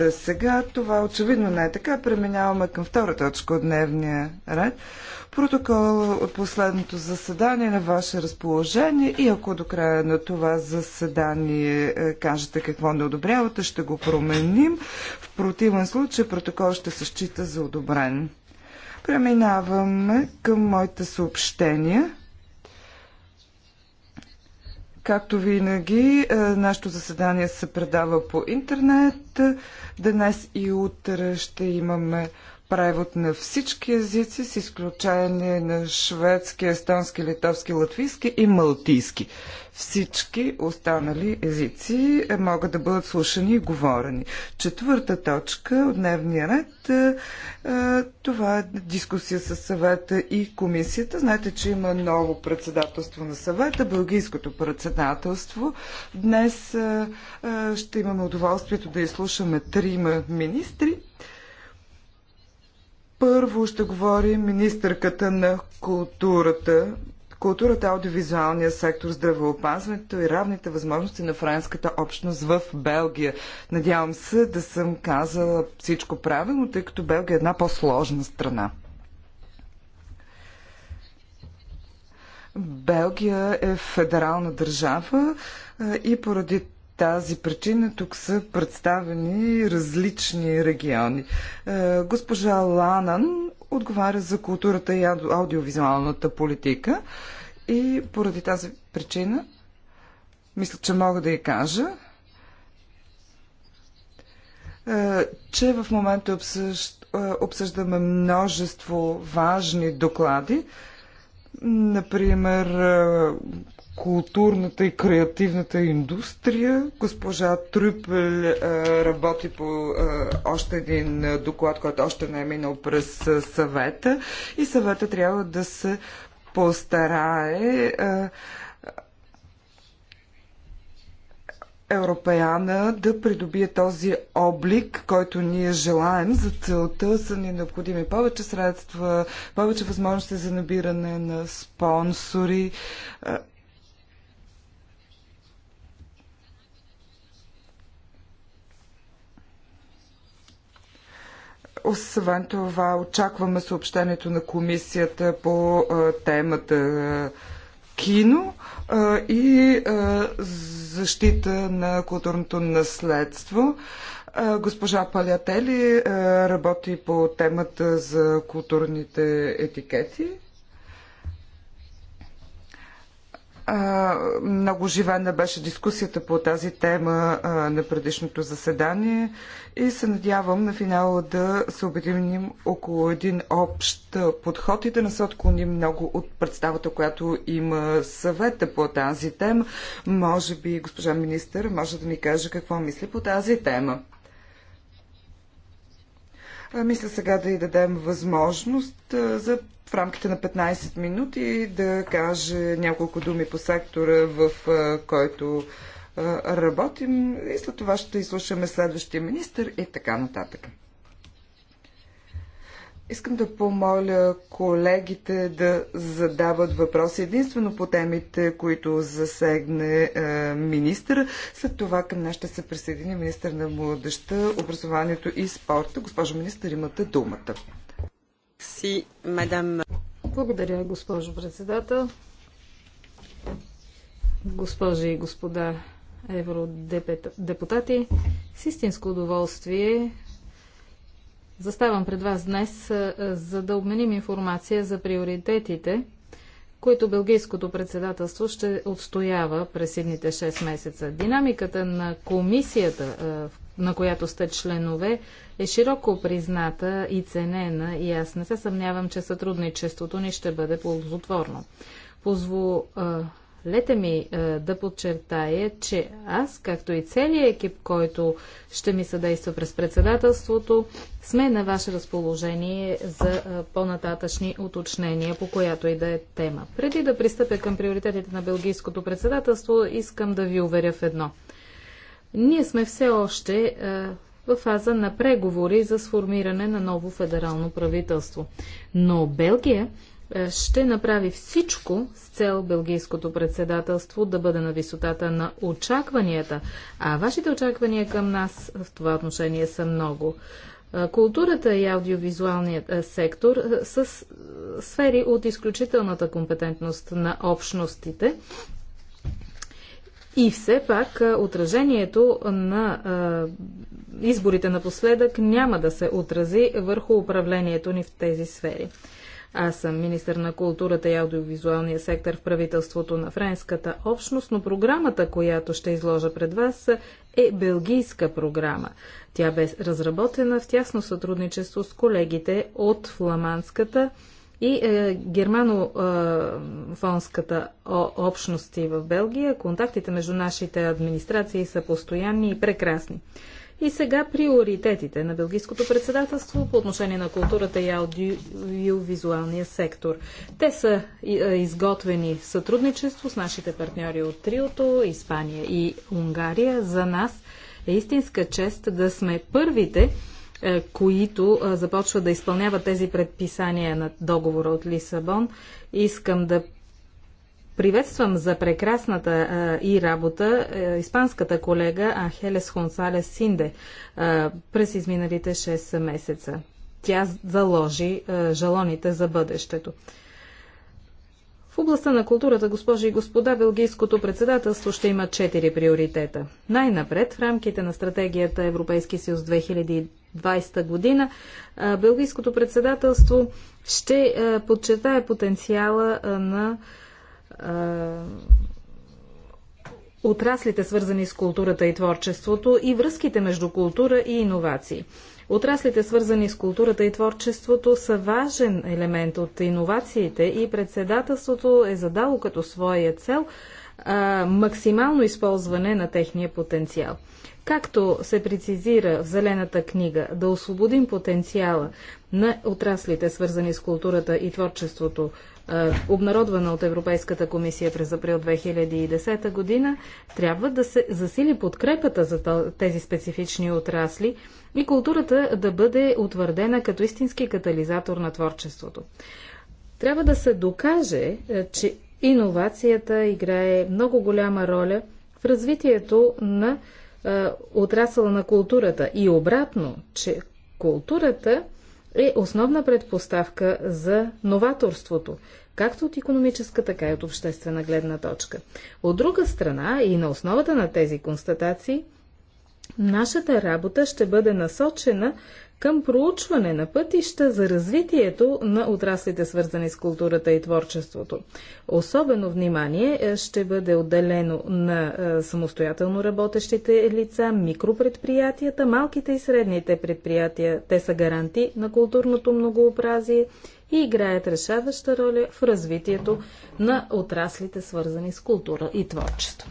Е, сега това очевидно не е така. Преминаваме към втора точка от дневния ред. Протокол от последното заседание на ваше разположение и ако до края на това заседание е, кажете какво не одобрявате, ще го променим. В противен случай протокол ще се счита за одобрен. Преминаваме към моите съобщения. Както винаги, е, нашето заседание се предава по интернет. Днес и утре ще имаме превод на всички езици, с изключение на шведски, естонски, литовски, латвийски и малтийски. Всички останали езици е, могат да бъдат слушани и говорени. Четвърта точка от дневния ред е, е, това е дискусия с съвета и комисията. Знаете, че има ново председателство на съвета, бългийското председателство. Днес ще имаме удоволствието да изслушаме трима министри първо ще говори министърката на културата, културата, аудиовизуалния сектор, здравеопазването и равните възможности на френската общност в Белгия. Надявам се да съм казала всичко правилно, тъй като Белгия е една по-сложна страна. Белгия е федерална държава и поради тази причина тук са представени различни региони. Е, госпожа Ланан отговаря за културата и аудиовизуалната политика и поради тази причина мисля, че мога да я кажа, е, че в момента е, обсъждаме множество важни доклади, например културната и креативната индустрия. Госпожа Трюпел е, работи по е, още един доклад, който още не е минал през е, съвета и съвета трябва да се постарае Европеяна да придобие този облик, който ние желаем. За целта са ни необходими повече средства, повече възможности за набиране на спонсори. Освен това, очакваме съобщението на комисията по темата кино и защита на културното наследство. Госпожа Палятели работи по темата за културните етикети. много живена беше дискусията по тази тема на предишното заседание и се надявам на финала да се обединим около един общ подход и да не се отклоним много от представата, която има съвета по тази тема. Може би госпожа министър може да ни каже какво мисли по тази тема. Мисля сега да й дадем възможност за в рамките на 15 минути да каже няколко думи по сектора, в който работим и след това ще изслушаме следващия министр и така нататък. Искам да помоля колегите да задават въпроси единствено по темите, които засегне е, министър. След това към нас ще се присъедини министър на младеща, образованието и спорта. Госпожо министър, имате думата. Си, Благодаря, госпожо председател. Госпожи и господа евродепутати, с истинско удоволствие Заставам пред вас днес, за да обменим информация за приоритетите, които Белгийското председателство ще отстоява през едните 6 месеца. Динамиката на комисията, на която сте членове, е широко призната и ценена и аз не се съмнявам, че сътрудничеството ни ще бъде ползотворно. Позво, Лете ми е, да подчертая, че аз, както и целият екип, който ще ми съдейства през председателството, сме на ваше разположение за е, по-нататъчни уточнения, по която и да е тема. Преди да пристъпя към приоритетите на Белгийското председателство, искам да ви уверя в едно. Ние сме все още е, в фаза на преговори за сформиране на ново федерално правителство. Но Белгия е, ще направи всичко с цел Белгийското председателство да бъде на висотата на очакванията. А вашите очаквания към нас в това отношение са много. Е, културата и аудиовизуалният е, сектор са сфери от изключителната компетентност на общностите. И все пак отражението на изборите напоследък няма да се отрази върху управлението ни в тези сфери. Аз съм министър на културата и аудиовизуалния сектор в правителството на френската общност, но програмата, която ще изложа пред вас, е белгийска програма. Тя бе разработена в тясно сътрудничество с колегите от фламандската и е, германофонската общности в Белгия. Контактите между нашите администрации са постоянни и прекрасни. И сега приоритетите на Белгийското председателство по отношение на културата и аудиовизуалния сектор. Те са изготвени в сътрудничество с нашите партньори от Триото, Испания и Унгария. За нас е истинска чест да сме първите, които започват да изпълняват тези предписания на договора от Лисабон. Искам да Приветствам за прекрасната а, и работа а, испанската колега Анхелес Хонсалес Синде а, през изминалите 6 месеца. Тя заложи а, жалоните за бъдещето. В областта на културата, госпожи и господа, Белгийското председателство ще има 4 приоритета. Най-напред, в рамките на стратегията Европейски съюз 2020 година, Белгийското председателство ще подчертае потенциала на отраслите, свързани с културата и творчеството и връзките между култура и иновации. Отраслите, свързани с културата и творчеството, са важен елемент от иновациите и председателството е задало като своя цел а, максимално използване на техния потенциал. Както се прецизира в Зелената книга да освободим потенциала на отраслите, свързани с културата и творчеството е, обнародвана от Европейската комисия през април 2010 година, трябва да се засили подкрепата за тези специфични отрасли и културата да бъде утвърдена като истински катализатор на творчеството. Трябва да се докаже, е, че иновацията играе много голяма роля в развитието на е, отрасъла на културата и обратно, че културата е основна предпоставка за новаторството, както от економическа, така и от обществена гледна точка. От друга страна и на основата на тези констатации, нашата работа ще бъде насочена към проучване на пътища за развитието на отраслите, свързани с културата и творчеството. Особено внимание е, ще бъде отделено на е, самостоятелно работещите лица, микропредприятията, малките и средните предприятия. Те са гаранти на културното многообразие и играят решаваща роля в развитието на отраслите, свързани с култура и творчество.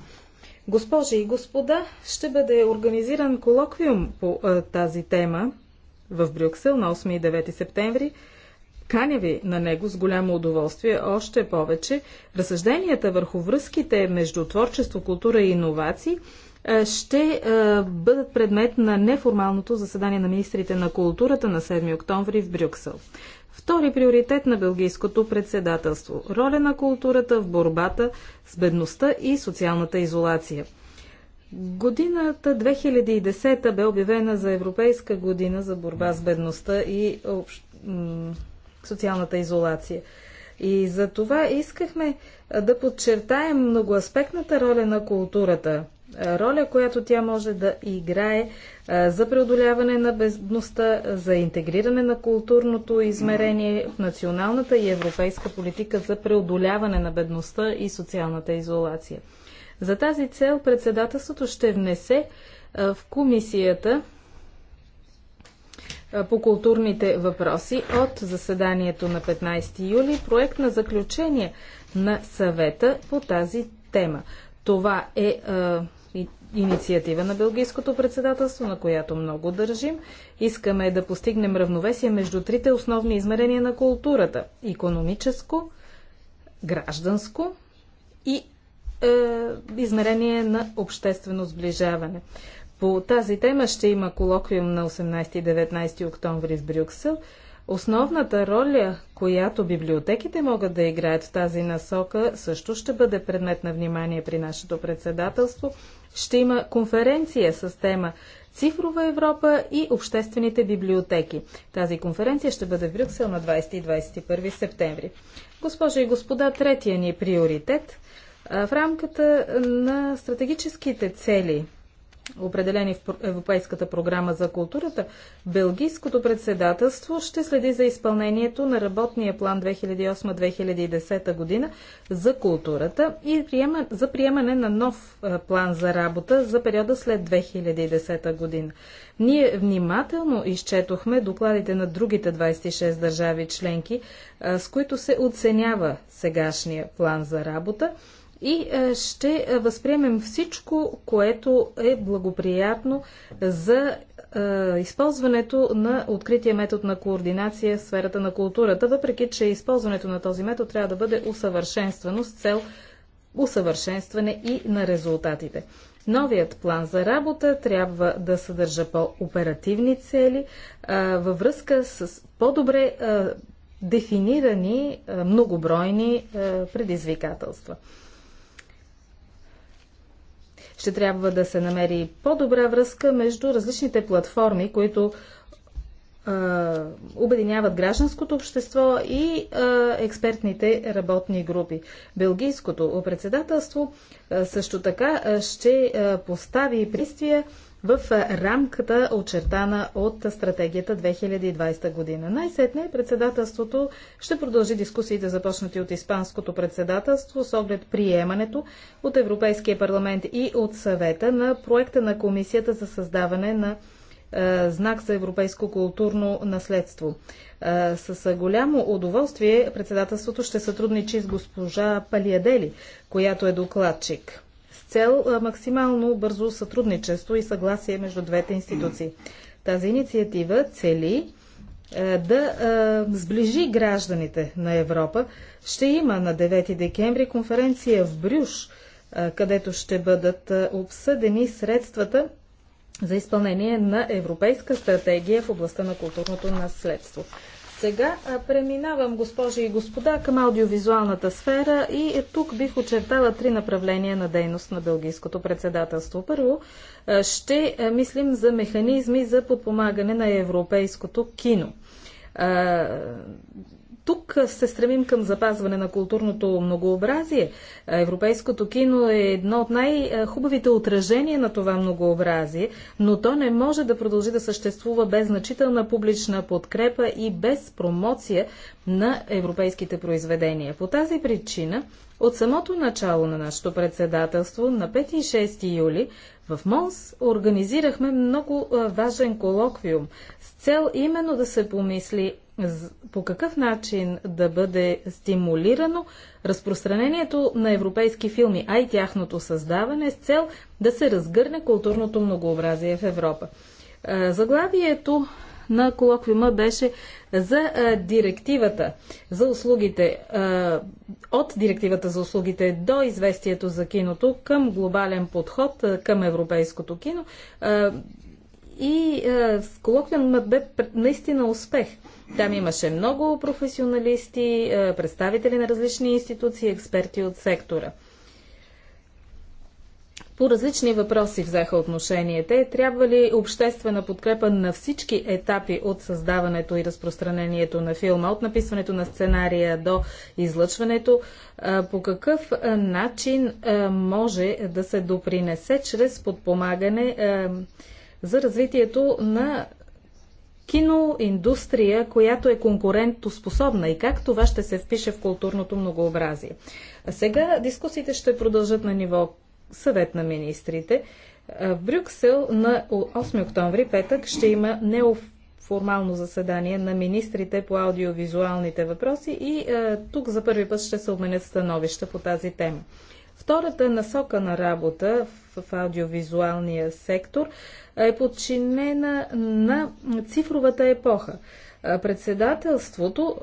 Госпожи и господа, ще бъде организиран колоквиум по а, е, тази тема в Брюксел на 8 и 9 септември. Каня ви на него с голямо удоволствие, още повече. Разсъжденията върху връзките между творчество, култура и иновации е, ще е, бъдат предмет на неформалното заседание на министрите на културата на 7 октомври в Брюксел. Втори приоритет на Белгийското председателство – роля на културата в борбата с бедността и социалната изолация – Годината 2010 бе обявена за Европейска година за борба с бедността и общ... социалната изолация. И за това искахме да подчертаем многоаспектната роля на културата, роля, която тя може да играе за преодоляване на бедността, за интегриране на културното измерение в националната и европейска политика за преодоляване на бедността и социалната изолация. За тази цел председателството ще внесе в комисията по културните въпроси от заседанието на 15 юли проект на заключение на съвета по тази тема. Това е инициатива на Белгийското председателство, на която много държим. Искаме да постигнем равновесие между трите основни измерения на културата – економическо, гражданско и е, измерение на обществено сближаване. По тази тема ще има колоквиум на 18 и 19 октомври в Брюксел. Основната роля, която библиотеките могат да играят в тази насока, също ще бъде предмет на внимание при нашето председателство. Ще има конференция с тема Цифрова Европа и обществените библиотеки. Тази конференция ще бъде в Брюксел на 20 и 21 септември. Госпожи и господа, третия ни приоритет в рамката на стратегическите цели, определени в Европейската програма за културата, Белгийското председателство ще следи за изпълнението на работния план 2008-2010 година за културата и за приемане на нов план за работа за периода след 2010 година. Ние внимателно изчетохме докладите на другите 26 държави членки, с които се оценява сегашния план за работа и е, ще е, възприемем всичко, което е благоприятно за е, използването на открития метод на координация в сферата на културата, въпреки че използването на този метод трябва да бъде усъвършенствано с цел усъвършенстване и на резултатите. Новият план за работа трябва да съдържа по-оперативни цели а, във връзка с по-добре дефинирани а, многобройни а, предизвикателства ще трябва да се намери по-добра връзка между различните платформи, които е, обединяват гражданското общество и е, експертните работни групи. Белгийското председателство е, също така ще постави пристия в рамката очертана от стратегията 2020 година. Най-сетне председателството ще продължи дискусиите започнати от Испанското председателство с оглед приемането от Европейския парламент и от съвета на проекта на Комисията за създаване на знак за европейско културно наследство. С голямо удоволствие председателството ще сътрудничи с госпожа Палиадели, която е докладчик цел максимално бързо сътрудничество и съгласие между двете институции. Тази инициатива цели да сближи гражданите на Европа. Ще има на 9 декември конференция в Брюш, където ще бъдат обсъдени средствата за изпълнение на Европейска стратегия в областта на културното наследство. Сега преминавам, госпожи и господа, към аудиовизуалната сфера и тук бих очертала три направления на дейност на Белгийското председателство. Първо, ще мислим за механизми за подпомагане на европейското кино тук се стремим към запазване на културното многообразие. Европейското кино е едно от най-хубавите отражения на това многообразие, но то не може да продължи да съществува без значителна публична подкрепа и без промоция на европейските произведения. По тази причина, от самото начало на нашето председателство, на 5 и 6 юли, в МОНС организирахме много важен колоквиум с цел именно да се помисли по какъв начин да бъде стимулирано разпространението на европейски филми, а и тяхното създаване с цел да се разгърне културното многообразие в Европа. Заглавието на колоквиума беше за директивата за услугите, от директивата за услугите до известието за киното към глобален подход към европейското кино. И колоквиумът бе наистина успех. Там имаше много професионалисти, е, представители на различни институции, експерти от сектора. По различни въпроси взеха отношение. Те трябва ли обществена подкрепа на всички етапи от създаването и разпространението на филма, от написването на сценария до излъчването? Е, по какъв е, начин може да се допринесе чрез подпомагане за развитието на киноиндустрия, която е конкурентоспособна и как това ще се впише в културното многообразие. А сега дискусиите ще продължат на ниво съвет на министрите. В Брюксел на 8 октомври, петък, ще има неоформално заседание на министрите по аудиовизуалните въпроси и е, тук за първи път ще се обменят становища по тази тема. Втората насока на работа в в аудиовизуалния сектор е подчинена на цифровата епоха. Председателството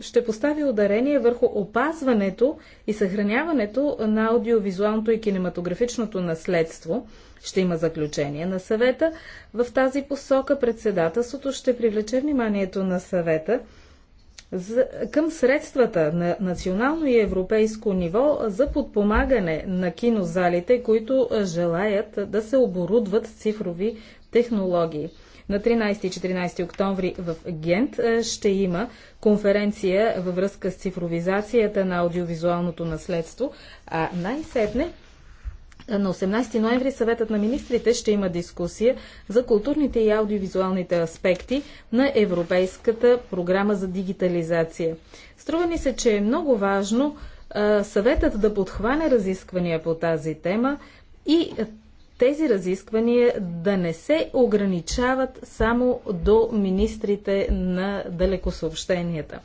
ще постави ударение върху опазването и съхраняването на аудиовизуалното и кинематографичното наследство. Ще има заключение на съвета. В тази посока председателството ще привлече вниманието на съвета за, към средствата на национално и европейско ниво за подпомагане на кинозалите, които желаят да се оборудват с цифрови технологии. На 13 и 14 октомври в Гент ще има конференция във връзка с цифровизацията на аудиовизуалното наследство, а най-сетне на 18 ноември съветът на министрите ще има дискусия за културните и аудиовизуалните аспекти на Европейската програма за дигитализация. Струва ми се, че е много важно съветът да подхване разисквания по тази тема и тези разисквания да не се ограничават само до министрите на далекосъобщенията.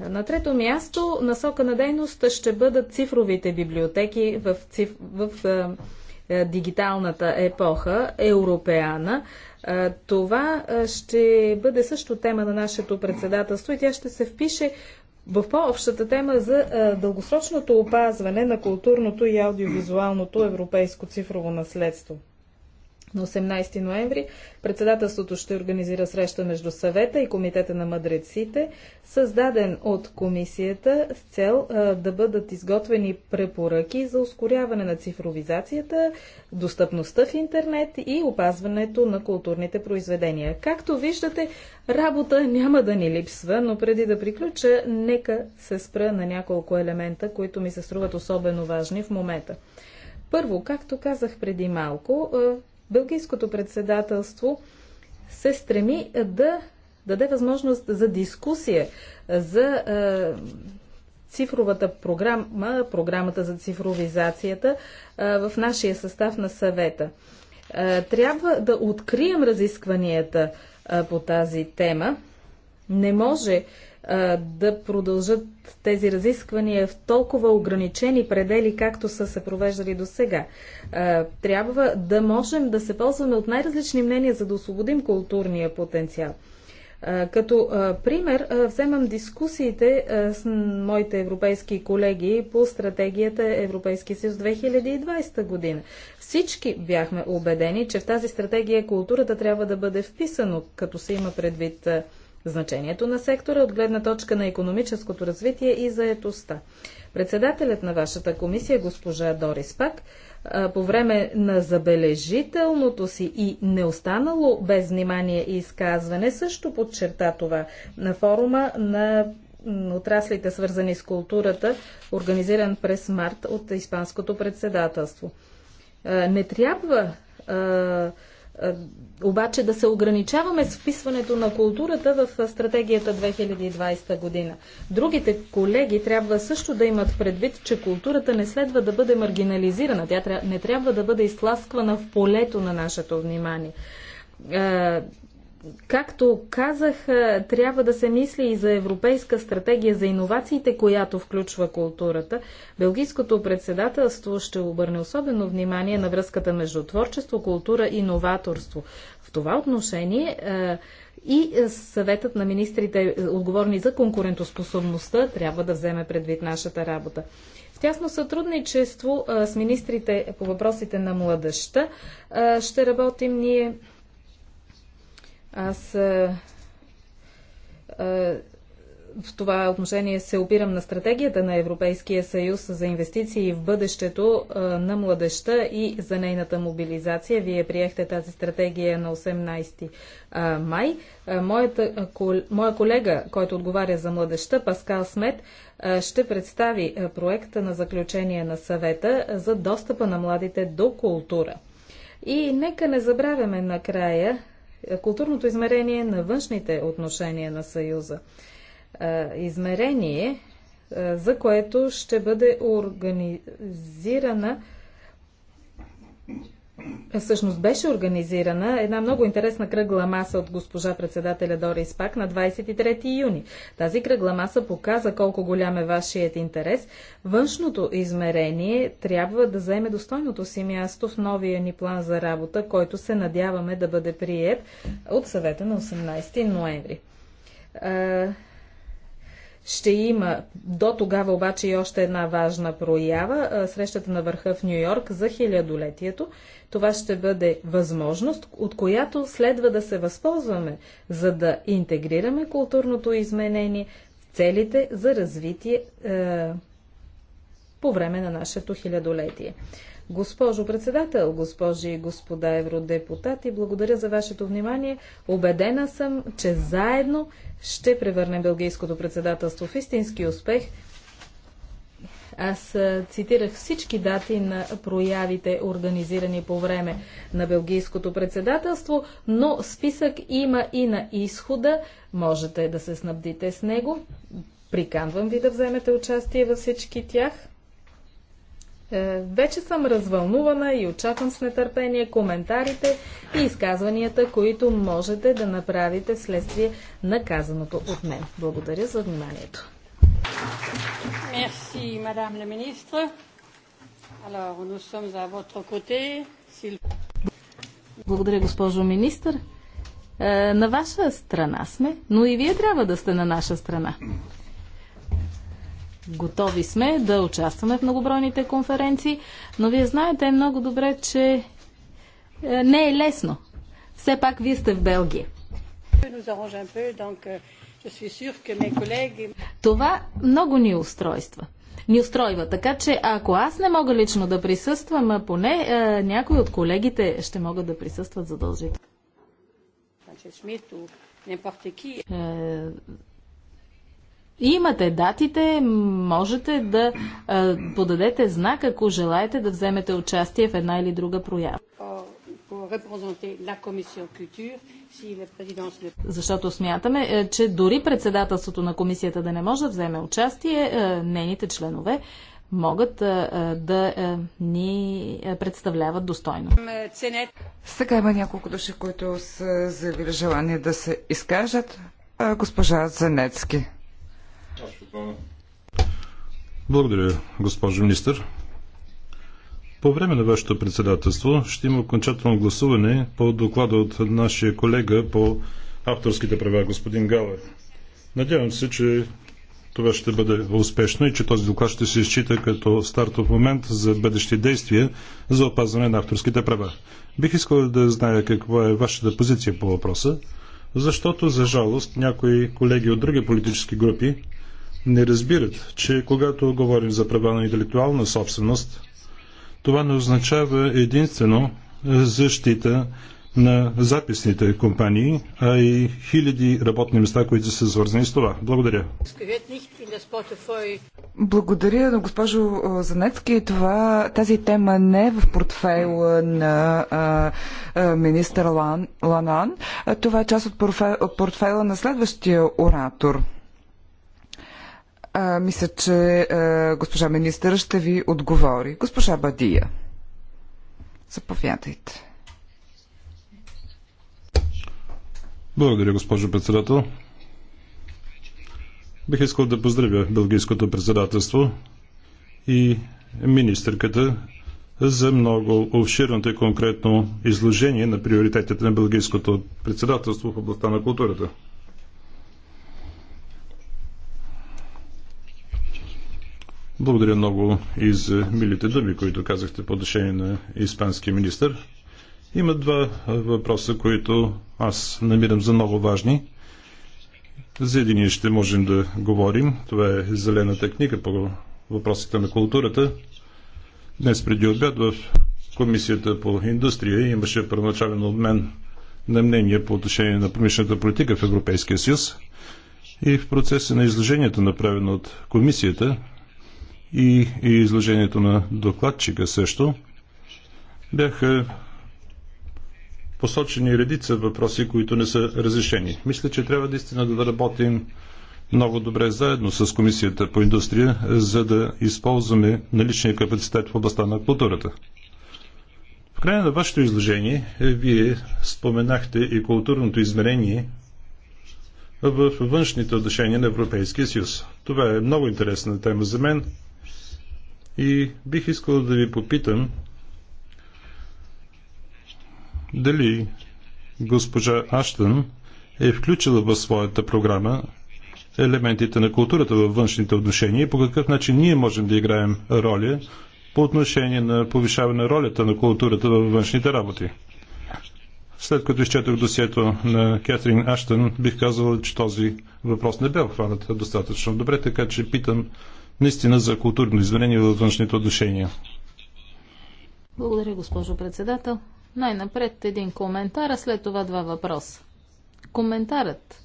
На трето място насока на дейност ще бъдат цифровите библиотеки в, циф... в е, е дигиталната епоха, европеана. Е, това е, ще бъде също тема на нашето председателство и тя ще се впише в по-общата тема за е, дългосрочното опазване на културното и аудиовизуалното европейско цифрово наследство на 18 ноември председателството ще организира среща между съвета и комитета на мъдреците, създаден от комисията с цел а, да бъдат изготвени препоръки за ускоряване на цифровизацията, достъпността в интернет и опазването на културните произведения. Както виждате, работа няма да ни липсва, но преди да приключа, нека се спра на няколко елемента, които ми се струват особено важни в момента. Първо, както казах преди малко, Белгийското председателство се стреми е, да даде възможност за дискусия за е, цифровата програма, програмата за цифровизацията е, в нашия състав на съвета. Трябва да открием разискванията по тази тема. Не може да продължат тези разисквания в толкова ограничени предели, както са се провеждали до сега. Трябва да можем да се ползваме от най-различни мнения, за да освободим културния потенциал. Като пример вземам дискусиите с моите европейски колеги по стратегията Европейски съюз 2020 година. Всички бяхме убедени, че в тази стратегия културата трябва да бъде вписано, като се има предвид значението на сектора от гледна точка на економическото развитие и заетостта. Председателят на вашата комисия, госпожа Дорис Пак, по време на забележителното си и не останало без внимание и изказване, също подчерта това на форума на отраслите, свързани с културата, организиран през март от Испанското председателство. Не трябва е, обаче да се ограничаваме с вписването на културата в е, стратегията 2020 година. Другите колеги трябва също да имат предвид, че културата не следва да бъде маргинализирана, тя не трябва да бъде изтласквана в полето на нашето внимание е, Както казах, трябва да се мисли и за европейска стратегия за иновациите, която включва културата. Белгийското председателство ще обърне особено внимание на връзката между творчество, култура и новаторство. В това отношение и съветът на министрите, отговорни за конкурентоспособността, трябва да вземе предвид нашата работа. В тясно сътрудничество с министрите по въпросите на младъжта ще работим ние аз а, а, в това отношение се опирам на стратегията на Европейския съюз за инвестиции в бъдещето а, на младеща и за нейната мобилизация. Вие приехте тази стратегия на 18 а, май. А, моята, кол, моя колега, който отговаря за младеща, Паскал Смет, ще представи проекта на заключение на съвета за достъпа на младите до култура. И нека не забравяме накрая културното измерение на външните отношения на Съюза. Измерение, за което ще бъде организирана е, всъщност беше организирана една много интересна кръгла маса от госпожа председателя Дори Испак на 23 юни. Тази кръгла маса показа колко голям е вашият интерес. Външното измерение трябва да заеме достойното си място в новия ни план за работа, който се надяваме да бъде прият от съвета на 18 ноември. Е, ще има до тогава обаче и още една важна проява срещата на върха в Нью Йорк за хилядолетието. Това ще бъде възможност, от която следва да се възползваме, за да интегрираме културното изменение в целите за развитие е, по време на нашето хилядолетие. Госпожо председател, госпожи и господа евродепутати, благодаря за вашето внимание. Обедена съм, че заедно ще превърнем Белгийското председателство в истински успех. Аз цитирах всички дати на проявите, организирани по време на Белгийското председателство, но списък има и на изхода. Можете да се снабдите с него. Приканвам ви да вземете участие във всички тях. Е, вече съм развълнувана и очаквам с нетърпение коментарите и изказванията, които можете да направите вследствие на казаното от мен. Благодаря за вниманието. Merci, Madame la Ministre. Alors, nous sommes à votre côté. Благодаря, госпожо министър. Е, на ваша страна сме, но и вие трябва да сте на наша страна. Готови сме да участваме в многобройните конференции, но вие знаете много добре, че е, не е лесно. Все пак вие сте в Белгия. Euh, Това много ни устройства. Ни устройва. Така че ако аз не мога лично да присъствам, а поне а, е, някои от колегите ще могат да присъстват задължително. Имате датите, можете да а, подадете знак, ако желаете да вземете участие в една или друга проява. Защото смятаме, е, че дори председателството на комисията да не може да вземе участие, е, нейните членове могат е, да ни представляват достойно. Сега има няколко души, които са заявили желание да се изкажат. Госпожа Зенецки. Благодаря, госпожо министър. По време на вашето председателство ще има окончателно гласуване по доклада от нашия колега по авторските права, господин Галер. Надявам се, че това ще бъде успешно и че този доклад ще се изчита като стартов момент за бъдещи действия за опазване на авторските права. Бих искал да зная каква е вашата позиция по въпроса, защото, за жалост, някои колеги от други политически групи не разбират, че когато говорим за права на интелектуална собственост, това не означава единствено защита на записните компании, а и хиляди работни места, които са свързани с това. Благодаря. Благодаря на госпожо Занецки. Това, тази тема не е в портфейла на а, а, министър Лан, Ланан. Това е част от портфейла на следващия оратор. А, мисля, че а, госпожа министър ще ви отговори. Госпожа Бадия, заповядайте. Благодаря, госпожо председател. Бих искал да поздравя Белгийското председателство и министърката за много обширното и конкретно изложение на приоритетите на Белгийското председателство в областта на културата. Благодаря много и за милите думи, които казахте по отношение на испанския министр. Има два въпроса, които аз намирам за много важни. За един ще можем да говорим. Това е зелената книга по въпросите на културата. Днес преди обяд в Комисията по индустрия имаше първоначален обмен на мнение по отношение на промишлената политика в Европейския съюз. И в процеса на изложението, направено от комисията, и изложението на докладчика също бяха посочени редица въпроси, които не са разрешени. Мисля, че трябва наистина да работим много добре заедно с Комисията по индустрия, за да използваме наличния капацитет в областта на културата. В края на вашето изложение е, вие споменахте и културното измерение в външните отношения на Европейския съюз. Това е много интересна тема за мен. И бих искал да ви попитам дали госпожа Аштън е включила в своята програма елементите на културата във външните отношения и по какъв начин ние можем да играем роля по отношение на повишаване на ролята на културата във външните работи. След като изчетох досието на Кетрин Аштън, бих казал, че този въпрос не бе обхванат достатъчно добре, така че питам наистина за културно измерение във външните отношения. Благодаря, госпожо председател. Най-напред един коментар, а след това два въпроса. Коментарът,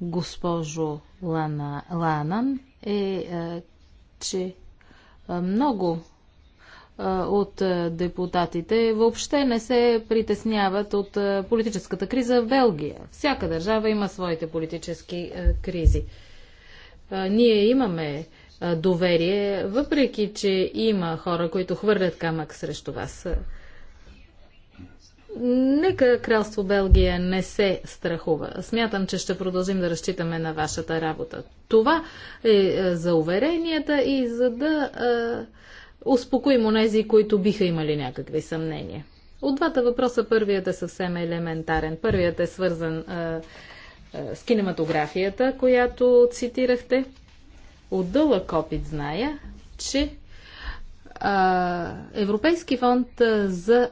госпожо Лана, Ланан, е, е че е, много е, от депутатите въобще не се притесняват от е, политическата криза в Белгия. Всяка държава има своите политически кризи. Ние имаме доверие, въпреки че има хора, които хвърлят камък срещу вас. Нека Кралство Белгия не се страхува. Смятам, че ще продължим да разчитаме на вашата работа. Това е, е за уверенията и за да е, успокоим онези, които биха имали някакви съмнения. От двата въпроса първият е съвсем елементарен. Първият е свързан е, е, с кинематографията, която цитирахте. От дълъг опит зная, че Европейски фонд за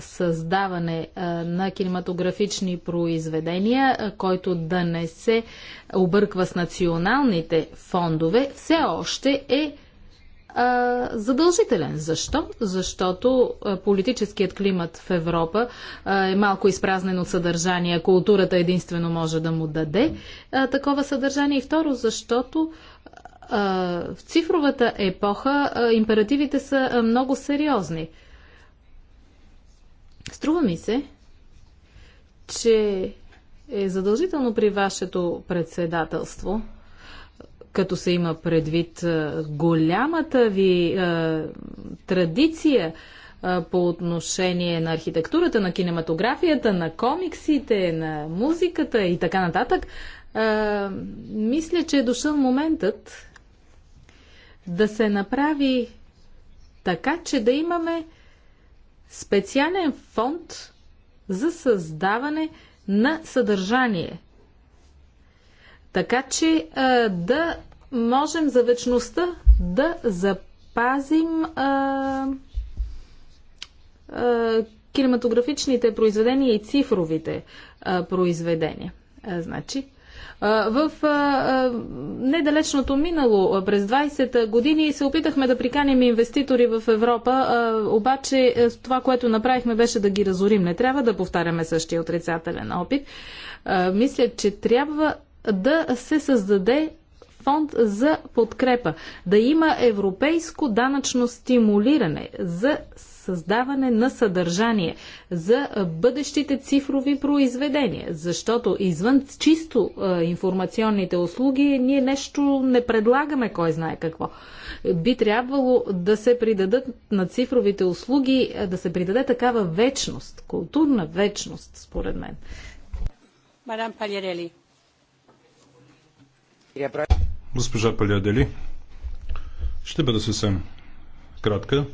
създаване на кинематографични произведения, който да не се обърква с националните фондове, все още е задължителен. Защо? Защото политическият климат в Европа е малко изпразнен от съдържание. Културата единствено може да му даде такова съдържание. И второ, защото в цифровата епоха императивите са много сериозни. Струва ми се, че е задължително при вашето председателство, като се има предвид голямата ви традиция по отношение на архитектурата, на кинематографията, на комиксите, на музиката и така нататък, мисля, че е дошъл моментът да се направи така, че да имаме специален фонд за създаване на съдържание. Така че а, да можем за вечността да запазим а, а, кинематографичните произведения и цифровите а, произведения. А, значи, в недалечното минало, през 20 години, се опитахме да приканим инвеститори в Европа, обаче това, което направихме, беше да ги разорим. Не трябва да повтаряме същия отрицателен опит. Мисля, че трябва да се създаде фонд за подкрепа, да има европейско данъчно стимулиране за създаване на съдържание за бъдещите цифрови произведения, защото извън чисто а, информационните услуги ние нещо не предлагаме, кой знае какво. Би трябвало да се придадат на цифровите услуги, да се придаде такава вечност, културна вечност, според мен. Мадам Палерели. Госпожа Палядели, ще бъда съвсем кратка.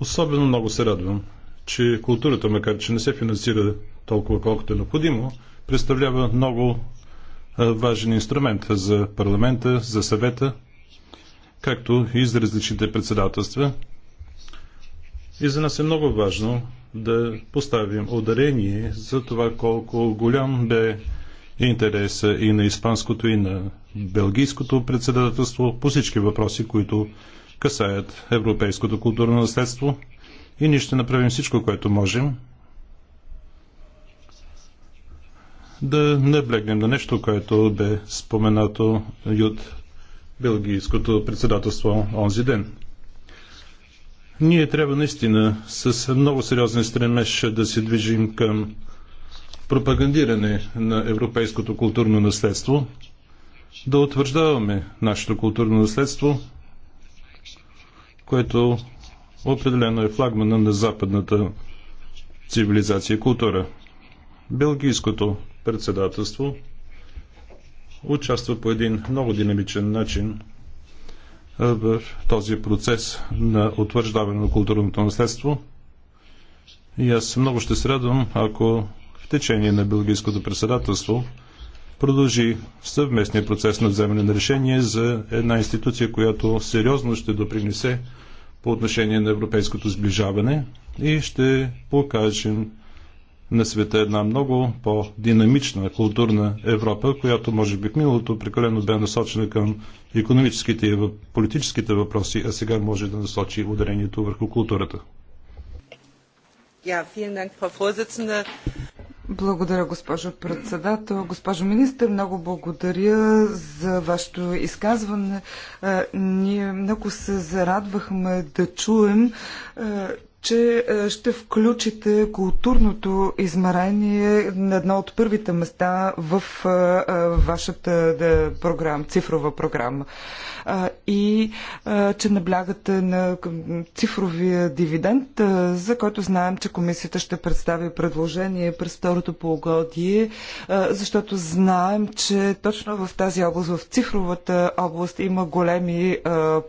Особено много се радвам, че културата, макар че не се финансира толкова колкото е необходимо, представлява много важен инструмент за парламента, за съвета, както и за различните председателства. И за нас е много важно да поставим ударение за това колко голям бе интереса и на Испанското, и на Белгийското председателство по всички въпроси, които касаят европейското културно наследство. И ние ще направим всичко, което можем да наблегнем на нещо, което бе споменато и от Белгийското председателство онзи ден. Ние трябва наистина с много сериозен стремеж да се движим към пропагандиране на европейското културно наследство, да утвърждаваме нашето културно наследство, което определено е флагмана на западната цивилизация и култура. Белгийското председателство участва по един много динамичен начин в този процес на утвърждаване на културното наследство. И аз много ще се радвам, ако течение на Белгийското председателство продължи съвместния процес на вземане на решение за една институция, която сериозно ще допринесе по отношение на европейското сближаване и ще покажем на света една много по-динамична културна Европа, която може би в миналото прекалено бе насочена към економическите и политическите въпроси, а сега може да насочи ударението върху културата. vielen Dank, благодаря, госпожо председател. Госпожо министър, много благодаря за вашето изказване. Е, ние много се зарадвахме да чуем, е, че е, ще включите културното измерение на едно от първите места в е, е, вашата програма, цифрова програма. И че наблягате на цифровия дивиденд, за който знаем, че комисията ще представи предложение през второто полугодие, защото знаем, че точно в тази област, в цифровата област има големи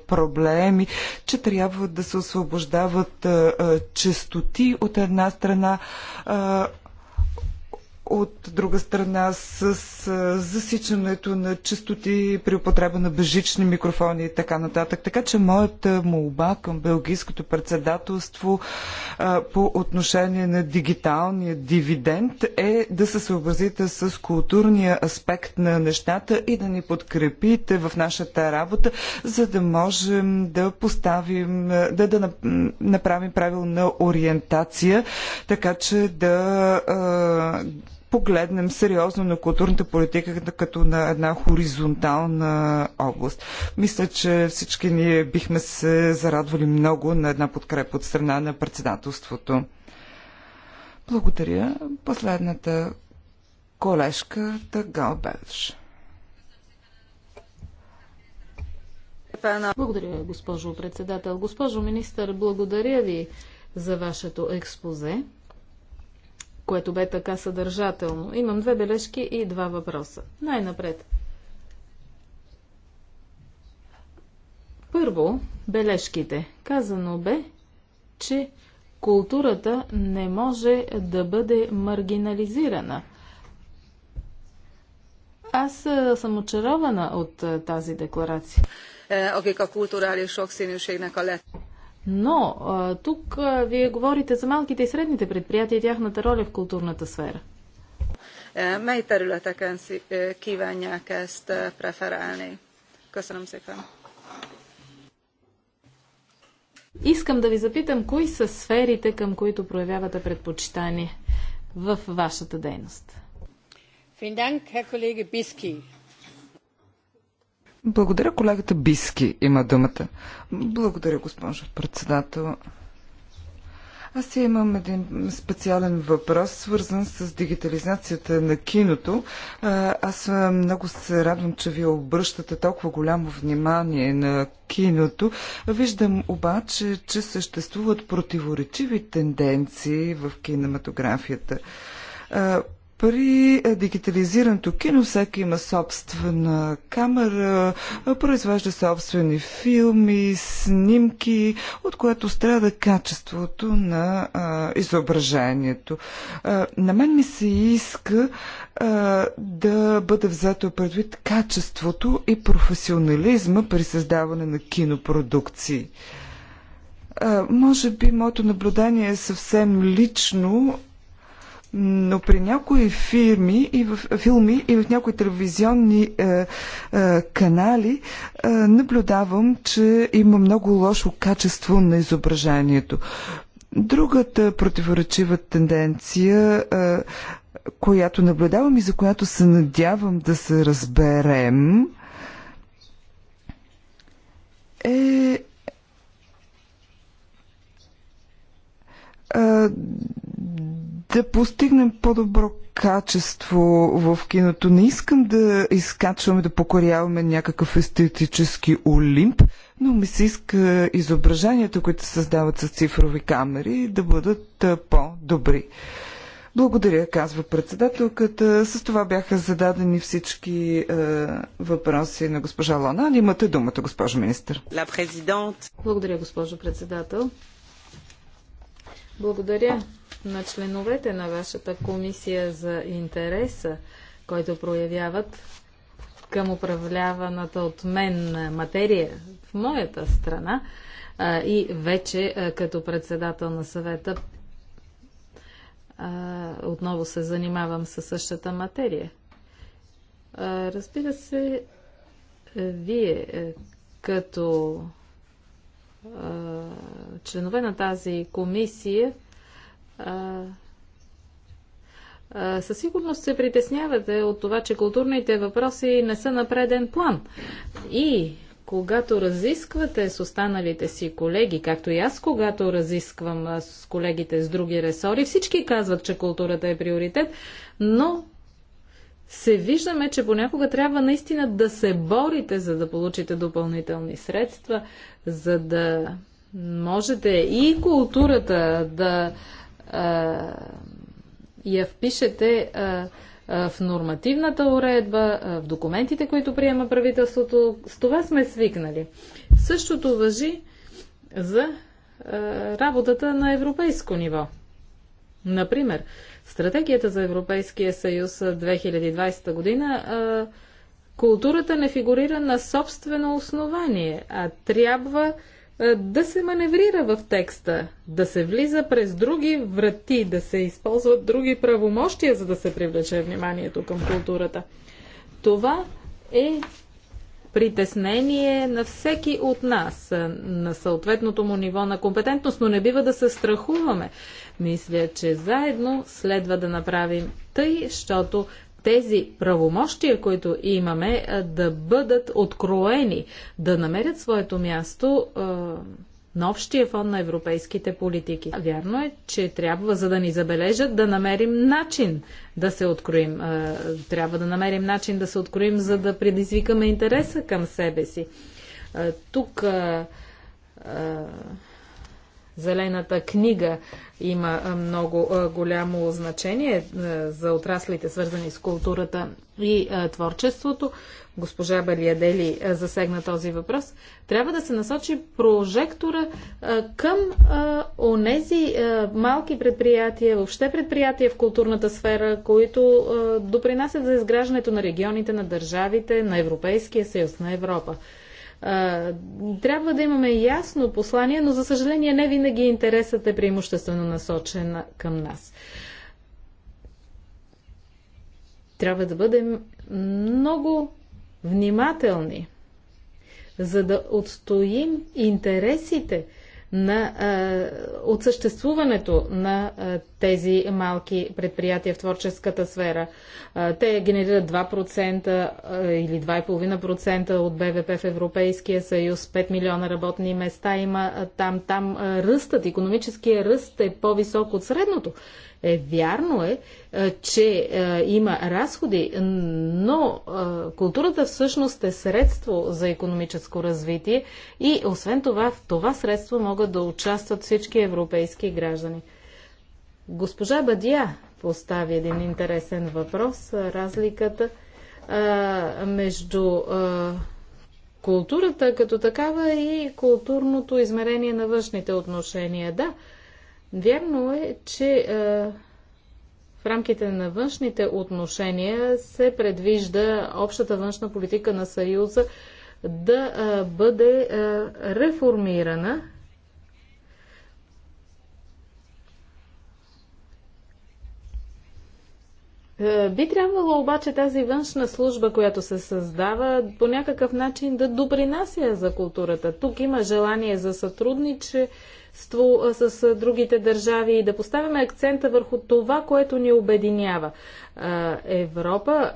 проблеми, че трябва да се освобождават е, честоти от една страна, е, от друга страна с засичането на чистоти при употреба на бежични микрофони и така нататък. Така че моята молба към Белгийското председателство по отношение на дигиталния дивиденд е да се съобразите с културния аспект на нещата и да ни подкрепите в нашата работа, за да можем да поставим, да, да направим правилна ориентация, така че да погледнем сериозно на културната политика като на една хоризонтална област. Мисля, че всички ние бихме се зарадвали много на една подкрепа от страна на председателството. Благодаря. Последната колежка Тагал Белш. Благодаря, госпожо председател. Госпожо министър, благодаря ви за вашето експозе което бе така съдържателно. Имам две бележки и два въпроса. Най-напред. Първо, бележките. Казано бе, че културата не може да бъде маргинализирана. Аз съм очарована от тази декларация. Akik е, a kulturális sokszínűségnek a lett. Но а, тук а, вие говорите за малките и средните предприятия и тяхната роля в културната сфера. Mely е, területeken е, kívánják ezt е, preferálni? Köszönöm szépen. Искам да ви запитам, кои са сферите, към които проявявате предпочитание в вашата дейност? Vielen Dank, Herr благодаря. Колегата Биски има думата. Благодаря, госпожо председател. Аз имам един специален въпрос, свързан с дигитализацията на киното. Аз много се радвам, че ви обръщате толкова голямо внимание на киното. Виждам обаче, че съществуват противоречиви тенденции в кинематографията при е, дигитализираното кино всеки има собствена камера, е, произвежда собствени филми, снимки, от което страда качеството на а, изображението. А, на мен ми се иска а, да бъде взето предвид качеството и професионализма при създаване на кинопродукции. А, може би моето наблюдение е съвсем лично, но при някои фирми и в, филми и в някои телевизионни е, е, канали е, наблюдавам, че има много лошо качество на изображението. Другата противоречива тенденция, е, която наблюдавам и за която се надявам да се разберем, е, е да постигнем по-добро качество в киното. Не искам да изкачваме, да покоряваме някакъв естетически олимп, но ми се иска изображенията, които създават с цифрови камери, да бъдат по-добри. Благодаря, казва председателката. С това бяха зададени всички е, въпроси на госпожа Лона. Имате думата, госпожо министър. Благодаря, госпожо председател. Благодаря на членовете на вашата комисия за интереса, който проявяват към управляваната от мен материя в моята страна и вече като председател на съвета отново се занимавам със същата материя. Разбира се, вие като членове на тази комисия със сигурност се притеснявате от това, че културните въпроси не са на преден план. И когато разисквате с останалите си колеги, както и аз, когато разисквам с колегите с други ресори, всички казват, че културата е приоритет, но се виждаме, че понякога трябва наистина да се борите, за да получите допълнителни средства, за да можете и културата да я впишете в нормативната уредба, в документите, които приема правителството. С това сме свикнали. Същото въжи за работата на европейско ниво. Например, стратегията за Европейския съюз 2020 година културата не фигурира на собствено основание, а трябва да се маневрира в текста, да се влиза през други врати, да се използват други правомощия, за да се привлече вниманието към културата. Това е притеснение на всеки от нас на съответното му ниво на компетентност, но не бива да се страхуваме. Мисля, че заедно следва да направим тъй, защото тези правомощия, които имаме, да бъдат откроени, да намерят своето място е, на общия фон на европейските политики. Вярно е, че трябва, за да ни забележат, да намерим начин да се откроим. Е, трябва да намерим начин да се откроим, за да предизвикаме интереса към себе си. Е, тук Зелената книга има много голямо значение за отраслите, свързани с културата и творчеството. Госпожа Балиадели засегна този въпрос. Трябва да се насочи прожектора към онези малки предприятия, въобще предприятия в културната сфера, които допринасят за изграждането на регионите, на държавите, на Европейския съюз, на Европа. Трябва да имаме ясно послание, но за съжаление не винаги интересът е преимуществено насочен към нас. Трябва да бъдем много внимателни, за да отстоим интересите, на, от съществуването на тези малки предприятия в творческата сфера. Те генерират 2% или 2,5% от БВП в Европейския съюз, 5 милиона работни места има там. Там ръстът, економическия ръст е по-висок от средното. Е, вярно е, е, че е, има разходи, но е, културата всъщност е средство за економическо развитие и освен това в това средство могат да участват всички европейски граждани. Госпожа Бадия постави един интересен въпрос. Разликата а, между а, културата като такава и културното измерение на външните отношения. Да, вярно е, че а, в рамките на външните отношения се предвижда общата външна политика на Съюза да бъде реформирана Би трябвало обаче тази външна служба, която се създава, по някакъв начин да допринася за културата. Тук има желание за сътрудничество с другите държави и да поставяме акцента върху това, което ни обединява. Европа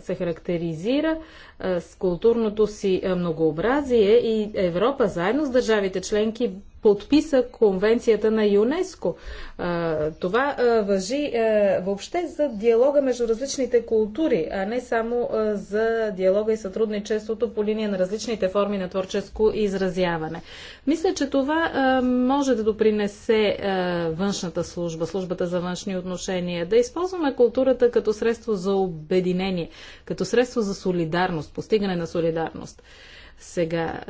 се характеризира с културното си многообразие и Европа заедно с държавите членки подписа конвенцията на ЮНЕСКо. Това въжи въобще за диалога между различните култури, а не само за диалога и сътрудничеството по линия на различните форми на творческо изразяване. Мисля, че това може да допринесе външната служба, службата за външни отношения, да използваме културата като средство за обединение, като средство за солидарност, постигане на солидарност. Сега,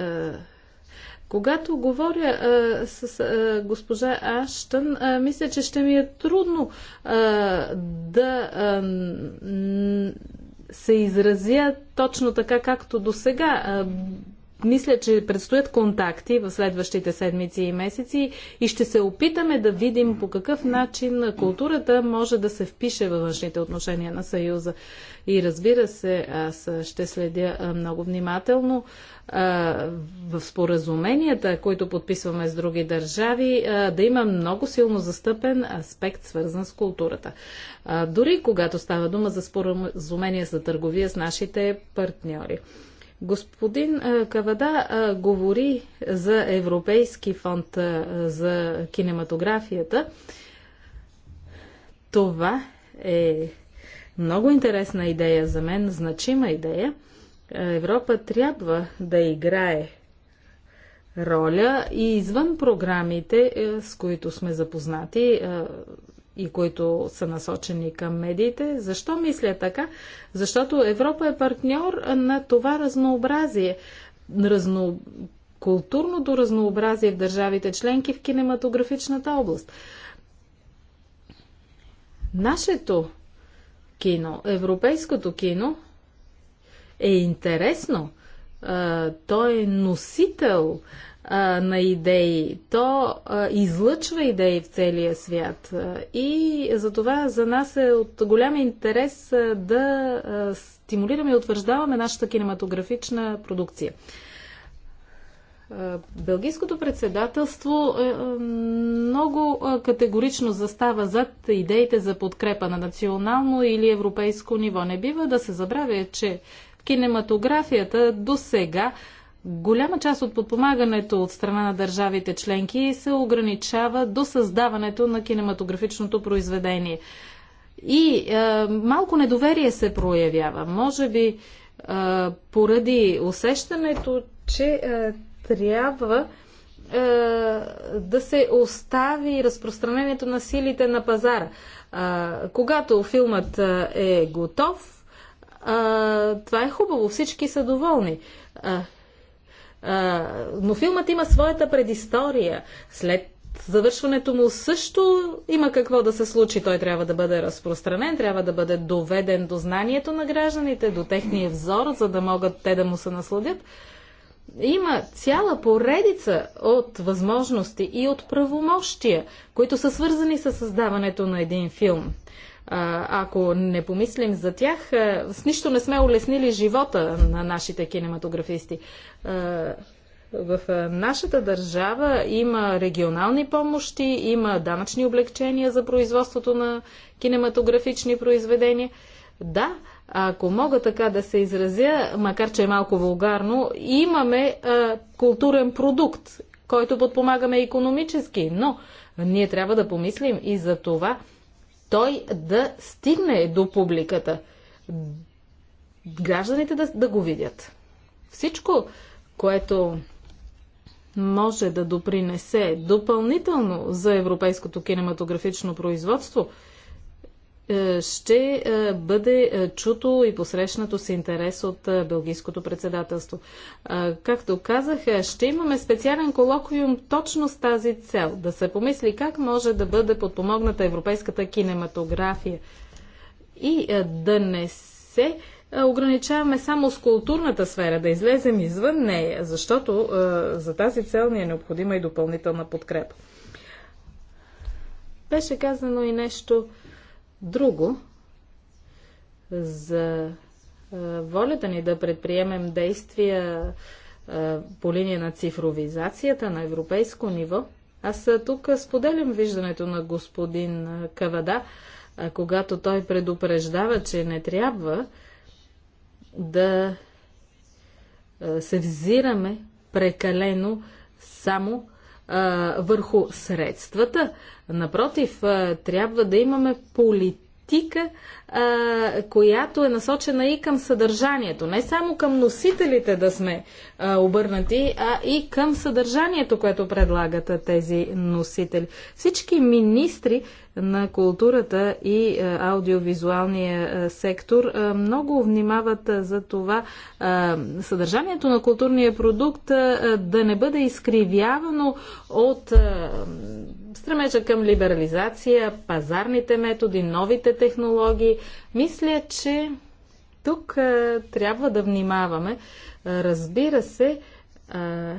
когато говоря а, с а, госпожа Аштън, а, мисля, че ще ми е трудно а, да а, се изразя точно така, както до сега мисля, че предстоят контакти в следващите седмици и месеци и ще се опитаме да видим по какъв начин културата може да се впише във външните отношения на Съюза. И разбира се, аз ще следя много внимателно в споразуменията, които подписваме с други държави, да има много силно застъпен аспект, свързан с културата. Дори когато става дума за споразумение за търговия с нашите партньори. Господин Кавада говори за Европейски фонд за кинематографията. Това е много интересна идея за мен, значима идея. Европа трябва да играе роля и извън програмите, е, с които сме запознати е, и които са насочени към медиите. Защо мисля така? Защото Европа е партньор на това разнообразие. Разно... Културното разнообразие в държавите членки в кинематографичната област. Нашето кино, европейското кино, е интересно. То е носител а, на идеи. То а, излъчва идеи в целия свят. И затова за нас е от голям интерес а, да стимулираме и утвърждаваме нашата кинематографична продукция. Белгийското председателство е, е, много категорично застава зад идеите за подкрепа на национално или европейско ниво. Не бива да се забравя, че кинематографията до сега Голяма част от подпомагането от страна на държавите членки се ограничава до създаването на кинематографичното произведение. И е, малко недоверие се проявява. Може би е, поради усещането, че е, трябва е, да се остави разпространението на силите на пазара. Е, когато филмът е, е готов, е, това е хубаво, всички са доволни. Е, но филмът има своята предистория. След завършването му също има какво да се случи. Той трябва да бъде разпространен, трябва да бъде доведен до знанието на гражданите, до техния взор, за да могат те да му се насладят. Има цяла поредица от възможности и от правомощия, които са свързани с създаването на един филм ако не помислим за тях, с нищо не сме улеснили живота на нашите кинематографисти. В нашата държава има регионални помощи, има данъчни облегчения за производството на кинематографични произведения. Да, ако мога така да се изразя, макар че е малко вулгарно, имаме а, културен продукт, който подпомагаме економически, но ние трябва да помислим и за това той да стигне до публиката, гражданите да, да го видят. Всичко, което може да допринесе допълнително за европейското кинематографично производство – е, ще е, бъде е, чуто и посрещнато с интерес от Белгийското председателство. Както казах, ще имаме специален колоквиум точно с тази цел да се помисли как може да бъде подпомогната европейската кинематография и да не се ограничаваме само с културната сфера, да излезем извън нея, защото за тази цел ни е необходима и допълнителна подкрепа. Беше казано и нещо Друго, за волята ни да предприемем действия по линия на цифровизацията на европейско ниво. Аз тук споделям виждането на господин Кавада, когато той предупреждава, че не трябва да се взираме прекалено само върху средствата. Напротив, трябва да имаме политика а, която е насочена и към съдържанието. Не само към носителите да сме обърнати, а и към съдържанието, което предлагат тези носители. Всички министри на културата и аудиовизуалния сектор много внимават за това съдържанието на културния продукт да не бъде изкривявано от стремежа към либерализация, пазарните методи, новите технологии. Мисля, че тук а, трябва да внимаваме. А, разбира се, а,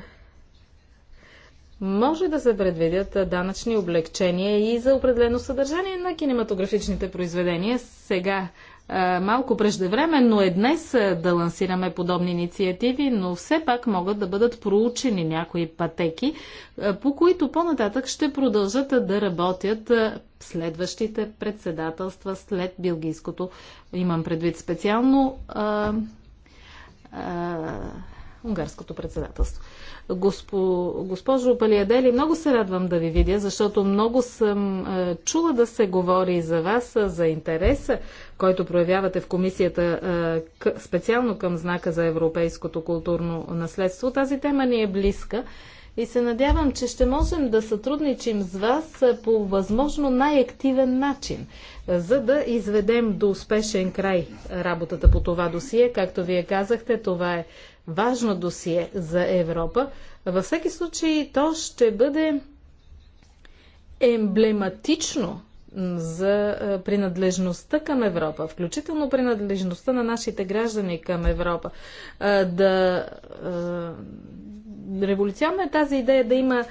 може да се предвидят данъчни облегчения и за определено съдържание на кинематографичните произведения. Сега малко преждевременно е днес да лансираме подобни инициативи, но все пак могат да бъдат проучени някои пътеки, по които по-нататък ще продължат да работят следващите председателства след Билгийското. Имам предвид специално а, а, унгарското председателство. Госпо, госпожо Палиадели, много се радвам да ви видя, защото много съм е, чула да се говори за вас, е, за интереса, е, който проявявате в комисията е, к, специално към знака за европейското културно наследство. Тази тема ни е близка и се надявам, че ще можем да сътрудничим с вас е, по възможно най-активен начин, за да изведем до успешен край работата по това досие. Както вие казахте, това е важно досие за Европа. Във всеки случай то ще бъде емблематично за принадлежността към Европа, включително принадлежността на нашите граждани към Европа. Да революционна е тази идея да има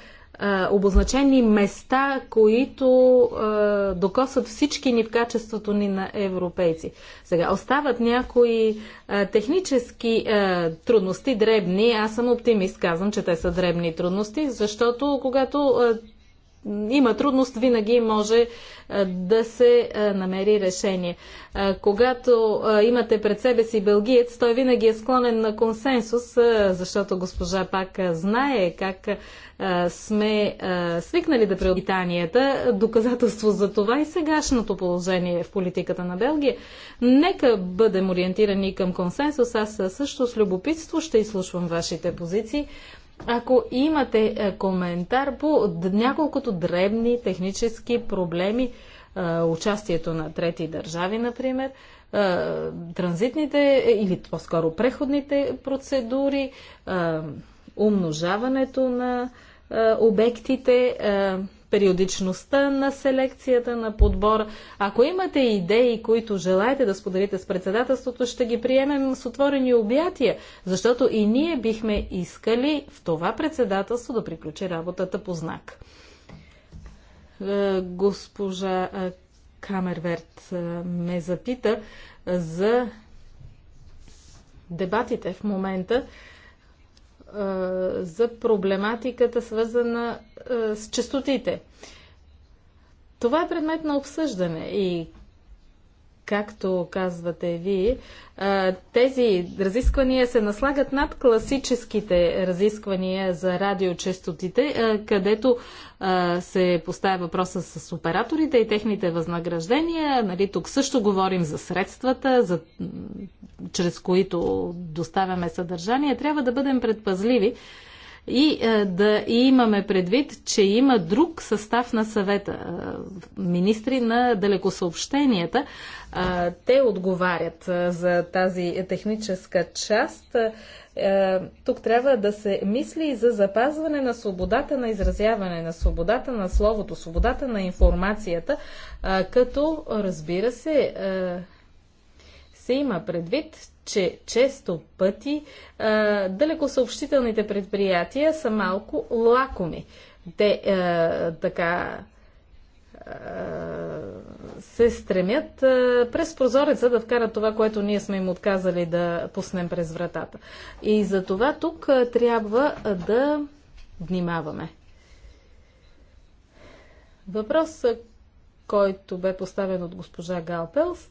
обозначени места, които а, докосват всички ни в качеството ни на европейци. Сега остават някои а, технически а, трудности, дребни. Аз съм оптимист, казвам, че те са дребни трудности, защото когато има трудност, винаги може е, да се е, намери решение. Е, когато имате пред себе си бългиец, той винаги е склонен на консенсус, защото госпожа пак знае как сме свикнали да преобитанията. Доказателство за това и сегашното положение в политиката на Белгия. Нека бъдем ориентирани към консенсус. Аз също с любопитство ще изслушвам вашите позиции. Ако имате е, коментар по няколкото дребни технически проблеми, е, участието на трети държави, например, е, транзитните или по-скоро преходните процедури, умножаването на обектите, периодичността на селекцията, на подбора. Ако имате идеи, които желаете да споделите с председателството, ще ги приемем с отворени обятия, защото и ние бихме искали в това председателство да приключи работата по знак. Е, госпожа е, Камерверт е, ме запита за дебатите в момента за проблематиката, свързана с частотите. Това е предмет на обсъждане и както казвате ви, тези разисквания се наслагат над класическите разисквания за радиочестотите, където се поставя въпроса с операторите и техните възнаграждения. Нали, тук също говорим за средствата, за чрез които доставяме съдържание, трябва да бъдем предпазливи и е, да имаме предвид, че има друг състав на съвета. Е, министри на далекосъобщенията, е, те отговарят за тази техническа част. Тук трябва да се мисли и за запазване на свободата на изразяване, на свободата на словото, свободата на информацията, като, разбира се, се има предвид, че често пъти а, далекосъобщителните предприятия са малко лакоми. Те а, така а, се стремят а, през прозореца да вкарат това, което ние сме им отказали да пуснем през вратата. И за това тук а, трябва а, да внимаваме. Въпрос, който бе поставен от госпожа Галпелс,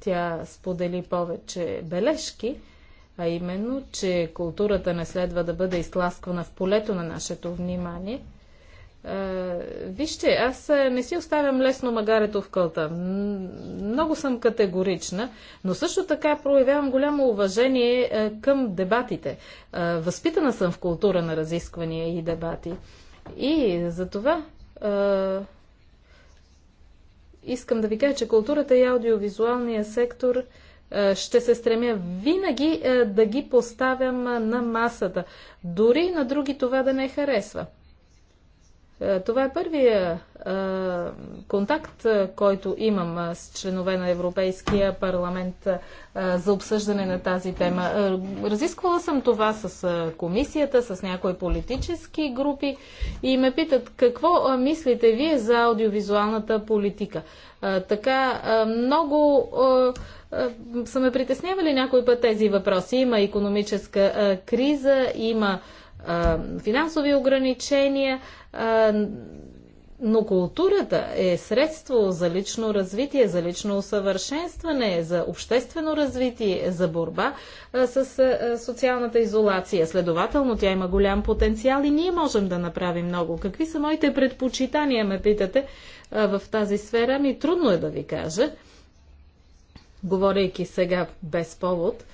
тя сподели повече бележки, а именно, че културата не следва да бъде изтласквана в полето на нашето внимание – вижте, аз не си оставям лесно магарето в кълта. Много съм категорична, но също така проявявам голямо уважение към дебатите. Възпитана съм в култура на разисквания и дебати. И за това искам да ви кажа, че културата и аудиовизуалния сектор ще се стремя винаги да ги поставям на масата, дори на други това да не харесва. Е, това е първия е, контакт, е, който имам с членове на Европейския парламент за обсъждане на тази тема. Разисквала съм това с комисията, с някои политически групи и ме питат какво мислите вие за аудиовизуалната политика. Така много са ме притеснявали някой път тези въпроси. Има економическа криза, има финансови ограничения, но културата е средство за лично развитие, за лично усъвършенстване, за обществено развитие, за борба с социалната изолация. Следователно, тя има голям потенциал и ние можем да направим много. Какви са моите предпочитания, ме питате, в тази сфера? Ми трудно е да ви кажа, говорейки сега без повод.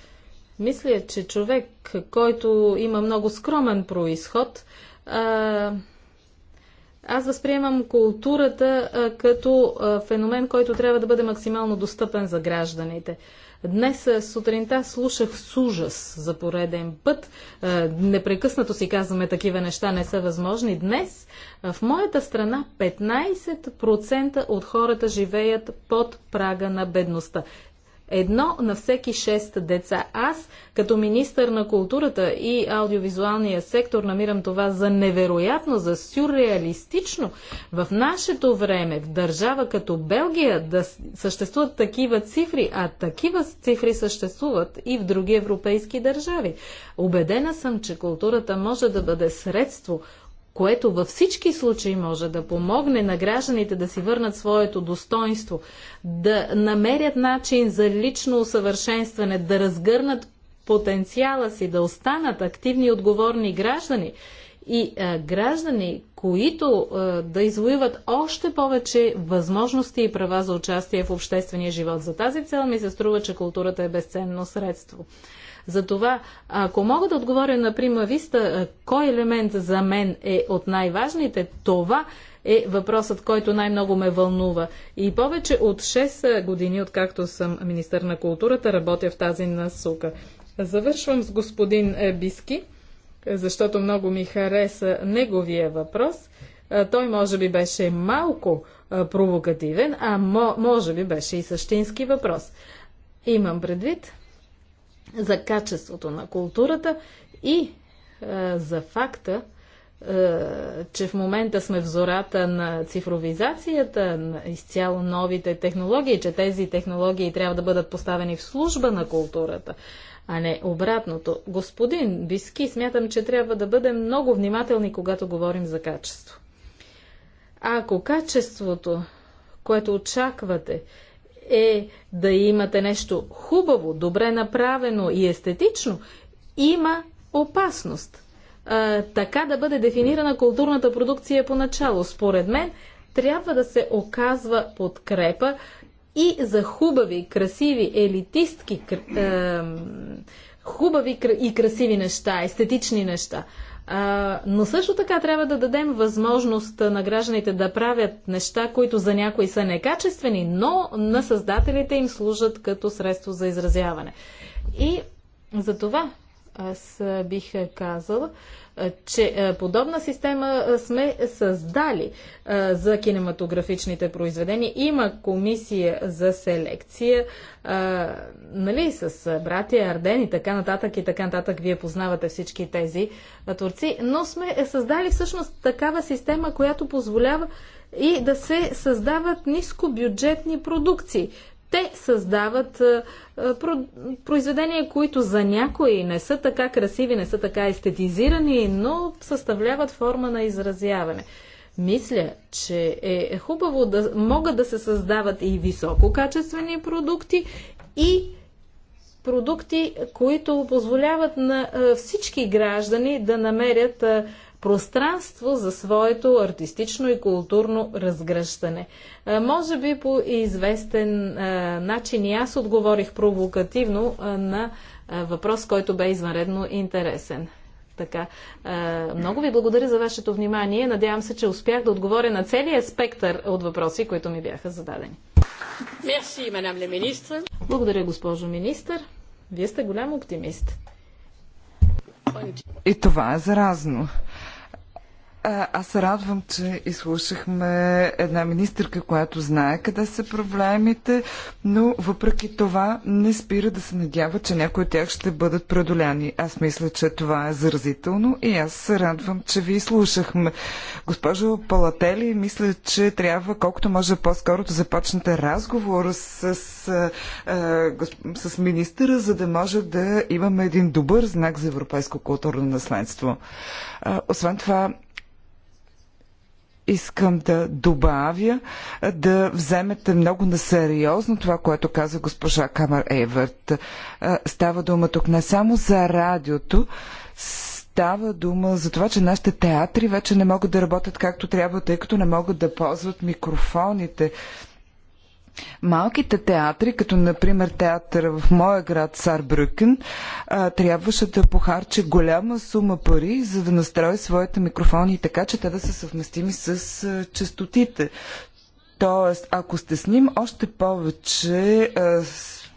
Мисля, че човек, който има много скромен происход, а, аз възприемам културата а, като а, феномен, който трябва да бъде максимално достъпен за гражданите. Днес сутринта слушах с ужас за пореден път. Непрекъснато си казваме, такива неща не са възможни. Днес в моята страна 15% от хората живеят под прага на бедността. Едно на всеки 6 деца. Аз, като министър на културата и аудиовизуалния сектор, намирам това за невероятно, за сюрреалистично. В нашето време, в държава като Белгия, да съществуват такива цифри, а такива цифри съществуват и в други европейски държави. Обедена съм, че културата може да бъде средство, което във всички случаи може да помогне на гражданите да си върнат своето достоинство, да намерят начин за лично усъвършенстване, да разгърнат потенциала си, да останат активни и отговорни граждани и а, граждани, които а, да извоюват още повече възможности и права за участие в обществения живот. За тази цел ми се струва, че културата е безценно средство. Затова, ако мога да отговоря на Прима Виста, кой елемент за мен е от най-важните, това е въпросът, който най-много ме вълнува. И повече от 6 години, откакто съм министър на културата, работя в тази насока. Завършвам с господин е, Биски, защото много ми хареса неговия въпрос. Той може би беше малко провокативен, а може би беше и същински въпрос. Имам предвид, за качеството на културата и е, за факта, е, че в момента сме в зората на цифровизацията, на изцяло новите технологии, че тези технологии трябва да бъдат поставени в служба на културата, а не обратното. Господин Биски, смятам, че трябва да бъдем много внимателни, когато говорим за качество. ако качеството, което очаквате, е да имате нещо хубаво, добре направено и естетично, има опасност. А, така да бъде дефинирана културната продукция поначало. Според мен трябва да се оказва подкрепа и за хубави, красиви, елитистки, е, хубави и красиви неща, естетични неща но също така трябва да дадем възможност на гражданите да правят неща, които за някои са некачествени, но на създателите им служат като средство за изразяване. И за това аз бих казала, че подобна система сме създали за кинематографичните произведения. Има комисия за селекция, нали, с братия Арден и така нататък и така нататък. Вие познавате всички тези творци, но сме създали всъщност такава система, която позволява и да се създават нискобюджетни продукции те създават е, е, произведения, които за някои не са така красиви, не са така естетизирани, но съставляват форма на изразяване. Мисля, че е хубаво да могат да се създават и висококачествени продукти, и продукти, които позволяват на е, всички граждани да намерят пространство за своето артистично и културно разгръщане. Може би по известен начин и аз отговорих провокативно на въпрос, който бе извънредно интересен. Така. Много ви благодаря за вашето внимание. Надявам се, че успях да отговоря на целия спектър от въпроси, които ми бяха зададени. Мерси, мадам ле министр. Благодаря, госпожо министр. Вие сте голям оптимист. И това е заразно. Аз се радвам, че изслушахме една министърка, която знае къде са проблемите, но въпреки това не спира да се надява, че някои от тях ще бъдат преодоляни. Аз мисля, че това е заразително и аз се радвам, че ви изслушахме. Госпожо Палатели, мисля, че трябва колкото може по-скоро да започнете разговор с, с, с министъра, за да може да имаме един добър знак за европейско културно наследство. Освен това, искам да добавя, да вземете много на сериозно това, което каза госпожа Камар Еверт. Става дума тук не само за радиото, става дума за това, че нашите театри вече не могат да работят както трябва, тъй като не могат да ползват микрофоните. Малките театри, като например театъра в моя град Сарбрюкен, трябваше да похарчи голяма сума пари, за да настрои своите микрофони така, че те да са съвместими с частотите. Тоест, ако сте ним, още повече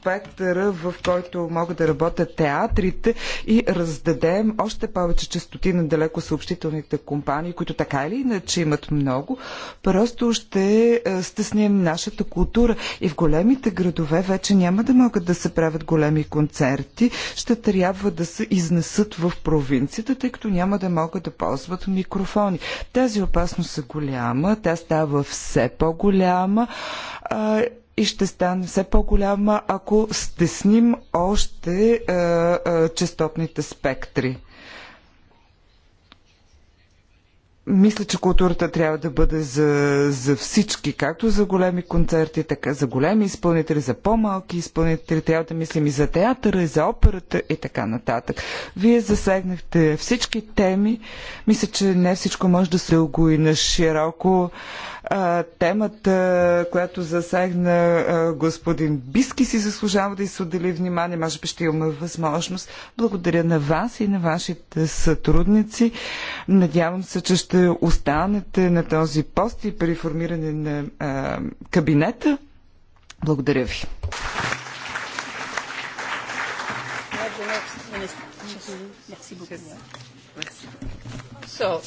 спектъра, в който могат да работят театрите и раздадем още повече частоти на далеко съобщителните компании, които така или иначе имат много, просто ще е, стесним нашата култура. И в големите градове вече няма да могат да се правят големи концерти, ще трябва да се изнесат в провинцията, тъй като няма да могат да ползват микрофони. Тази опасност е голяма, тя става все по-голяма и ще стане все по-голяма, ако стесним още честотните е, частотните спектри. Мисля, че културата трябва да бъде за, за всички, както за големи концерти, така за големи изпълнители, за по-малки изпълнители. Трябва да мислим и за театъра, и за операта и така нататък. Вие засегнахте всички теми. Мисля, че не всичко може да се огои на широко. Темата, която засегна господин Биски, си заслужава да й се отдели внимание. Може би ще имаме възможност. Благодаря на вас и на вашите сътрудници. Надявам се, че ще останете на този пост и при формиране на а, кабинета. Благодаря ви. So,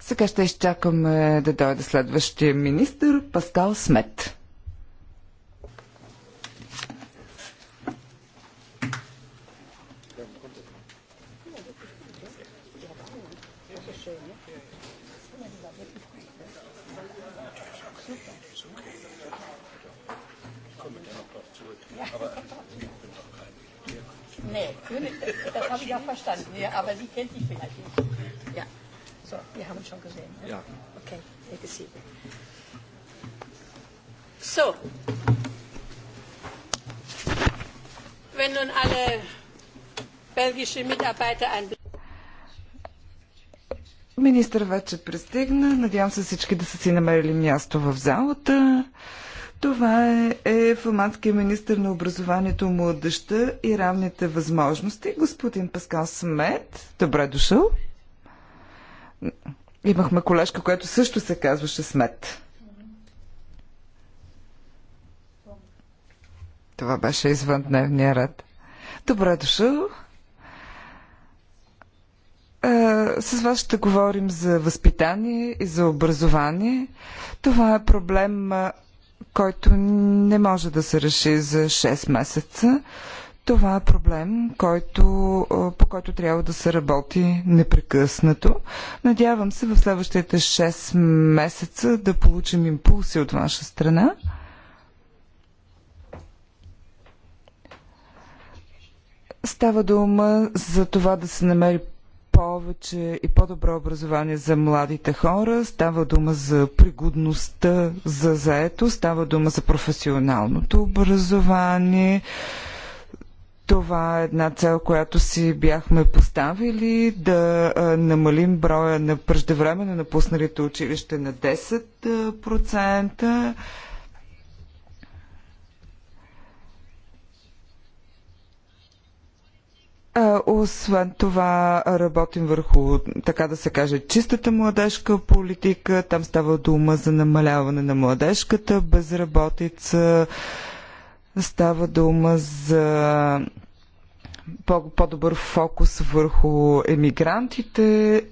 сега ще изчакаме да дойде следващия министр Паскал Смет. ja verstanden, ja, aber sie kennt die vielleicht nicht. Ja, so, wir haben schon gesehen. Ne? Ja. Okay, take a So, wenn nun alle belgischen Mitarbeiter ein Министър вече пристигна. Надявам се всички да са си намерили място в залата. Това е, е фламандския министр на образованието, младеща и равните възможности, господин Паскал Смет. Добре дошъл. Имахме колежка, която също се казваше Смет. Това беше извън дневния ред. Добре дошъл. Е, с вас ще говорим за възпитание и за образование. Това е проблем е, който не може да се реши за 6 месеца. Това е проблем, който, по който трябва да се работи непрекъснато. Надявам се в следващите 6 месеца да получим импулси от ваша страна. Става дума за това да се намери повече и по-добро образование за младите хора, става дума за пригодността за заето, става дума за професионалното образование. Това е една цел, която си бяхме поставили да намалим броя на преждевременно напусналите училище на 10%. Освен това, работим върху, така да се каже, чистата младежка политика. Там става дума за намаляване на младежката безработица. Става дума за по-добър -по фокус върху емигрантите.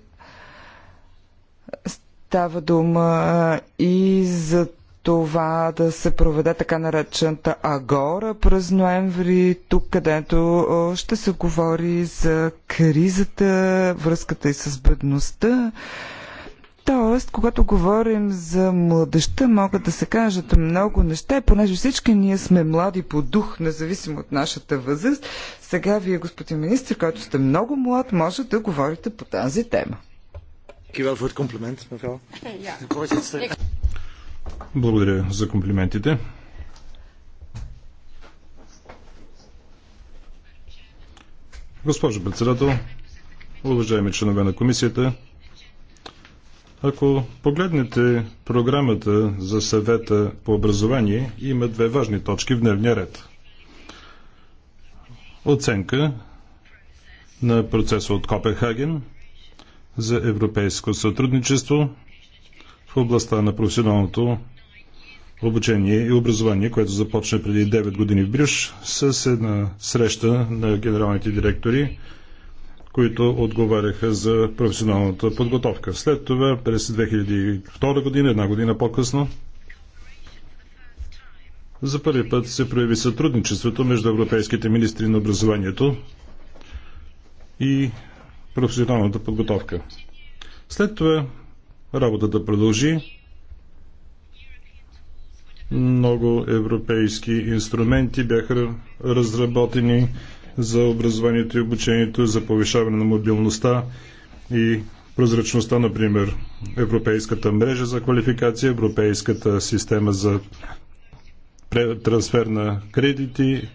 Става дума и за това да се проведе така наречената Агора през ноември, тук където ще се говори за кризата, връзката и с бедността. Тоест, когато говорим за младеща, могат да се кажат много неща, понеже всички ние сме млади по дух, независимо от нашата възраст. Сега вие, господин министр, който сте много млад, може да говорите по тази тема. Благодаря за комплимент, compliment, благодаря за комплиментите. Госпожо председател, уважаеми членове на комисията, ако погледнете програмата за съвета по образование, има две важни точки в дневния ред. Оценка на процеса от Копенхаген за европейско сътрудничество – в областта на професионалното обучение и образование, което започна преди 9 години в Брюш, с една среща на генералните директори, които отговаряха за професионалната подготовка. След това, през 2002 година, една година по-късно, за първи път се прояви сътрудничеството между европейските министри на образованието и професионалната подготовка. След това работата продължи. Много европейски инструменти бяха разработени за образованието и обучението, за повишаване на мобилността и прозрачността, например, Европейската мрежа за квалификация, Европейската система за трансфер на кредити.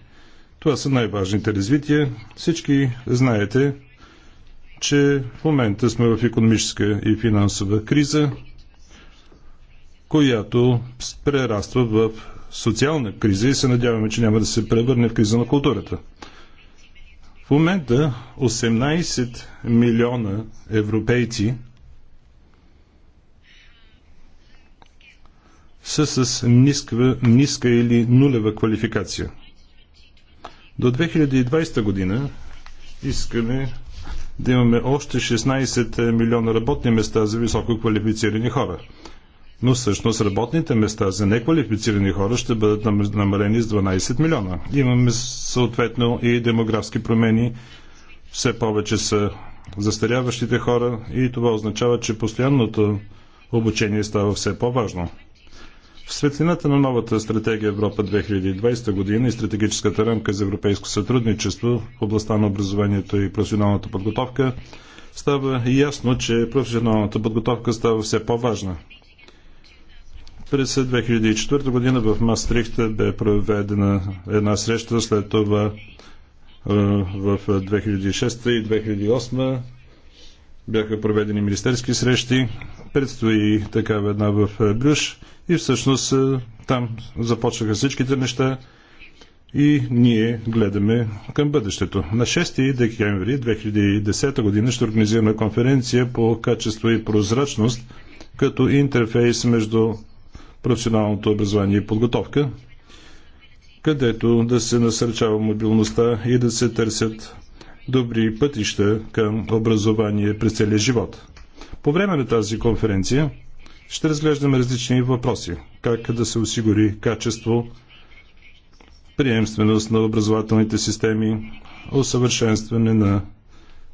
Това са най-важните развития. Всички знаете, че в момента сме в економическа и финансова криза, която прераства в социална криза и се надяваме, че няма да се превърне в криза на културата. В момента 18 милиона европейци са с ниска, ниска или нулева квалификация. До 2020 година искаме да имаме още 16 е, милиона работни места за високо квалифицирани хора. Но всъщност работните места за неквалифицирани хора ще бъдат намалени с 12 милиона. Имаме съответно и демографски промени. Все повече са застаряващите хора и това означава, че постоянното обучение става все по-важно. В светлината на новата стратегия Европа 2020 година и стратегическата рамка за европейско сътрудничество в областта на образованието и професионалната подготовка, става ясно, че професионалната подготовка става все по-важна. През 2004 година в Мастрихт бе проведена една среща, след това в 2006 и 2008 бяха проведени министерски срещи. Предстои такава една в Брюш и всъщност е, там започнаха всичките неща и ние гледаме към бъдещето. На 6 декември 2010 година ще организираме конференция по качество и прозрачност като интерфейс между професионалното образование и подготовка, където да се насърчава мобилността и да се търсят добри пътища към образование през целия живот. По време на тази конференция ще разглеждаме различни въпроси. Как да се осигури качество, приемственост на образователните системи, усъвършенстване на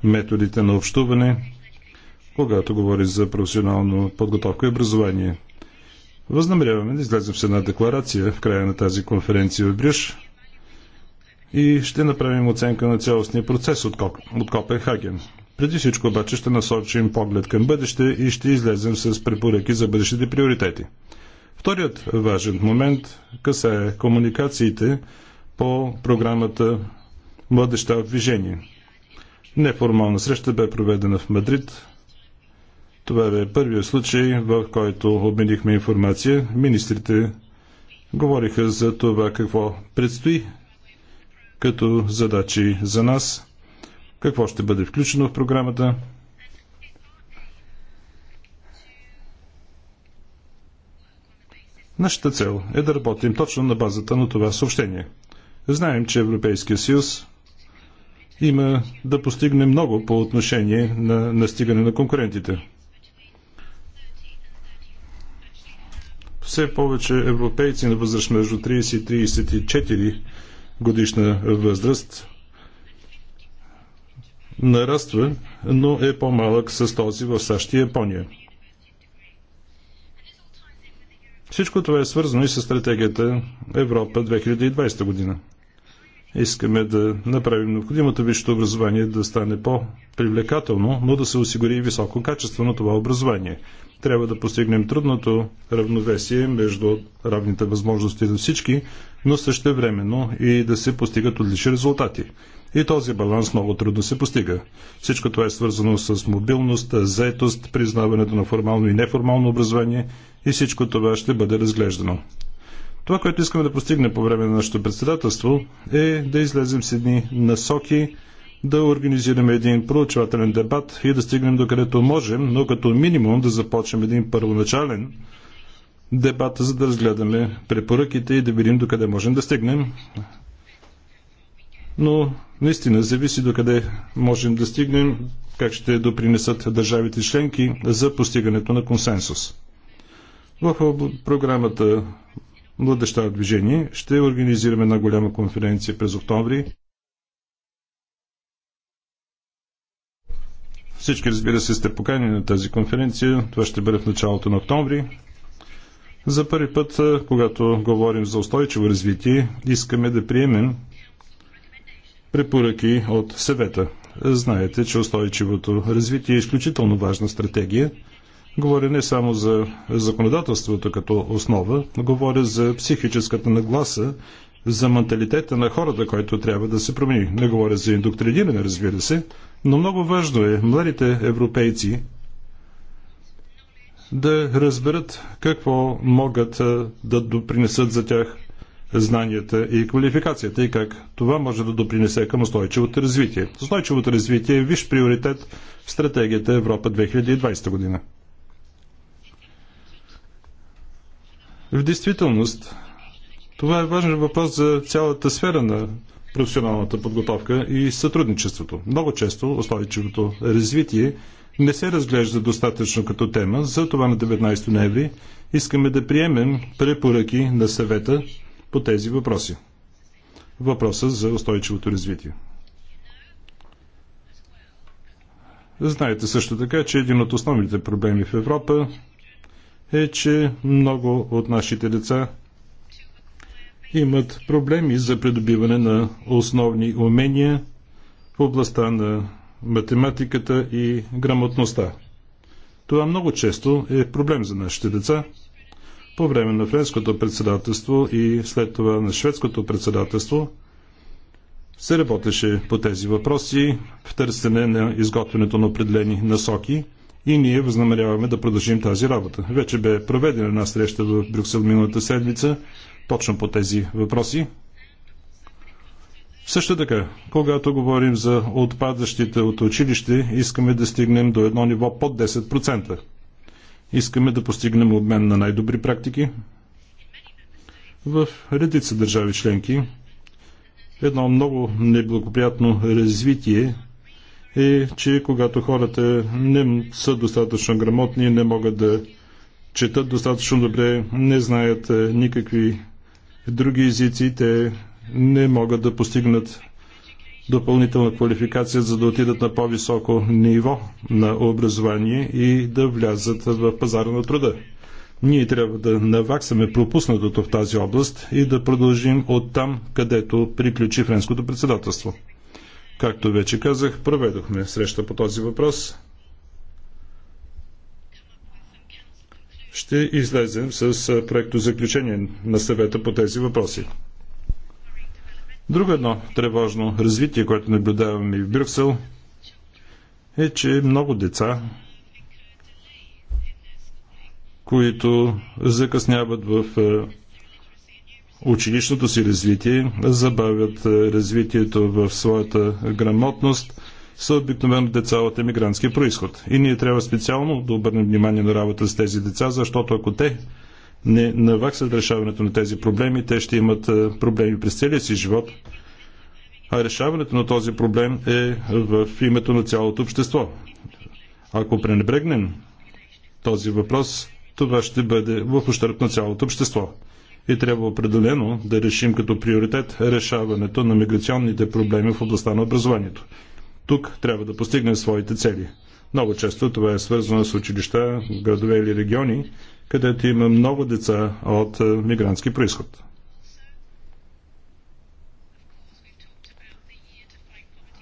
методите на общуване, когато говори за професионално подготовка и образование. Възнамеряваме да излезем с една декларация в края на тази конференция в Брюш и ще направим оценка на цялостния процес от Копенхаген. Преди всичко обаче ще насочим поглед към бъдеще и ще излезем с препоръки за бъдещите приоритети. Вторият важен момент касае комуникациите по програмата Младеща в движение. Неформална среща бе проведена в Мадрид. Това бе първият случай, в който обменихме информация. Министрите говориха за това какво предстои като задачи за нас – какво ще бъде включено в програмата? Нашата цел е да работим точно на базата на това съобщение. Знаем, че Европейския съюз има да постигне много по отношение на настигане на конкурентите. Все повече европейци на възраст между 30 и 34 годишна възраст нараства, но е по-малък с този в САЩ и Япония. Всичко това е свързано и с стратегията Европа 2020 година. Искаме да направим необходимото висшето образование да стане по-привлекателно, но да се осигури и високо качество на това образование. Трябва да постигнем трудното равновесие между равните възможности за всички, но също времено и да се постигат отлични резултати. И този баланс много трудно се постига. Всичко това е свързано с мобилност, заетост, признаването на формално и неформално образование и всичко това ще бъде разглеждано. Това, което искаме да постигнем по време на нашето председателство е да излезем с едни насоки, да организираме един проучвателен дебат и да стигнем до където можем, но като минимум да започнем един първоначален дебат, за да разгледаме препоръките и да видим до къде можем да стигнем но наистина зависи до къде можем да стигнем, как ще допринесат държавите членки за постигането на консенсус. В програмата Младеща от движение ще организираме една голяма конференция през октомври. Всички, разбира се, сте поканени на тази конференция. Това ще бъде в началото на октомври. За първи път, когато говорим за устойчиво развитие, искаме да приемем препоръки от съвета. Знаете, че устойчивото развитие е изключително важна стратегия. Говоря не само за законодателството като основа, но говоря за психическата нагласа, за менталитета на хората, който трябва да се промени. Не говоря за индоктриниране, разбира се, но много важно е младите европейци да разберат какво могат да допринесат за тях знанията и квалификацията и как това може да допринесе към устойчивото развитие. Устойчивото развитие е виш приоритет в стратегията Европа 2020 година. В действителност, това е важен въпрос за цялата сфера на професионалната подготовка и сътрудничеството. Много често устойчивото развитие не се разглежда достатъчно като тема, затова на 19 ноември искаме да приемем препоръки на съвета по тези въпроси. Въпроса за устойчивото развитие. Знаете също така, че един от основните проблеми в Европа е, че много от нашите деца имат проблеми за придобиване на основни умения в областта на математиката и грамотността. Това много често е проблем за нашите деца – по време на френското председателство и след това на шведското председателство се работеше по тези въпроси в търсене на изготвянето на определени насоки и ние възнамеряваме да продължим тази работа. Вече бе проведена една среща в Брюксел миналата седмица точно по тези въпроси. Също така, когато говорим за отпадащите от училище, искаме да стигнем до едно ниво под 10%. Искаме да постигнем обмен на най-добри практики. В редица държави членки едно много неблагоприятно развитие е, че когато хората не са достатъчно грамотни, не могат да четат достатъчно добре, не знаят е, никакви други езици, те не могат да постигнат допълнителна квалификация, за да отидат на по-високо ниво на образование и да влязат в пазара на труда. Ние трябва да наваксаме пропуснатото в тази област и да продължим от там, където приключи френското председателство. Както вече казах, проведохме среща по този въпрос. Ще излезем с проекто заключение на съвета по тези въпроси. Друго едно тревожно развитие, което наблюдаваме и в Брюксел, е, че много деца, които закъсняват в е, училищното си развитие, забавят е, развитието в своята грамотност, са обикновено деца от емигрантски происход. И ние трябва специално да обърнем внимание на работа с тези деца, защото ако те не наваксат решаването на тези проблеми, те ще имат е, проблеми през целия си живот. А решаването на този проблем е в името на цялото общество. Ако пренебрегнем този въпрос, това ще бъде в ущърп на цялото общество. И трябва определено да решим като приоритет решаването на миграционните проблеми в областта на образованието. Тук трябва да постигнем своите цели – много често това е свързано с училища, градове или региони, където има много деца от е, мигрантски происход.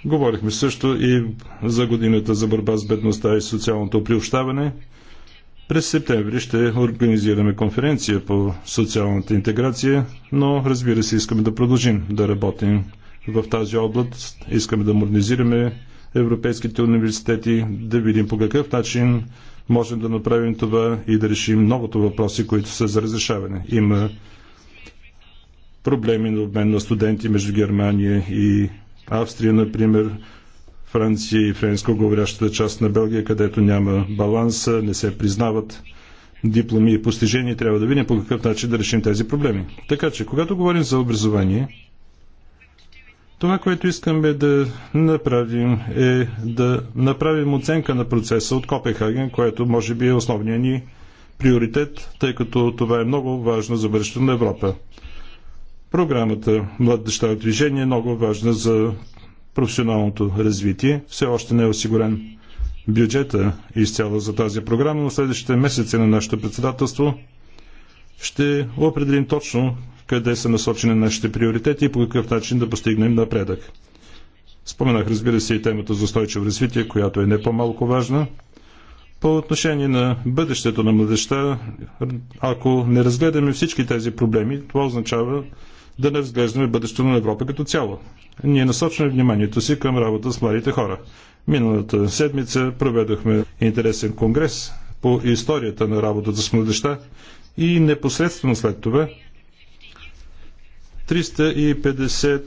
Говорихме също и за годината за борба с бедността и социалното приобщаване. През септември ще организираме конференция по социалната интеграция, но разбира се искаме да продължим да работим в тази област. Искаме да модернизираме европейските университети, да видим по какъв начин можем да направим това и да решим многото въпроси, които са за разрешаване. Има проблеми на обмен на студенти между Германия и Австрия, например, Франция и френско говорящата част на Белгия, където няма баланса, не се признават дипломи и постижения. Трябва да видим по какъв начин да решим тези проблеми. Така че, когато говорим за образование, това, което искаме да направим е да направим оценка на процеса от Копенхаген, което може би е основният ни приоритет, тъй като това е много важно за бъдещето на Европа. Програмата Младеща от движение е много важна за професионалното развитие. Все още не е осигурен бюджета изцяло за тази програма, но следващите месеци на нашето председателство ще определим точно къде са насочени нашите приоритети и по какъв начин да постигнем напредък. Споменах, разбира се, и темата за устойчиво развитие, която е не по-малко важна. По отношение на бъдещето на младеща, ако не разгледаме всички тези проблеми, това означава да не разглеждаме бъдещето на Европа като цяло. Ние насочваме вниманието си към работа с младите хора. Миналата седмица проведохме интересен конгрес по историята на работата с младеща и непосредствено след това 350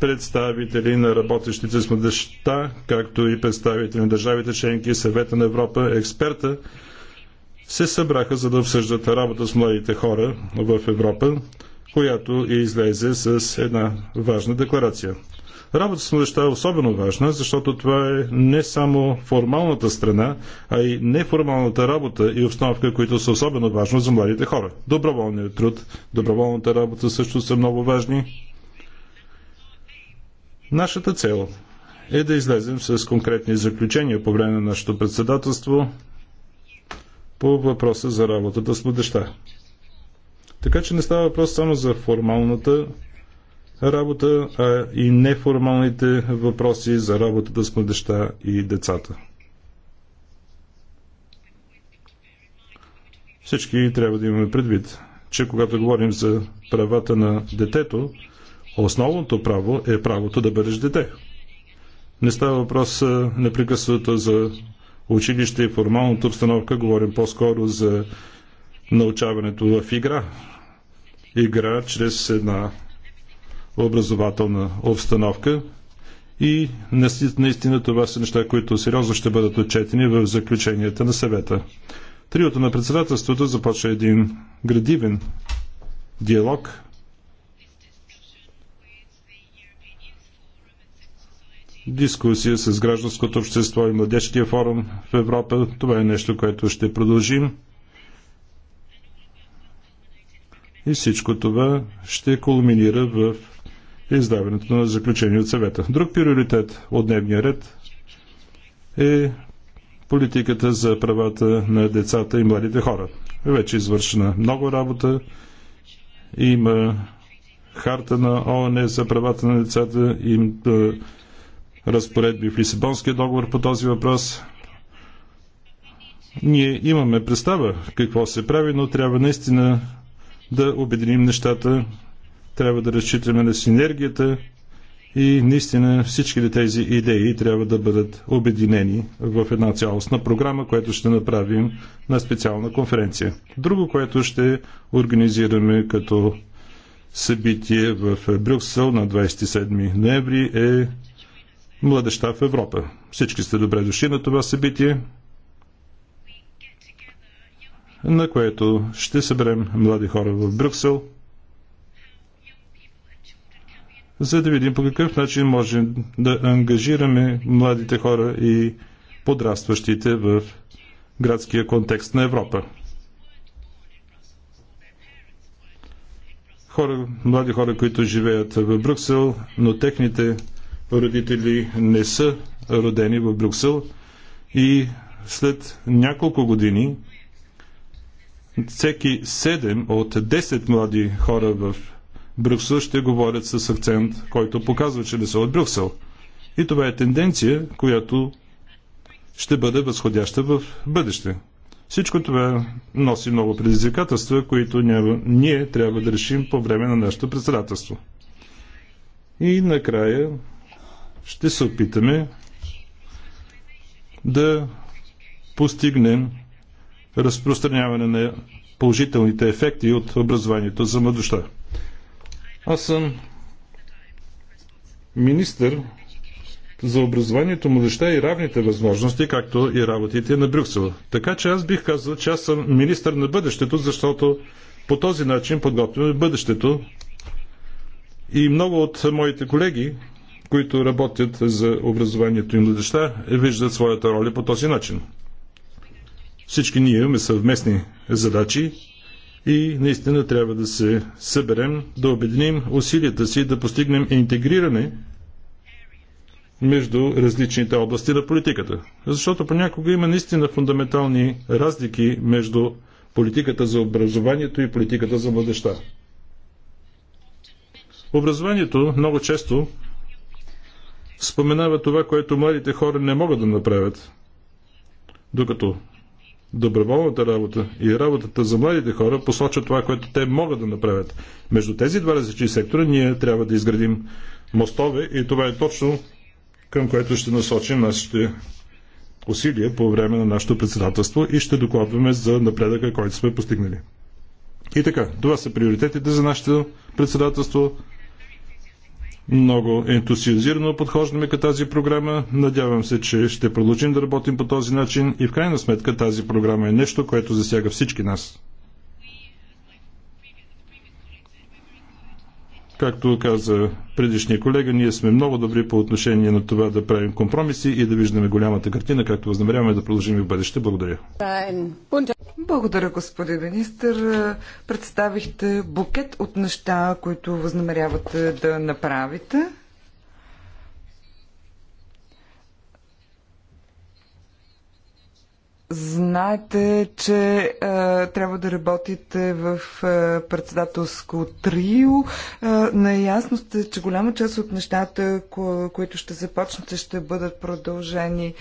представители на работещите с младеща, както и представители на държавите членки, съвета на Европа, експерта, се събраха за да обсъждат работа с младите хора в Европа, която и излезе с една важна декларация. Работа с младеща е особено важна, защото това е не само формалната страна, а и неформалната работа и обстановка, които са особено важни за младите хора. Доброволният труд, доброволната работа също са много важни. Нашата цел е да излезем с конкретни заключения по време на нашето председателство по въпроса за работата с младеща. Така че не става въпрос само за формалната работа, а и неформалните въпроси за работата с младеща и децата. Всички трябва да имаме предвид, че когато говорим за правата на детето, основното право е правото да бъдеш дете. Не става въпрос непрекъснато за училище и формалната обстановка, говорим по-скоро за научаването в игра. Игра чрез една образователна обстановка. И наистина това са неща, които сериозно ще бъдат отчетени в заключенията на съвета. Триото на председателството започва един градивен диалог дискусия с гражданското общество и младежкия форум в Европа. Това е нещо, което ще продължим. И всичко това ще кулминира в издаването на заключение от съвета. Друг приоритет от дневния ред е политиката за правата на децата и младите хора. Вече извършена много работа. Има харта на ООН за правата на децата, и разпоредби в Лисабонския договор по този въпрос. Ние имаме представа какво се прави, но трябва наистина да обединим нещата трябва да разчитаме на синергията и наистина всички тези идеи трябва да бъдат обединени в една цялостна програма, която ще направим на специална конференция. Друго, което ще организираме като събитие в Брюксел на 27 ноември е Младеща в Европа. Всички сте добре дошли на това събитие, на което ще съберем млади хора в Брюксел – за да видим по какъв начин можем да ангажираме младите хора и подрастващите в градския контекст на Европа. Хора, млади хора, които живеят в Брюксел, но техните родители не са родени в Брюксел и след няколко години всеки 7 от 10 млади хора в Брюксел ще говорят с акцент, който показва, че не са от Брюксел. И това е тенденция, която ще бъде възходяща в бъдеще. Всичко това носи много предизвикателства, които ние трябва да решим по време на нашето председателство. И накрая ще се опитаме да постигнем разпространяване на положителните ефекти от образованието за младоща. Аз съм министър за образованието, младеща и равните възможности, както и работите на Брюксел. Така че аз бих казал, че аз съм министър на бъдещето, защото по този начин подготвяме бъдещето. И много от моите колеги, които работят за образованието и младеща, виждат своята роля по този начин. Всички ние имаме съвместни задачи и наистина трябва да се съберем, да обединим усилията си, да постигнем интегриране между различните области на политиката. Защото понякога има наистина фундаментални разлики между политиката за образованието и политиката за младеща. Образованието много често споменава това, което младите хора не могат да направят, докато доброволната работа и работата за младите хора посоча това, което те могат да направят. Между тези два различни сектора ние трябва да изградим мостове и това е точно към което ще насочим нашите усилия по време на нашето председателство и ще докладваме за напредъка, който сме постигнали. И така, това са приоритетите за нашето председателство. Много ентусиазирано подхождаме към тази програма. Надявам се, че ще продължим да работим по този начин и в крайна сметка тази програма е нещо, което засяга всички нас. Както каза предишния колега, ние сме много добри по отношение на това да правим компромиси и да виждаме голямата картина, както възнамеряваме да продължим и в бъдеще. Благодаря. Благодаря, господин министр. Представихте букет от неща, които възнамерявате да направите. Знаете, че е, трябва да работите в е, председателско трио. Е, наясно сте, че голяма част от нещата, ко- които ще започнете, ще бъдат продължени е,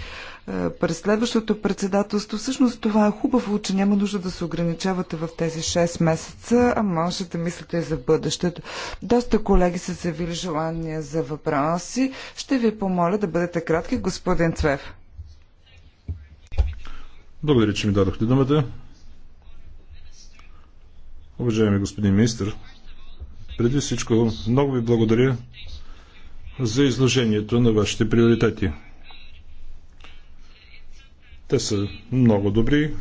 през следващото председателство. Всъщност това е хубаво, че няма нужда да се ограничавате в тези 6 месеца, а може да мислите и за бъдещето. Доста колеги са заявили желания за въпроси. Ще ви помоля да бъдете кратки, господин Цвев. Благодаря, че ми дадохте думата. Уважаеми господин министр, преди всичко много ви благодаря за изложението на вашите приоритети. Те са много добри.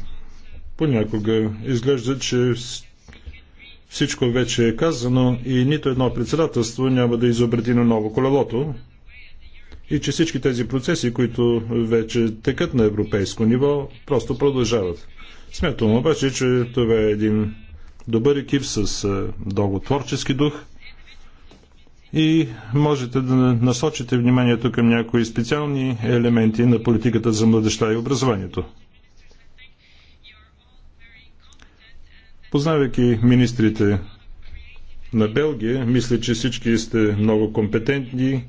Понякога изглежда, че всичко вече е казано и нито едно председателство няма да изобрети на ново колелото, и че всички тези процеси, които вече текат на европейско ниво, просто продължават. Смятам обаче, че това е един добър екип с дълго творчески дух и можете да насочите вниманието към някои специални елементи на политиката за младеща и образованието. Познавайки министрите на Белгия, мисля, че всички сте много компетентни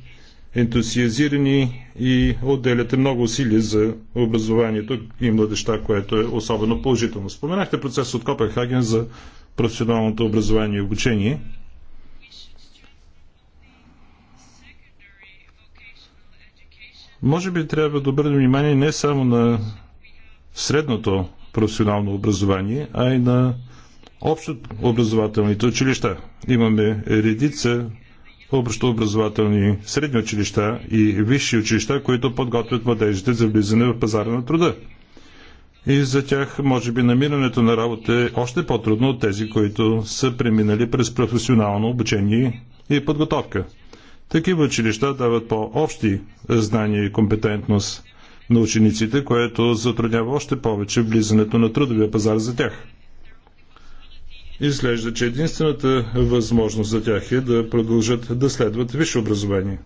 ентусиазирани и отделяте много усилия за образованието и младеща, което е особено положително. Споменахте процес от Копенхаген за професионалното образование и обучение. Може би трябва да обърнем внимание не само на средното професионално образование, а и на общо образователните училища. Имаме редица образователни средни училища и висши училища, които подготвят младежите за влизане в пазара на труда. И за тях, може би, намирането на работа е още по-трудно от тези, които са преминали през професионално обучение и подготовка. Такива училища дават по-общи знания и компетентност на учениците, което затруднява още повече влизането на трудовия пазар за тях. Изглежда, че единствената възможност за тях е да продължат да следват висше образование.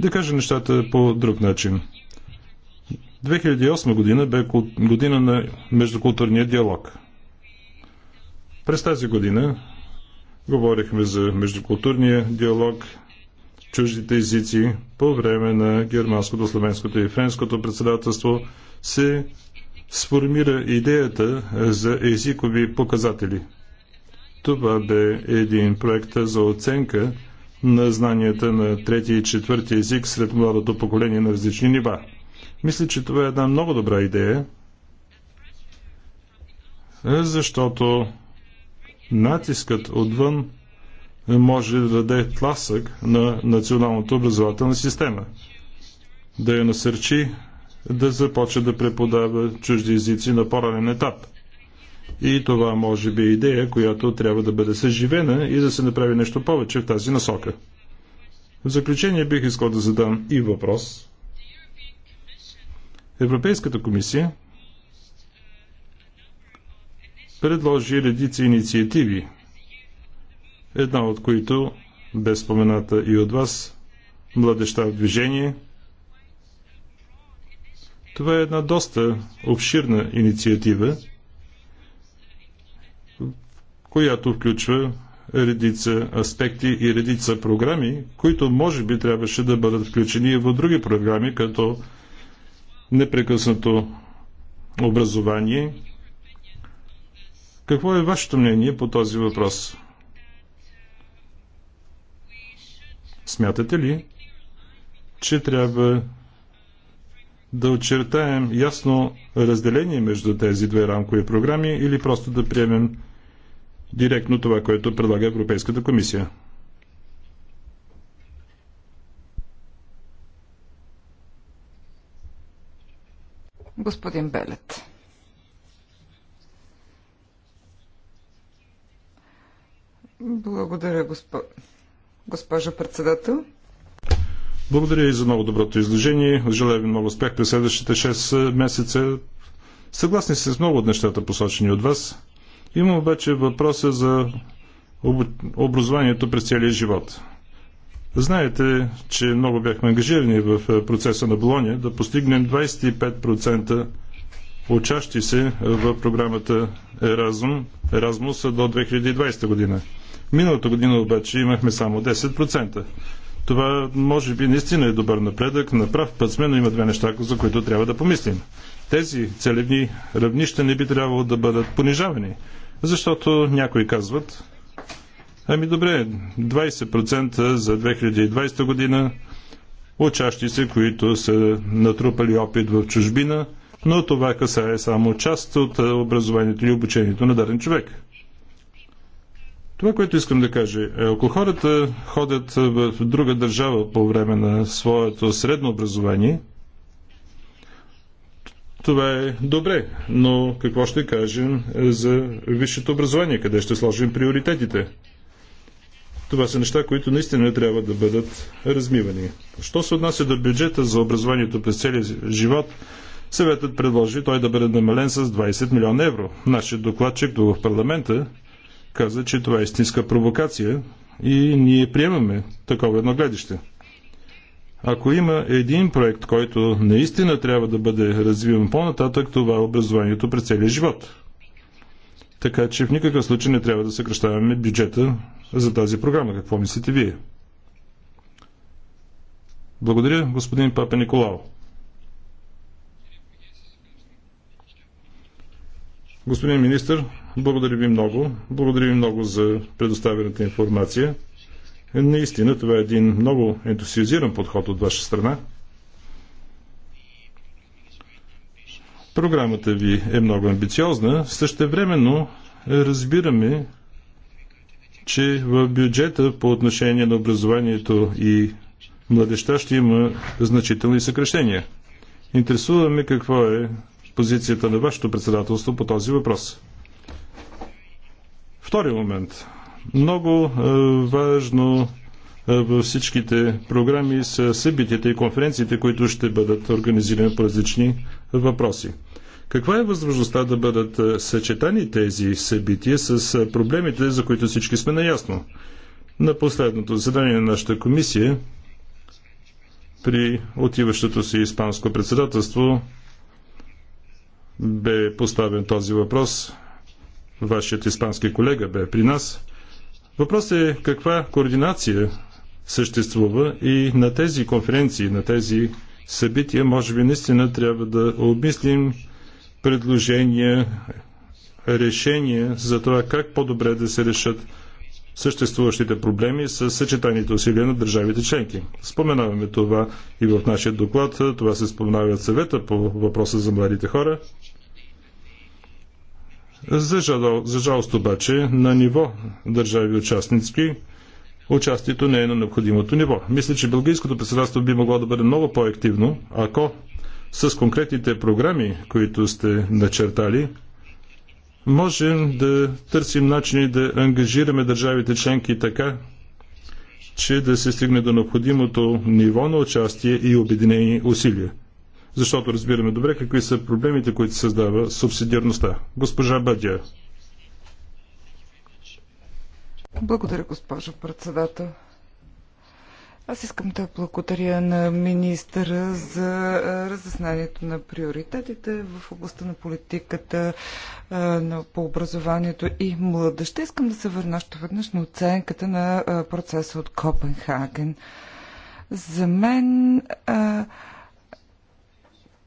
Да кажа нещата по друг начин. 2008 година бе година на междукултурния диалог. През тази година говорихме за междукултурния диалог, чуждите езици. По време на германското, славенското и френското председателство се сформира идеята за езикови показатели. Това бе един проект за оценка на знанията на трети и четвърти език сред младото поколение на различни нива. Мисля, че това е една много добра идея, защото натискът отвън може да даде тласък на националната образователна система, да я насърчи да започне да преподава чужди езици на по-ранен етап. И това може би е идея, която трябва да бъде съживена и да се направи нещо повече в тази насока. В заключение бих искал да задам и въпрос. Европейската комисия предложи редици инициативи, една от които бе спомената и от вас, Младеща в движение – това е една доста обширна инициатива, която включва редица аспекти и редица програми, които може би трябваше да бъдат включени и в други програми, като непрекъснато образование. Какво е вашето мнение по този въпрос? Смятате ли, че трябва да очертаем ясно разделение между тези две рамкови програми или просто да приемем директно това, което предлага Европейската комисия? Господин Белет. Благодаря, госпо... госпожо председател. Благодаря и за много доброто изложение. Желая ви много успех през следващите 6 е, месеца. Съгласни се с много от нещата, посочени от вас. има обаче въпроса за об... образованието през целия живот. Знаете, че много бяхме ангажирани в е, процеса на Болония да постигнем 25% учащи се в програмата Еразум, Еразмус до 2020 година. Миналата година обаче имахме само 10%. Това може би наистина е добър напредък. На прав път сме, но има две неща, за които трябва да помислим. Тези целевни равнища не би трябвало да бъдат понижавани, защото някои казват, ами добре, 20% за 2020 година, учащи се, които са натрупали опит в чужбина, но това касае само част от образованието и обучението на даден човек. Това, което искам да кажа, е, ако хората ходят е, в друга държава по време на своето средно образование, това е добре, но какво ще кажем е, за висшето образование, къде ще сложим приоритетите? Това са неща, които наистина трябва да бъдат размивани. Що се отнася до бюджета за образованието през целия живот, съветът предложи той да бъде намален с 20 милиона евро. Нашият докладчик до в парламента каза, че това е истинска провокация и ние приемаме такова едно гледище. Ако има един проект, който наистина трябва да бъде развиван по-нататък, това е образованието през целия живот. Така че в никакъв случай не трябва да съкръщаваме бюджета за тази програма. Какво мислите вие? Благодаря, господин Папа Николао. Господин министр, благодаря ви много. Благодаря ви много за предоставената информация. Наистина, това е един много ентусиазиран подход от ваша страна. Програмата ви е много амбициозна. Същевременно разбираме, че в бюджета по отношение на образованието и младеща ще има значителни съкрещения. Интересуваме какво е позицията на вашето председателство по този въпрос. Втори момент. Много е, важно е, във всичките програми са събитията и конференциите, които ще бъдат организирани по различни въпроси. Каква е възможността да бъдат е, съчетани тези събития с проблемите, за които всички сме наясно? На последното заседание на нашата комисия при отиващото си испанско председателство бе поставен този въпрос. Вашият испански колега бе при нас. Въпросът е каква координация съществува и на тези конференции, на тези събития, може би наистина трябва да обмислим предложения, решения за това как по-добре да се решат съществуващите проблеми с съчетаните усилия на държавите членки. Споменаваме това и в нашия доклад. Това се споменава от съвета по въпроса за младите хора. За, жал, за жалост обаче, на ниво държави участници, участието не е на необходимото ниво. Мисля, че Белгийското председателство би могло да бъде много по-активно, ако с конкретните програми, които сте начертали, можем да търсим начини да ангажираме държавите членки така, че да се стигне до необходимото ниво на участие и обединени усилия. Защото разбираме добре какви са проблемите, които създава субсидиарността. Госпожа Бадя. Благодаря, госпожо председател. Аз искам да благодаря на министъра за разъснанието на приоритетите в областта на политиката по образованието и младеща. Искам да се върна още веднъж на оценката на процеса от Копенхаген. За мен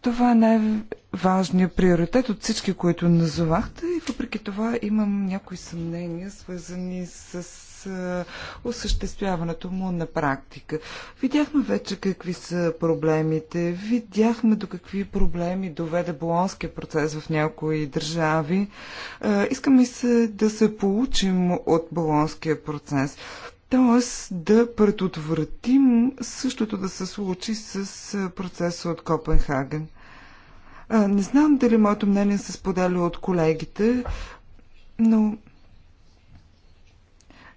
това е най-важният приоритет от всички, които назовахте и въпреки това имам някои съмнения, свързани с с е, осъществяването му на практика. Видяхме вече какви са проблемите, видяхме до какви проблеми доведе болонския процес в някои държави. Е, Искаме се да се получим от болонския процес. Тоест да предотвратим същото да се случи с е, процеса от Копенхаген. Не знам дали моето мнение се споделя от колегите, но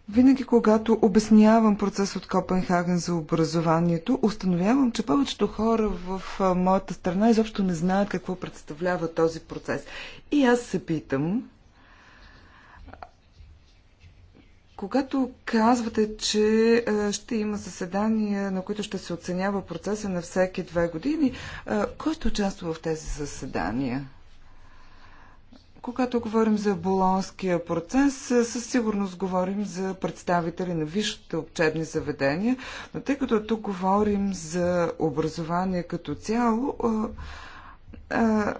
винаги, когато обяснявам процес от Копенхаген за образованието, установявам, че повечето хора в моята страна изобщо не знаят какво представлява този процес. И аз се питам, когато казвате, че ще има заседания, на които ще се оценява процеса на всеки две години, кой ще участва в тези заседания? Когато говорим за болонския процес, е, със сигурност говорим за представители на висшите учебни заведения, но тъй като тук говорим за образование като цяло, е, е,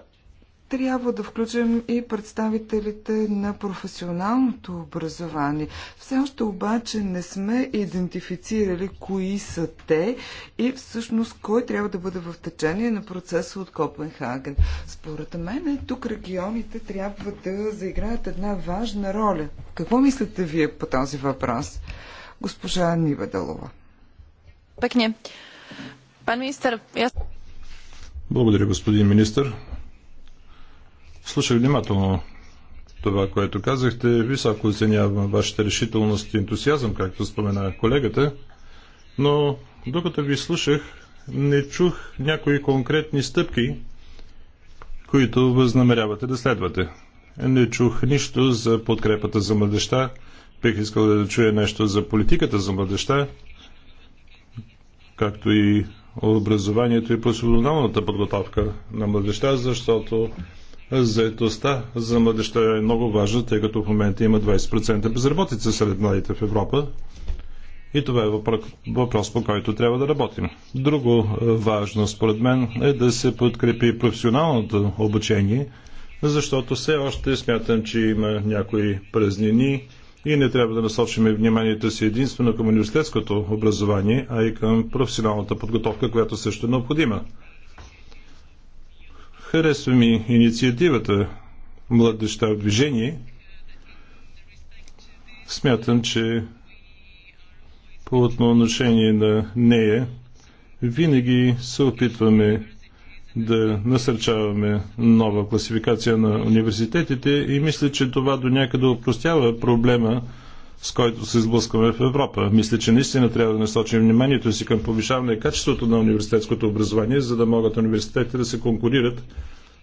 трябва да включим и представителите на професионалното образование. Все още обаче не сме идентифицирали кои са те и всъщност кой трябва да бъде в течение на процеса от Копенхаген. Според мен тук регионите трябва да заиграят една важна роля. Какво мислите вие по този въпрос? Госпожа Нива Далова. Пекне. Пан министър, я... Благодаря, господин министър. Слушах внимателно това, което казахте. Високо оценявам вашата решителност и ентусиазъм, както спомена колегата. Но докато ви слушах, не чух някои конкретни стъпки, които възнамерявате да следвате. Не чух нищо за подкрепата за младеща. Бих искал да чуя нещо за политиката за младеща, както и образованието и професионалната подготовка на младеща, защото Заетостта за младеща е много важна, тъй като в момента има 20% безработица сред младите в Европа. И това е въпрос, по който трябва да работим. Друго е, важно, според мен, е да се подкрепи професионалното обучение, защото все още смятам, че има някои празнини и не трябва да насочим вниманието си единствено към университетското образование, а и към професионалната подготовка, която също е необходима. Харесва ми инициативата Младеща в движение. Смятам, че по отношение на нея винаги се опитваме да насърчаваме нова класификация на университетите и мисля, че това до някъде опростява проблема с който се сблъскваме в Европа. Мисля, че наистина трябва да насочим вниманието си към повишаване качеството на университетското образование, за да могат университетите да се конкурират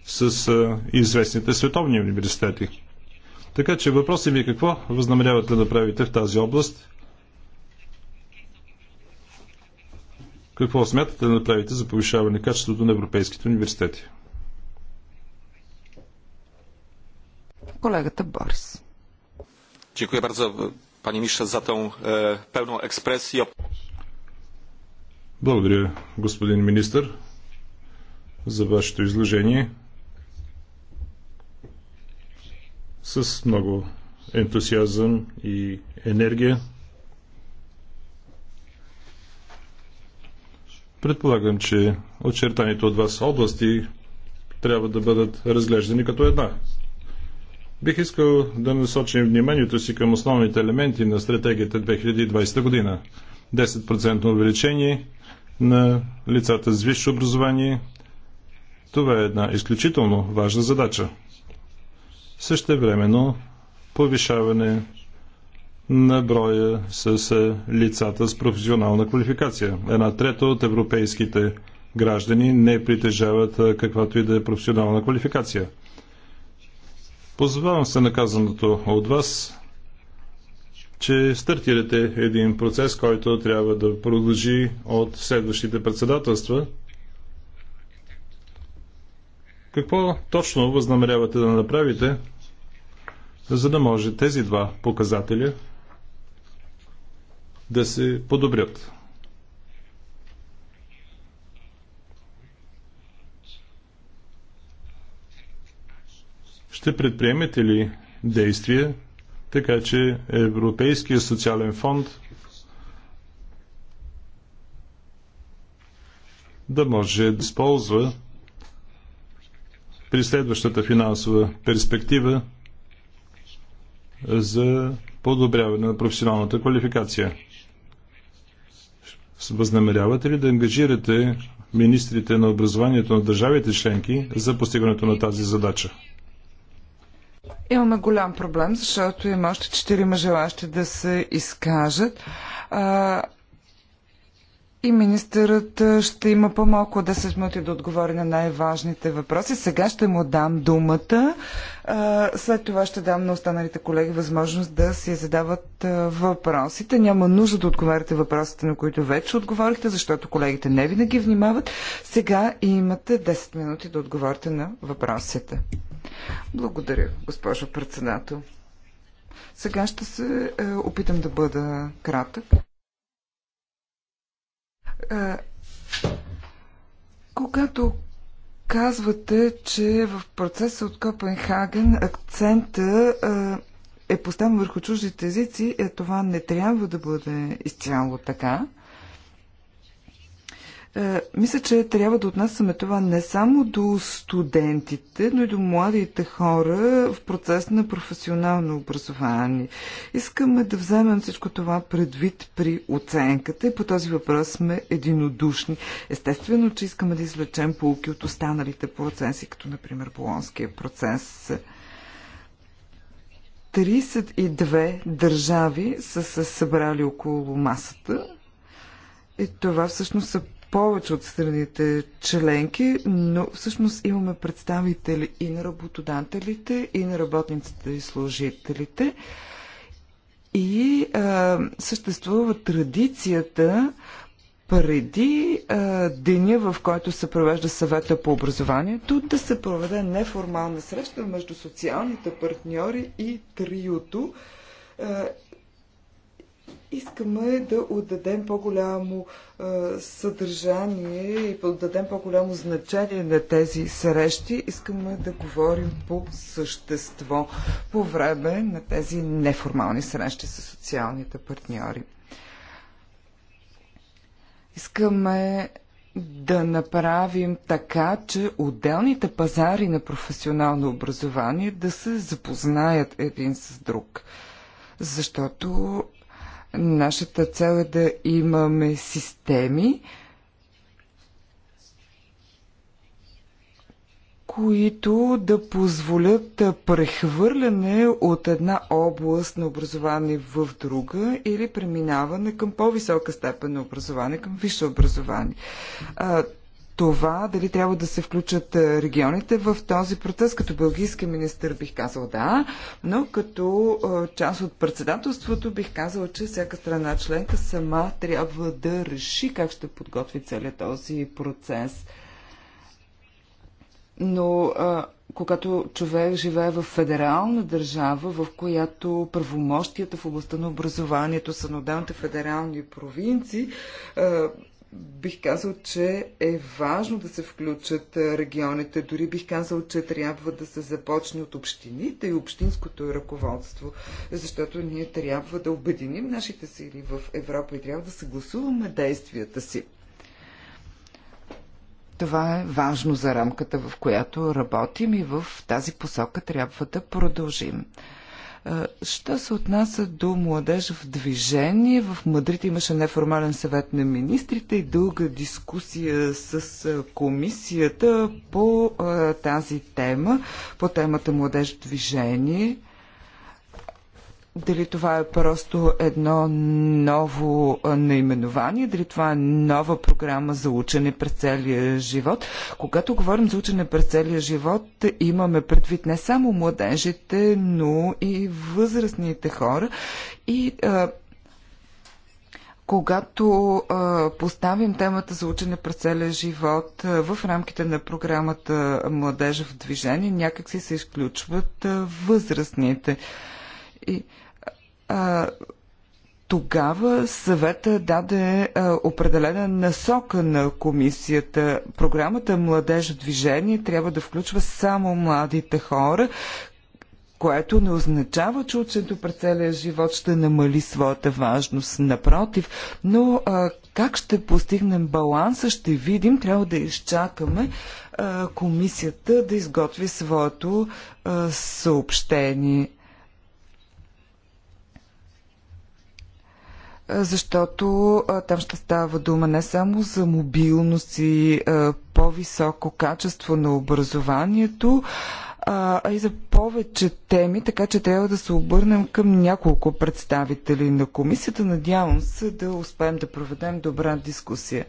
с известните световни университети. Така че въпросът ми е какво възнамерявате да правите в тази област? Какво смятате да направите за повишаване на качеството на европейските университети? Колегата Борис. Dziękuję bardzo panie ministrze, za tą e, pełną ekspresję. Благодаря, господин министр, за вашето изложение. С много ентусиазъм и енергия. Предполагам, че очертаните от вас области трябва да бъдат разглеждани като една. Бих искал да насочим вниманието си към основните елементи на стратегията 2020 година. 10% увеличение на лицата с висше образование. Това е една изключително важна задача. времено повишаване на броя с е, лицата с професионална квалификация. Една трета от европейските граждани не притежават е, каквато и да е професионална квалификация – Позовавам се наказаното от вас, че стартирате един процес, който трябва да продължи от следващите председателства. Какво точно възнамерявате да направите, за да може тези два показателя да се подобрят? Ще предприемете ли действия, така че Европейския социален фонд да може да използва при следващата финансова перспектива за подобряване на професионалната квалификация. Възнамерявате ли да ангажирате министрите на образованието на държавите членки за постигането на тази задача? Имаме голям проблем, защото има още четирима желащи да се изкажат. А, и министърът ще има по-малко 10 минути да отговори на най-важните въпроси. Сега ще му дам думата. След това ще дам на останалите колеги възможност да си задават въпросите. Няма нужда да отговаряте въпросите, на които вече отговорихте, защото колегите не винаги внимават. Сега имате 10 минути да отговорите на въпросите. Благодаря, госпожо председател. Сега ще се е, опитам да бъда кратък. Е, когато казвате, че в процеса от Копенхаген акцента е, е поставен върху чуждите езици, е, това не трябва да бъде изцяло така. Е, мисля, че трябва да отнасяме това не само до студентите, но и до младите хора в процес на професионално образование. Искаме да вземем всичко това предвид при оценката и по този въпрос сме единодушни. Естествено, че искаме да извлечем полки от останалите процеси, като например Болонския процес. 32 държави са се събрали около масата и това всъщност са повече от страните членки, но всъщност имаме представители и на работодателите, и на работниците и служителите. И а, съществува традицията преди а, деня, в който се провежда съвета по образованието, да се проведе неформална среща между социалните партньори и триото, Искаме да отдадем по-голямо съдържание и да отдадем по-голямо значение на тези срещи. Искаме да говорим по същество по време на тези неформални срещи с социалните партньори. Искаме да направим така, че отделните пазари на професионално образование да се запознаят един с друг. Защото Нашата цел е да имаме системи, които да позволят прехвърляне от една област на образование в друга или преминаване към по-висока степен на образование, към висше образование това дали трябва да се включат е, регионите в този процес. Като бългийски министр бих казал да, но като е, част от председателството бих казал, че всяка страна членка сама трябва да реши как ще подготви целият този процес. Но е, когато човек живее в федерална държава, в която правомощията в областта на образованието са на отделните федерални провинции, бих казал, че е важно да се включат регионите. Дори бих казал, че трябва да се започне от общините и общинското ръководство, защото ние трябва да обединим нашите сили в Европа и трябва да съгласуваме действията си. Това е важно за рамката, в която работим и в тази посока трябва да продължим. Е, що се отнася до младеж в движение, в Мадрид имаше неформален съвет на министрите и дълга дискусия с е, комисията по е, тази тема, по темата младеж в движение – дали това е просто едно ново наименование, дали това е нова програма за учене през целия живот. Когато говорим за учене през целия живот, имаме предвид не само младежите, но и възрастните хора. И а, когато а, поставим темата за учене през целия живот а, в рамките на програмата Младежа в движение, някакси се изключват а, възрастните. А, и, а, тогава съвета даде а, определена насока на комисията. Програмата Младежо движение трябва да включва само младите хора, което не означава, че ученето през целия живот ще намали своята важност. Напротив, но а, как ще постигнем баланса, ще видим. Трябва да изчакаме а, комисията да изготви своето а, съобщение. защото там ще става дума не само за мобилност и по-високо качество на образованието, а и за повече теми, така че трябва да се обърнем към няколко представители на комисията. Надявам се да успеем да проведем добра дискусия.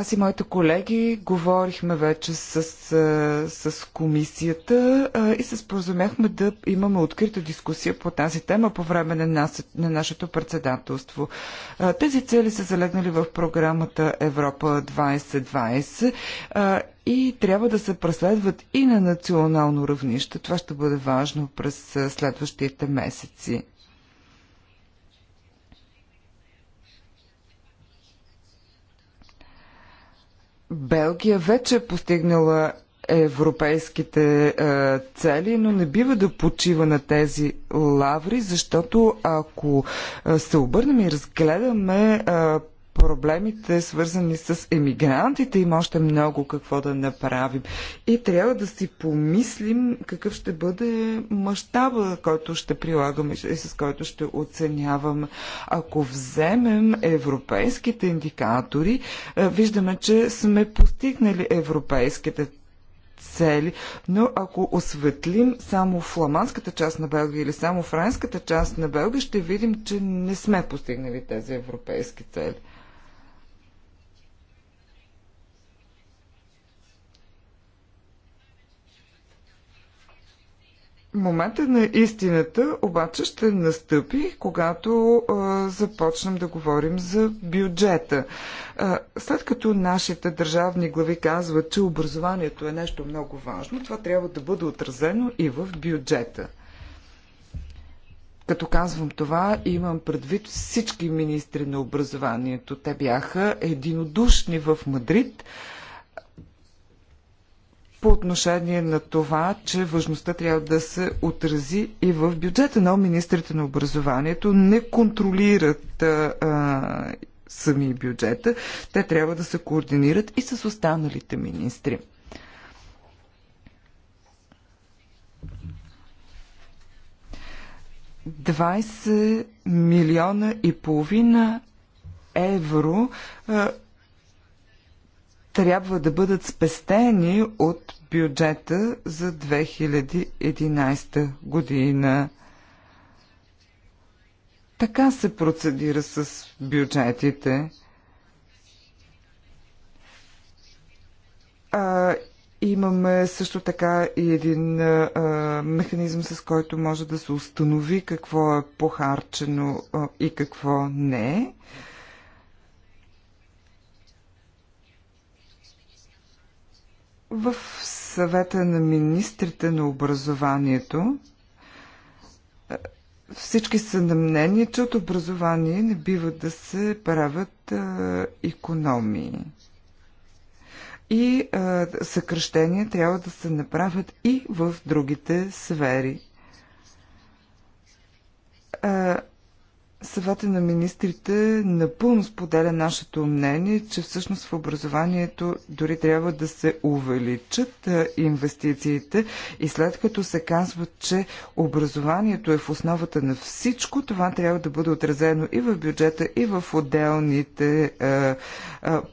Аз и моите колеги говорихме вече с, с комисията и се споразумяхме да имаме открита дискусия по тази тема по време на, нас, на нашето председателство. Тези цели са залегнали в програмата Европа 2020 и трябва да се преследват и на национално равнище. Това ще бъде важно през следващите месеци. Белгия вече е постигнала европейските е, цели, но не бива да почива на тези лаври, защото ако е, се обърнем и разгледаме е, проблемите, свързани с емигрантите, има още много какво да направим. И трябва да си помислим какъв ще бъде мащаба, който ще прилагаме и с който ще оценяваме. Ако вземем европейските индикатори, е, виждаме, че сме постигнали европейските цели, но ако осветлим само фламандската част на Белгия или само франската част на Белгия, ще видим, че не сме постигнали тези европейски цели. Момента на истината обаче ще настъпи, когато а, започнем да говорим за бюджета. А, след като нашите държавни глави казват, че образованието е нещо много важно, това трябва да бъде отразено и в бюджета. Като казвам това, имам предвид всички министри на образованието. Те бяха единодушни в Мадрид по отношение на това, че важността трябва да се отрази и в бюджета, но министрите на образованието не контролират а, сами бюджета. Те трябва да се координират и с останалите министри. Двадесет милиона и половина евро а, трябва да бъдат спестени от бюджета за 2011 година. Така се процедира с бюджетите. А, имаме също така и един а, механизъм, с който може да се установи какво е похарчено а, и какво не е. в съвета на министрите на образованието е, всички са на мнение, че от образование не бива да се правят а, е, економии. И а, е, съкръщения трябва да се направят и в другите сфери. А, Съвета на министрите напълно споделя нашето мнение, че всъщност в образованието дори трябва да се увеличат инвестициите и след като се казва, че образованието е в основата на всичко, това трябва да бъде отразено и в бюджета, и в отделните е, е,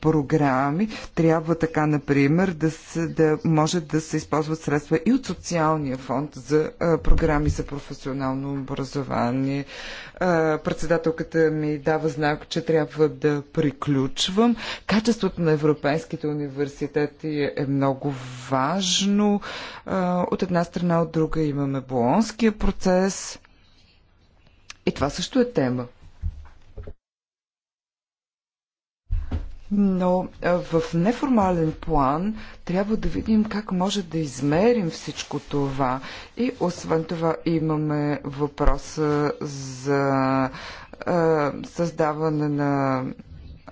програми. Трябва така, например, да, се, да може да се използват средства и от социалния фонд за е, програми за професионално образование. Е, Председателката ми дава знак, че трябва да приключвам. Качеството на европейските университети е много важно. От една страна, от друга имаме болонския процес. И това също е тема Но в неформален план трябва да видим как може да измерим всичко това. И освен това имаме въпроса за създаване на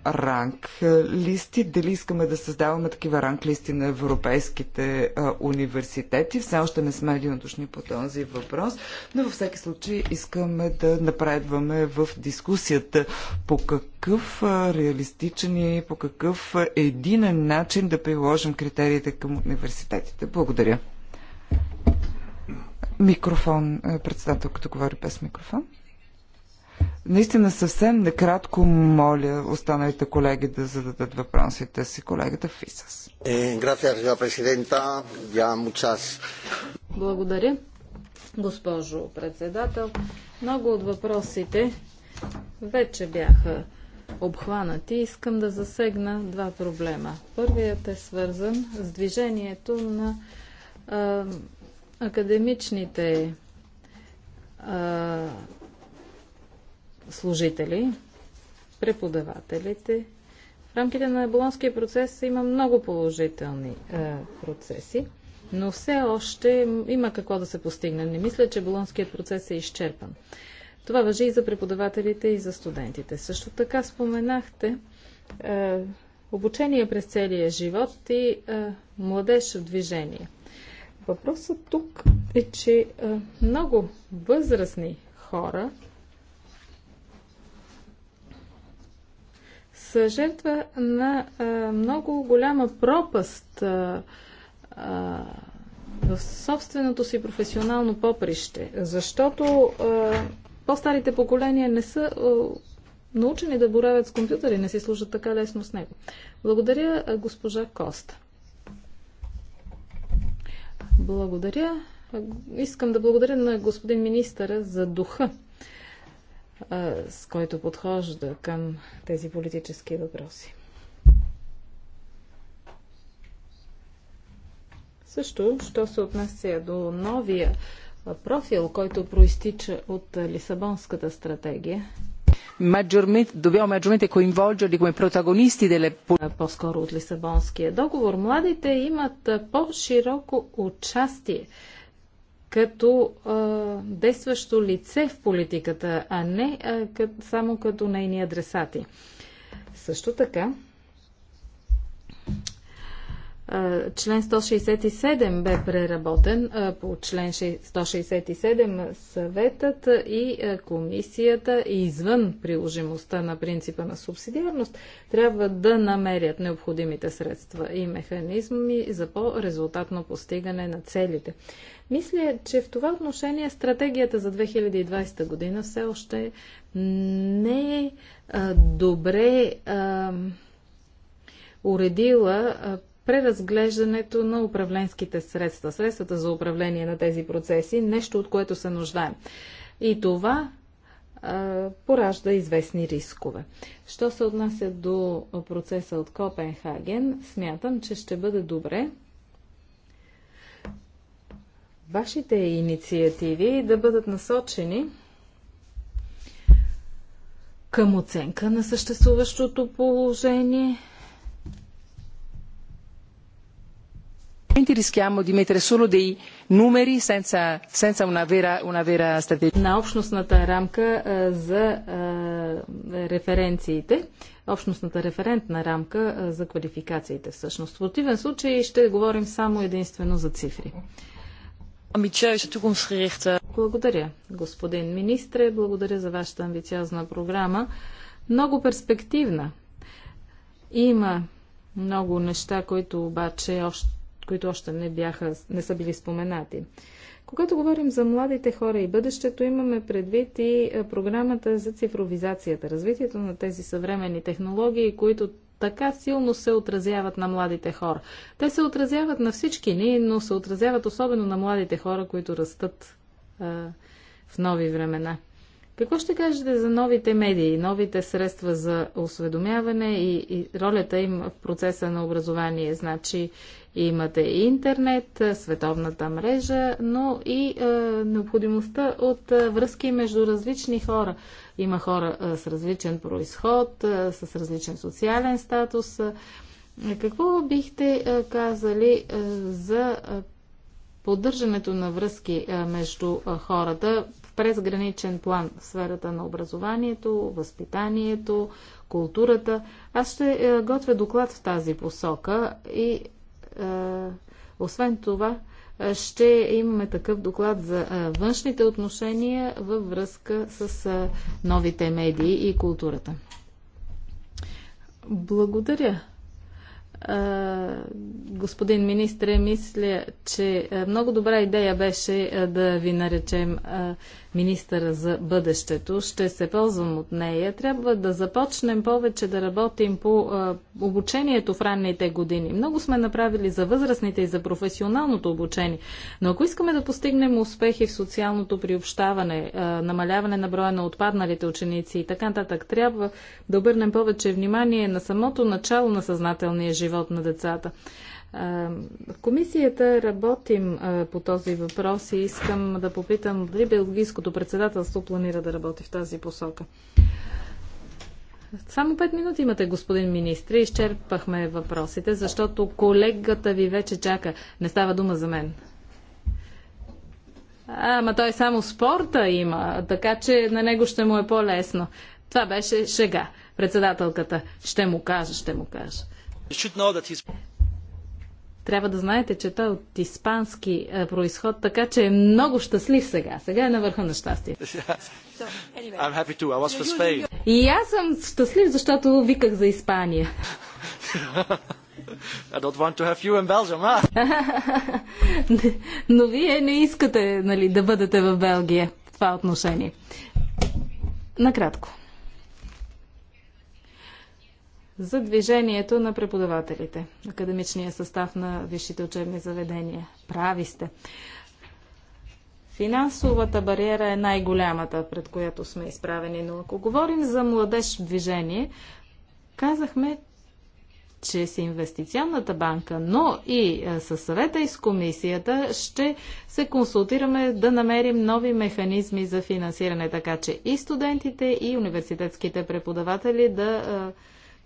ранг е, листи, дали искаме да създаваме такива ранг листи на европейските а, е, университети. Все още не сме единодушни по този въпрос, но във всеки случай искаме да напредваме в дискусията по какъв е, реалистичен и по какъв единен начин да приложим критериите към университетите. Благодаря. Микрофон, като говори без микрофон. Наистина съвсем накратко моля останалите колеги да зададат въпросите си. Колегата Фисас. Е, Благодаря, госпожо председател. Много от въпросите вече бяха обхванати. Искам да засегна два проблема. Първият е свързан с движението на а, академичните а, служители, преподавателите. В рамките на Болонския процес има много положителни е, процеси, но все още има какво да се постигне. Не мисля, че Болонският процес е изчерпан. Това въжи и за преподавателите, и за студентите. Също така споменахте е, обучение през целия живот и е, младеж в движение. Въпросът тук е, че е, много възрастни хора са жертва на а, много голяма пропаст а, а, в собственото си професионално поприще, защото по-старите поколения не са научени да боравят с компютъри, не си служат така лесно с него. Благодаря, госпожа Коста. Благодаря. Искам да благодаря на господин министъра за духа, с който подхожда към тези политически въпроси. Също, що се отнася до новия профил, който проистича от Лисабонската стратегия, Maggiormente, dobbiamo maggiormente coinvolgerli come protagonisti delle по-скоро от Лисабонския договор. Младите имат по-широко участие като а, действащо лице в политиката, а не а, кът, само като нейни адресати. Също така, Член 167 бе преработен по член 167 съветът и комисията извън приложимостта на принципа на субсидиарност трябва да намерят необходимите средства и механизми за по-резултатно постигане на целите. Мисля, че в това отношение стратегията за 2020 година все още не е добре а, уредила а, преразглеждането на управленските средства, средствата за управление на тези процеси, нещо от което се нуждаем. И това а, поражда известни рискове. Що се отнася до процеса от Копенхаген, смятам, че ще бъде добре вашите инициативи да бъдат насочени към оценка на съществуващото положение. Rischiamo di mettere solo dei numeri senza, senza una, vera, una vera strategia. На общностната рамка за референциите, общностната референтна рамка за квалификациите всъщност. В противен случай ще говорим само единствено за цифри амбициоза тукунфтгерихта. Благодаря, господин министре. Благодаря за вашата амбициозна програма. Много перспективна. Има много неща, които обаче още, които още не, бяха, не са били споменати. Когато говорим за младите хора и бъдещето, имаме предвид и програмата за цифровизацията, развитието на тези съвременни технологии, които така силно се отразяват на младите хора. Те се отразяват на всички ни, но се отразяват особено на младите хора, които растат а, в нови времена. Какво ще кажете за новите медии, новите средства за осведомяване и, и ролята им в процеса на образование? Значи имате и интернет, световната мрежа, но и е, необходимостта от е, връзки между различни хора. Има хора с различен происход, с различен социален статус. Какво бихте казали за поддържането на връзки между хората в презграничен план в сферата на образованието, възпитанието, културата. Аз ще готвя доклад в тази посока и освен това ще имаме такъв доклад за външните отношения във връзка с новите медии и културата. Благодаря. Господин министре, мисля, че много добра идея беше да ви наречем министъра за бъдещето. Ще се ползвам от нея. Трябва да започнем повече да работим по обучението в ранните години. Много сме направили за възрастните и за професионалното обучение. Но ако искаме да постигнем успехи в социалното приобщаване, намаляване на броя на отпадналите ученици и така нататък, трябва да обърнем повече внимание на самото начало на съзнателния живот на децата. В комисията работим по този въпрос и искам да попитам дали Белгийското председателство планира да работи в тази посока. Само 5 минути имате, господин министр. Изчерпахме въпросите, защото колегата ви вече чака. Не става дума за мен. А, ма той само спорта има, така че на него ще му е по-лесно. Това беше шега. Председателката ще му каже, ще му каже. Трябва да знаете, че той е от испански е, происход, така че е много щастлив сега. Сега е на върха на щастие. И аз съм щастлив, защото виках за Испания. I don't want to have you in Belgium, huh? Но вие не искате нали, да бъдете в Белгия в това отношение. Накратко за движението на преподавателите, академичния състав на висшите учебни заведения. Прави сте. Финансовата бариера е най-голямата, пред която сме изправени. Но ако говорим за младеж движение, казахме, че с инвестиционната банка, но и е, със съвета и с комисията ще се консултираме да намерим нови механизми за финансиране, така че и студентите, и университетските преподаватели да е,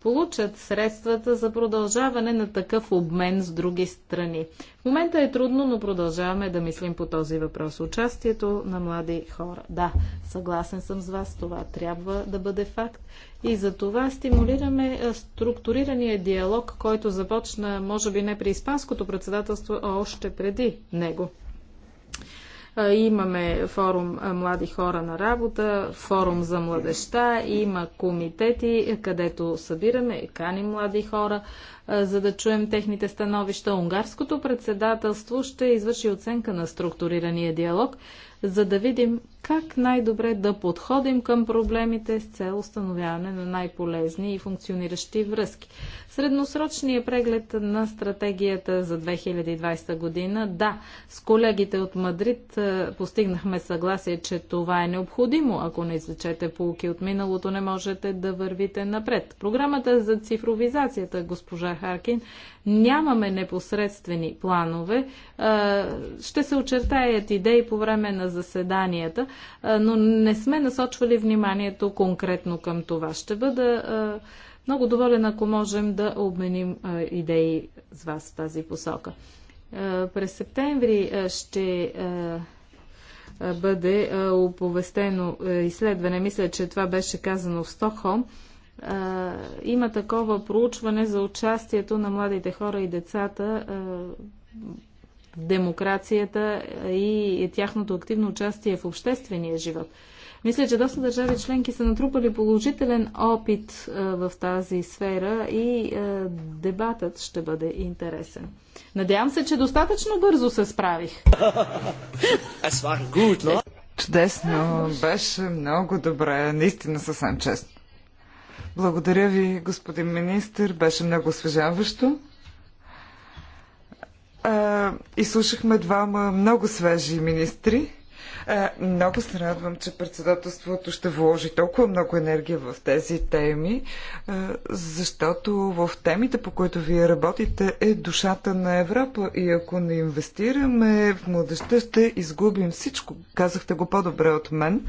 получат средствата за продължаване на такъв обмен с други страни. В момента е трудно, но продължаваме да мислим по този въпрос. Участието на млади хора. Да, съгласен съм с вас, това трябва да бъде факт. И за това стимулираме е, структурирания диалог, който започна, може би не при Испанското председателство, а още преди него. Имаме форум Млади хора на работа, форум за младеща, има комитети, където събираме, каним млади хора, за да чуем техните становища. Унгарското председателство ще извърши оценка на структурирания диалог, за да видим как най-добре да подходим към проблемите с цел установяване на най-полезни и функциониращи връзки. Средносрочният преглед на стратегията за 2020 година, да, с колегите от Мадрид е, постигнахме съгласие, че това е необходимо. Ако не извлечете полуки от миналото, не можете да вървите напред. Програмата за цифровизацията, госпожа Харкин, нямаме непосредствени планове. Е, ще се очертаят идеи по време на заседанията, но не сме насочвали вниманието конкретно към това. Ще бъда много доволен, ако можем да обменим идеи с вас в тази посока. През септември ще бъде оповестено изследване. Мисля, че това беше казано в Стокхолм. Има такова проучване за участието на младите хора и децата демокрацията и тяхното активно участие в обществения живот. Мисля, че доста държави членки са натрупали положителен опит в тази сфера и дебатът ще бъде интересен. Надявам се, че достатъчно бързо се справих. Чудесно, беше много добре, наистина съвсем честно. Благодаря ви, господин министр, беше много освежаващо изслушахме двама много свежи министри. Много се радвам, че председателството ще вложи толкова много енергия в тези теми, защото в темите, по които вие работите, е душата на Европа и ако не инвестираме в младеща, ще изгубим всичко. Казахте го по-добре от мен.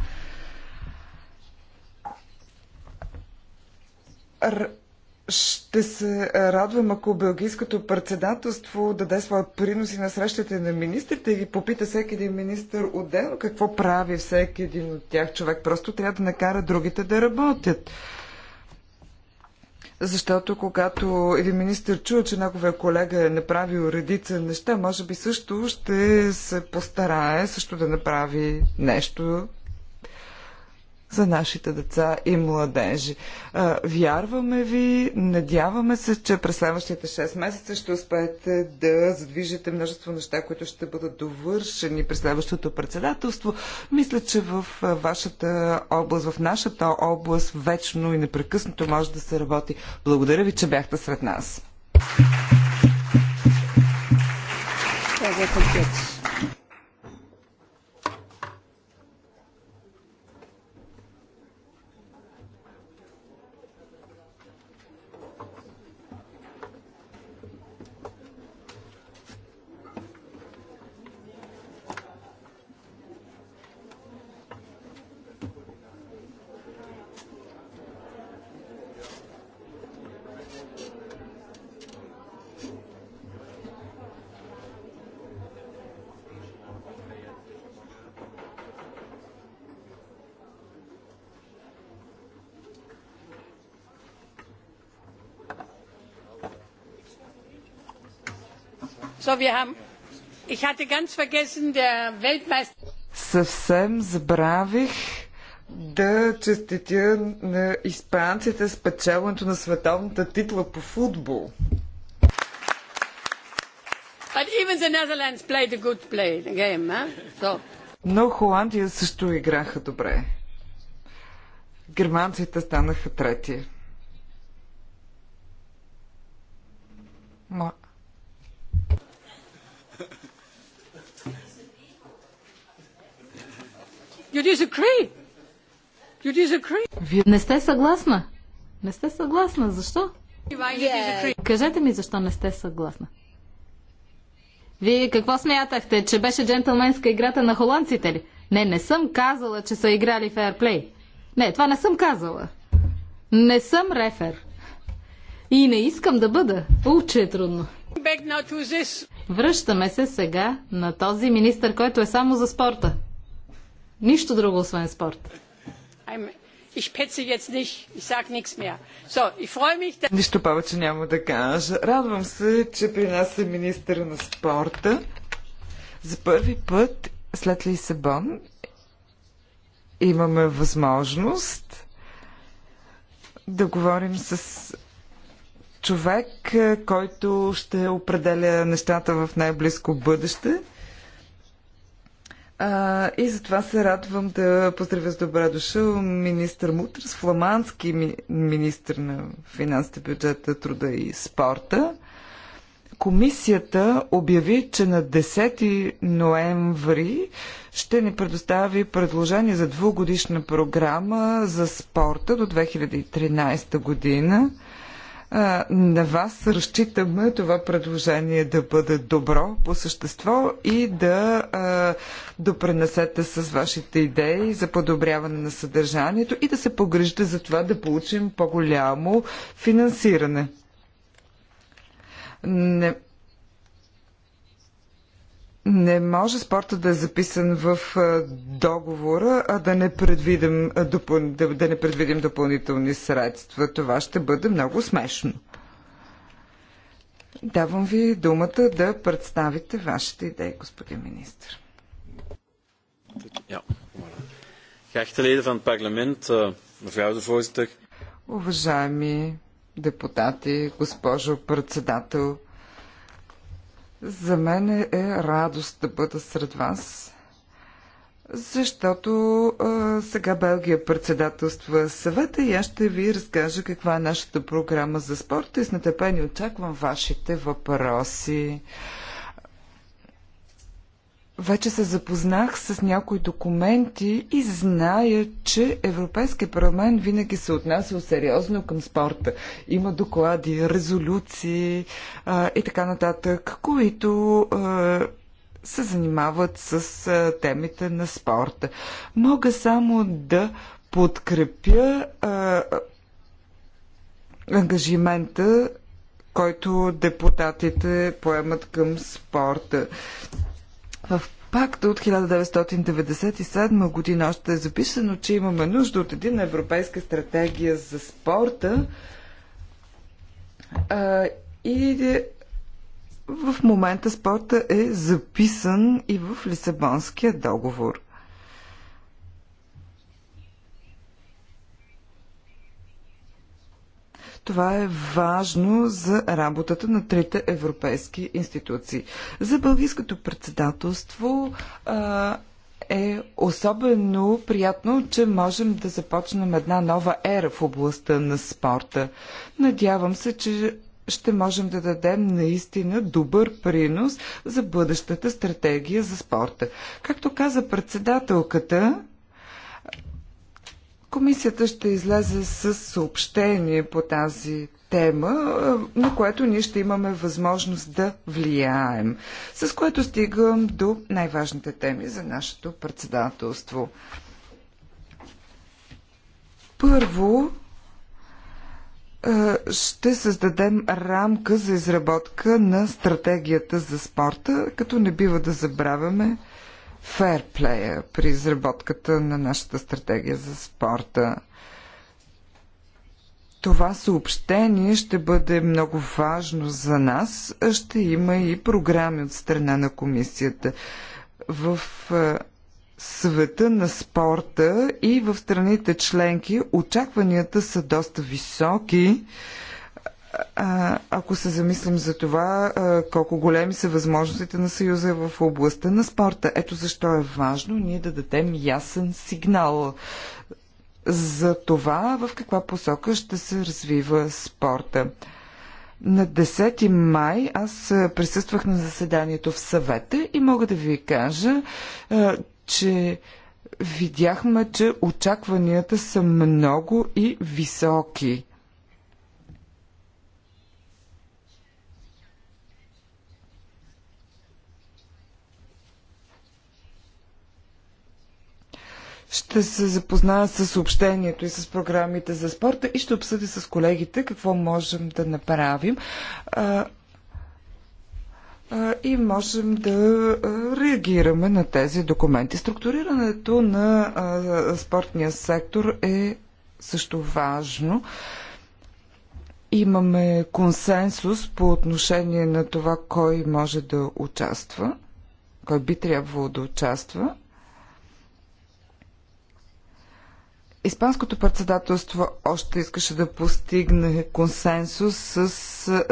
Ще се е, радвам, ако Белгийското председателство даде своя принос и на срещите на министрите и ги попита всеки един министр отделно какво прави всеки един от тях. Човек просто трябва да накара другите да работят. Защото когато един министр чува, че неговия колега е направил редица неща, може би също ще се постарае също да направи нещо за нашите деца и младежи. Вярваме ви, надяваме се, че през следващите 6 месеца ще успеете да задвижите множество неща, които ще бъдат довършени през следващото председателство. Мисля, че в вашата област, в нашата област, вечно и непрекъснато може да се работи. Благодаря ви, че бяхте сред нас. Thank you. Е Съвсем забравих да честитя на испанците спечелването на световната титла по футбол. Play, game, huh? so. Но Холандия също играха добре. Германците станаха трети. Ма... You disagree. You disagree. Вие не сте съгласна. Не сте съгласна. Защо? Yeah. Кажете ми защо не сте съгласна. Вие какво смятахте, че беше джентълменска играта на холандците ли? Не, не съм казала, че са играли фейерплей. Не, това не съм казала. Не съм рефер. И не искам да бъда. Уче е трудно. Връщаме се сега на този министър, който е само за спорта. Нищо друго, освен спорт. Ich petze jetzt nicht. Ich sag nichts mehr. So, ich freue mich, dass... Нищо повече няма да кажа. Радвам се, че при нас е министър на спорта. За първи път след Лисабон имаме възможност да говорим с човек, който ще определя нещата в най-близко бъдеще – а, и затова се радвам да поздравя с добра душа министър Мутрас, фламандски ми, министр на финансите, бюджета, труда и спорта. Комисията обяви, че на 10 ноември ще ни предостави предложение за двугодишна програма за спорта до 2013 година на вас разчитаме това предложение да бъде добро по същество и да а, допренесете с вашите идеи за подобряване на съдържанието и да се погрежите за това да получим по-голямо финансиране. Не, не може спорта да е записан в договора, а да не, предвидим, да не предвидим допълнителни средства. Това ще бъде много смешно. Давам ви думата да представите вашите идеи, господин министр. Eh, Уважаеми депутати, госпожо председател, за мен е радост да бъда сред вас, защото а, сега Белгия председателства съвета и аз ще ви разкажа каква е нашата програма за спорта и с нетърпение очаквам вашите въпроси. Вече се запознах с някои документи и зная, че Европейския парламент винаги се отнася сериозно към спорта. Има доклади, резолюции а, и така нататък, които а, се занимават с а, темите на спорта. Мога само да подкрепя а, ангажимента, който депутатите поемат към спорта. В пакта от 1997 година още е записано, че имаме нужда от една европейска стратегия за спорта а, и в момента спорта е записан и в Лисабонския договор. Това е важно за работата на трите европейски институции. За Бългийското председателство е особено приятно, че можем да започнем една нова ера в областта на спорта. Надявам се, че ще можем да дадем наистина добър принос за бъдещата стратегия за спорта. Както каза председателката, Комисията ще излезе с съобщение по тази тема, на което ние ще имаме възможност да влияем, с което стигам до най-важните теми за нашето председателство. Първо, е, ще създадем рамка за изработка на стратегията за спорта, като не бива да забравяме, ферплея при изработката на нашата стратегия за спорта. Това съобщение ще бъде много важно за нас. Ще има и програми от страна на комисията. В е, света на спорта и в страните членки очакванията са доста високи ако се замислим за това, колко големи са възможностите на Съюза в областта на спорта. Ето защо е важно ние да дадем ясен сигнал за това в каква посока ще се развива спорта. На 10 май аз присъствах на заседанието в съвета и мога да ви кажа, че видяхме, че очакванията са много и високи. ще се запозная с съобщението и с програмите за спорта и ще обсъдя с колегите какво можем да направим. И можем да реагираме на тези документи. Структурирането на спортния сектор е също важно имаме консенсус по отношение на това кой може да участва, кой би трябвало да участва. Испанското председателство още искаше да постигне консенсус с а,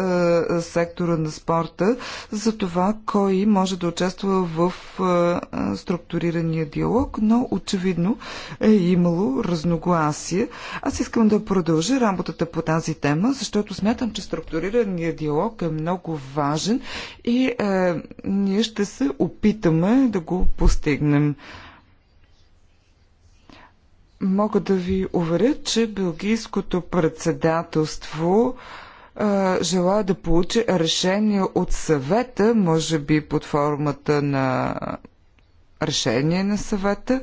е, е, сектора на спорта за това кой може да участва в а, е, структурирания диалог, но очевидно е имало разногласие. Аз искам да продължа работата по тази тема, защото смятам, че структурирания диалог е много важен и а, ние ще се опитаме да го постигнем. Мога да ви уверя, че Белгийското председателство желая да получи решение от съвета, може би под формата на решение на съвета,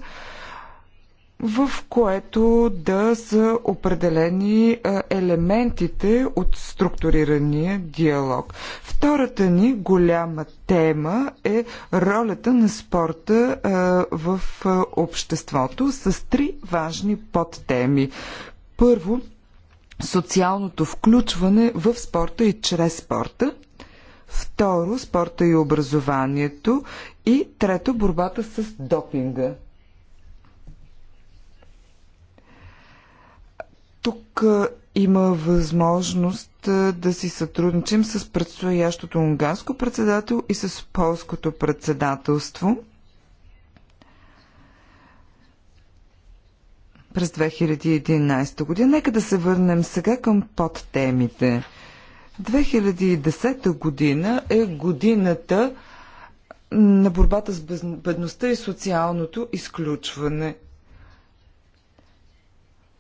в което да са определени елементите от структурирания диалог. Втората ни голяма тема е ролята на спорта в обществото с три важни подтеми. Първо, социалното включване в спорта и чрез спорта. Второ, спорта и образованието. И трето, борбата с допинга. Тук има възможност да си сътрудничим с предстоящото унгарско председател и с полското председателство. през 2011 година. Нека да се върнем сега към подтемите. 2010 година е годината на борбата с бедността и социалното изключване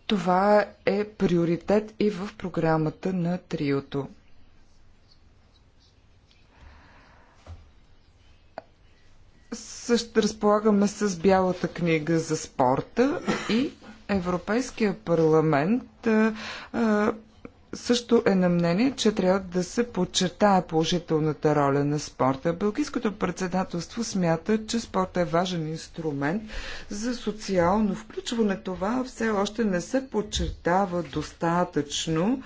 това е приоритет и в програмата на триото. Също разполагаме с Бялата книга за спорта и Европейския парламент а, а, също е на мнение, че трябва да се подчертае положителната роля на спорта. Белгийското председателство смята, че спорта е важен инструмент за социално включване. Това все още не се подчертава достатъчно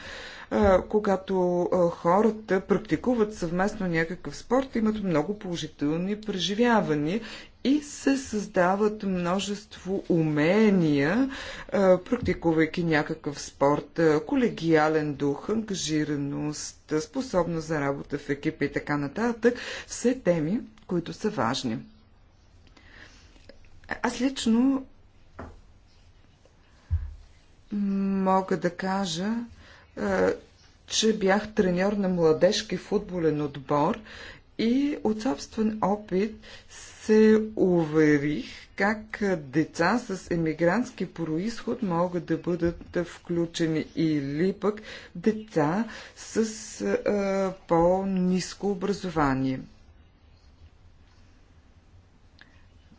когато хората практикуват съвместно някакъв спорт, имат много положителни преживявания и се създават множество умения, практикувайки някакъв спорт, колегиален дух, ангажираност, способност за работа в екипа и така нататък. Все теми, които са важни. Аз лично мога да кажа, че бях треньор на младежки футболен отбор и от собствен опит се уверих как деца с емигрантски происход могат да бъдат включени или пък деца с по-низко образование.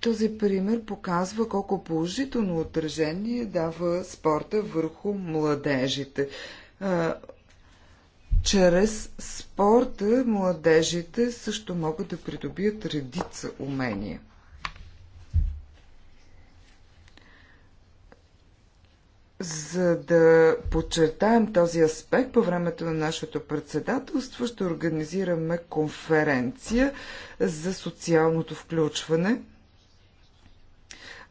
Този пример показва колко положително отражение дава спорта върху младежите. Чрез спорта младежите също могат да придобият редица умения. За да подчертаем този аспект, по времето на нашето председателство ще организираме конференция за социалното включване –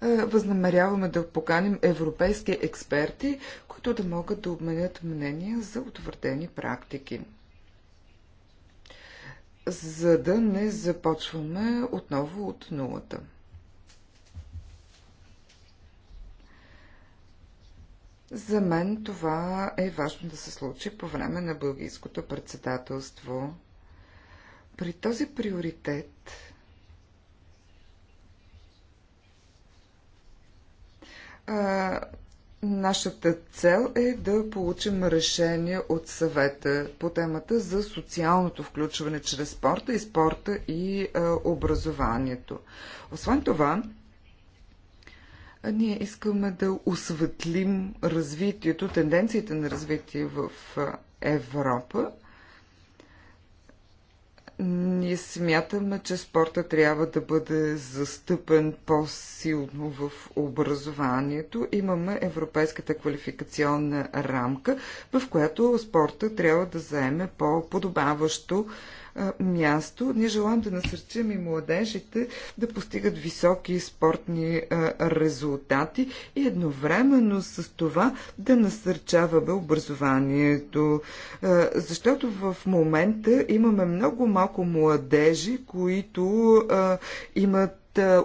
е, възнамеряваме да поканим европейски експерти, които да могат да обменят мнения за утвърдени практики за да не започваме отново от нулата. За мен това е важно да се случи по време на бългийското председателство. При този приоритет А, нашата цел е да получим решение от съвета по темата за социалното включване чрез спорта и спорта и а, образованието. Освен това, ние искаме да осветлим развитието, тенденциите на развитие в Европа ние смятаме, че спорта трябва да бъде застъпен по-силно в образованието. Имаме Европейската квалификационна рамка, в която спорта трябва да заеме по-подобаващо място. Ние желаем да насърчим и младежите да постигат високи спортни резултати и едновременно с това да насърчаваме образованието. Защото в момента имаме много малко младежи, които имат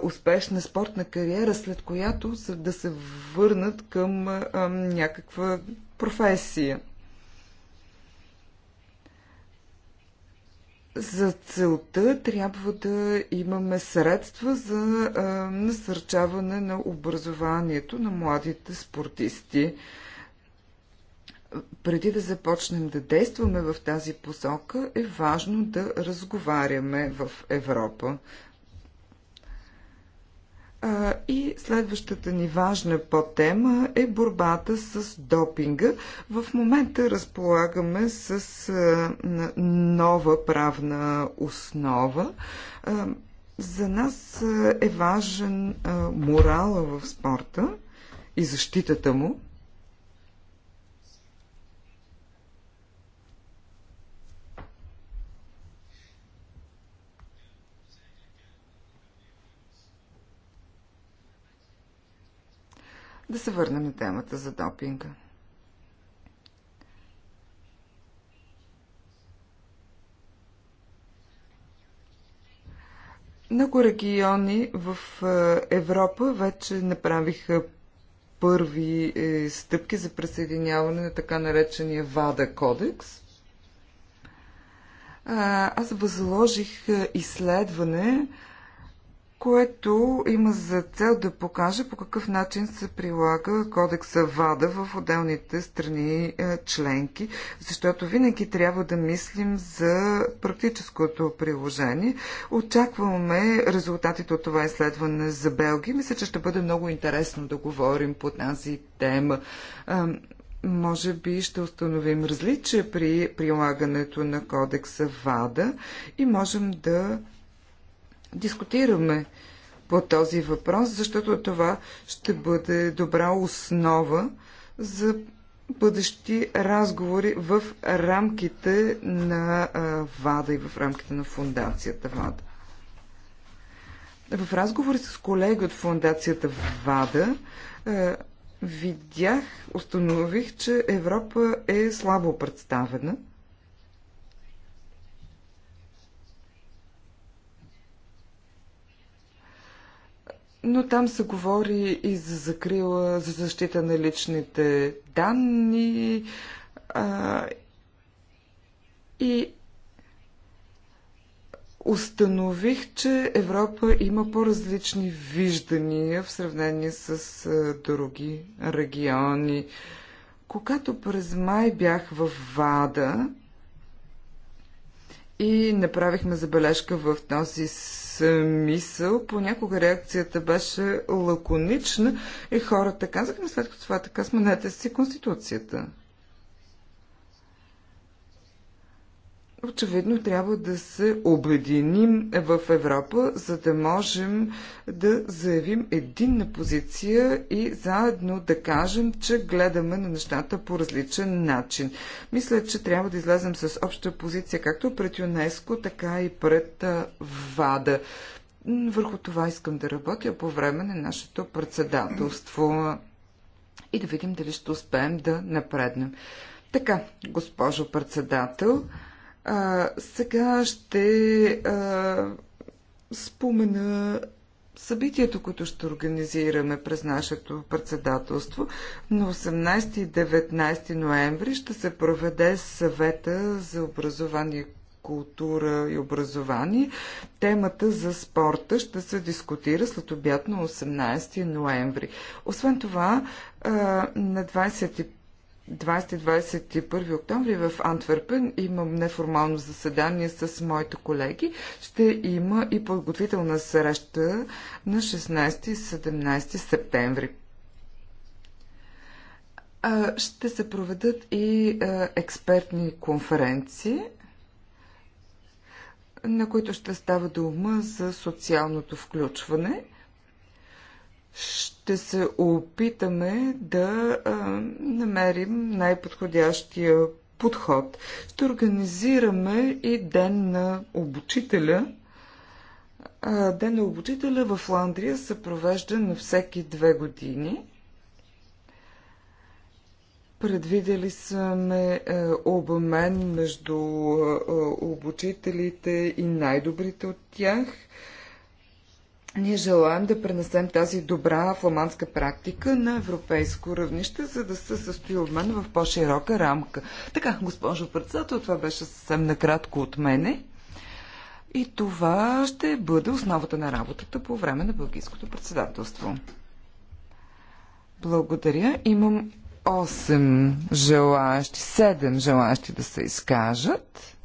успешна спортна кариера, след която да се върнат към някаква професия. За целта трябва да имаме средства за а, насърчаване на образованието на младите спортисти. Преди да започнем да действаме в тази посока, е важно да разговаряме в Европа. И следващата ни важна подтема е борбата с допинга. В момента разполагаме с нова правна основа. За нас е важен морала в спорта и защитата му. Да се върнем на темата за допинга. Много региони в е, Европа вече направиха първи е, стъпки за присъединяване на така наречения ВАДА кодекс. Аз възложих е, изследване което има за цел да покаже по какъв начин се прилага кодекса ВАДА в отделните страни е, членки, защото винаги трябва да мислим за практическото приложение. Очакваме резултатите от това изследване за Белгия. Мисля, че ще бъде много интересно да говорим по тази тема е, може би ще установим различия при прилагането на кодекса ВАДА и можем да дискутираме по този въпрос, защото това ще бъде добра основа за бъдещи разговори в рамките на ВАДА и в рамките на фундацията ВАДА. В разговори с колеги от фундацията ВАДА видях, установих, че Европа е слабо представена – Но там се говори и за закрила, за защита на личните данни а, и установих, че Европа има по-различни виждания в сравнение с а, други региони. Когато през май бях в Вада и направихме забележка в този мисъл, Понякога реакцията беше лаконична и хората казаха, след като това така сменете си конституцията. очевидно трябва да се обединим в Европа, за да можем да заявим единна позиция и заедно да кажем, че гледаме на нещата по различен начин. Мисля, че трябва да излезем с обща позиция както пред ЮНЕСКО, така и пред ВАДА. Върху това искам да работя по време на нашето председателство и да видим дали ще успеем да напреднем. Така, госпожо председател, а, сега ще а, спомена събитието, което ще организираме през нашето председателство. На 18 и 19 ноември ще се проведе съвета за образование култура и образование. Темата за спорта ще се дискутира след обяд на 18 ноември. Освен това, на 25 20-21 октомври в Антверпен имам неформално заседание с моите колеги. Ще има и подготвителна среща на 16 и 17 септември. Ще се проведат и експертни конференции, на които ще става дума за социалното включване – ще се опитаме да а, намерим най-подходящия подход. Ще организираме и ден на обучителя. А, ден на обучителя в Ландрия се провежда на всеки две години. Предвидели сме е, обмен между е, е обучителите и най-добрите от тях. Ние желаем да пренесем тази добра фламандска практика на европейско равнище, за да се състои обмен в по-широка рамка. Така, госпожо председател, това беше съвсем накратко от мене. И това ще бъде основата на работата по време на Бългийското председателство. Благодаря. Имам 8 желаящи, 7 желаящи да се изкажат.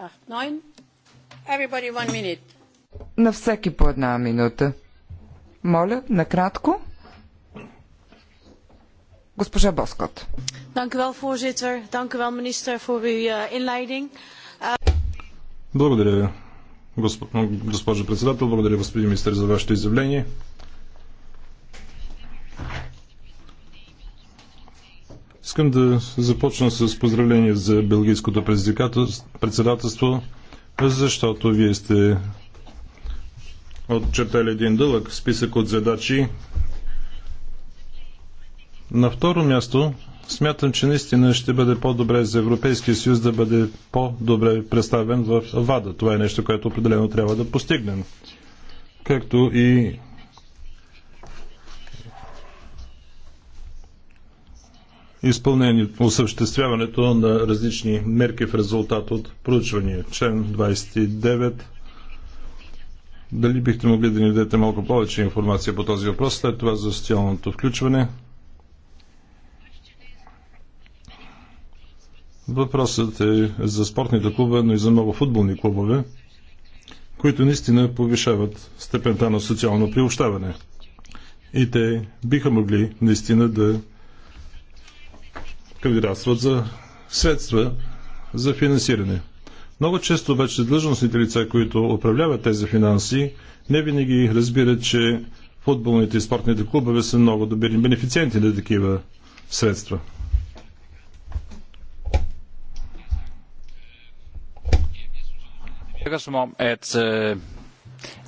Ah, На всеки по една минута. Моля, накратко. Госпожа Боскот. Dank u wel, voorzitter. Dank u wel, minister, voor uw eh, inleiding. Благодаря, госпожо председател. Благодаря, господин министър, за вашето изявление. Искам да започна с поздравление за Белгийското председателство, защото вие сте отчертали един дълъг списък от задачи. На второ място, смятам, че наистина ще бъде по-добре за Европейския съюз да бъде по-добре представен в ВАДА. Това е нещо, което определено трябва да постигнем. Както и изпълнението, осъществяването на различни мерки в резултат от проучвания. Член 29. Дали бихте могли да ни дадете малко повече информация по този въпрос, след това за социалното включване? Въпросът е за спортните клубове, но и за много футболни клубове, които наистина повишават степента на социално приобщаване. И те биха могли наистина да кандидатстват за средства за финансиране. Много често вече длъжностните лица, които управляват тези финанси, не винаги разбират, че футболните и спортните клубове са много добри бенефициенти на такива средства.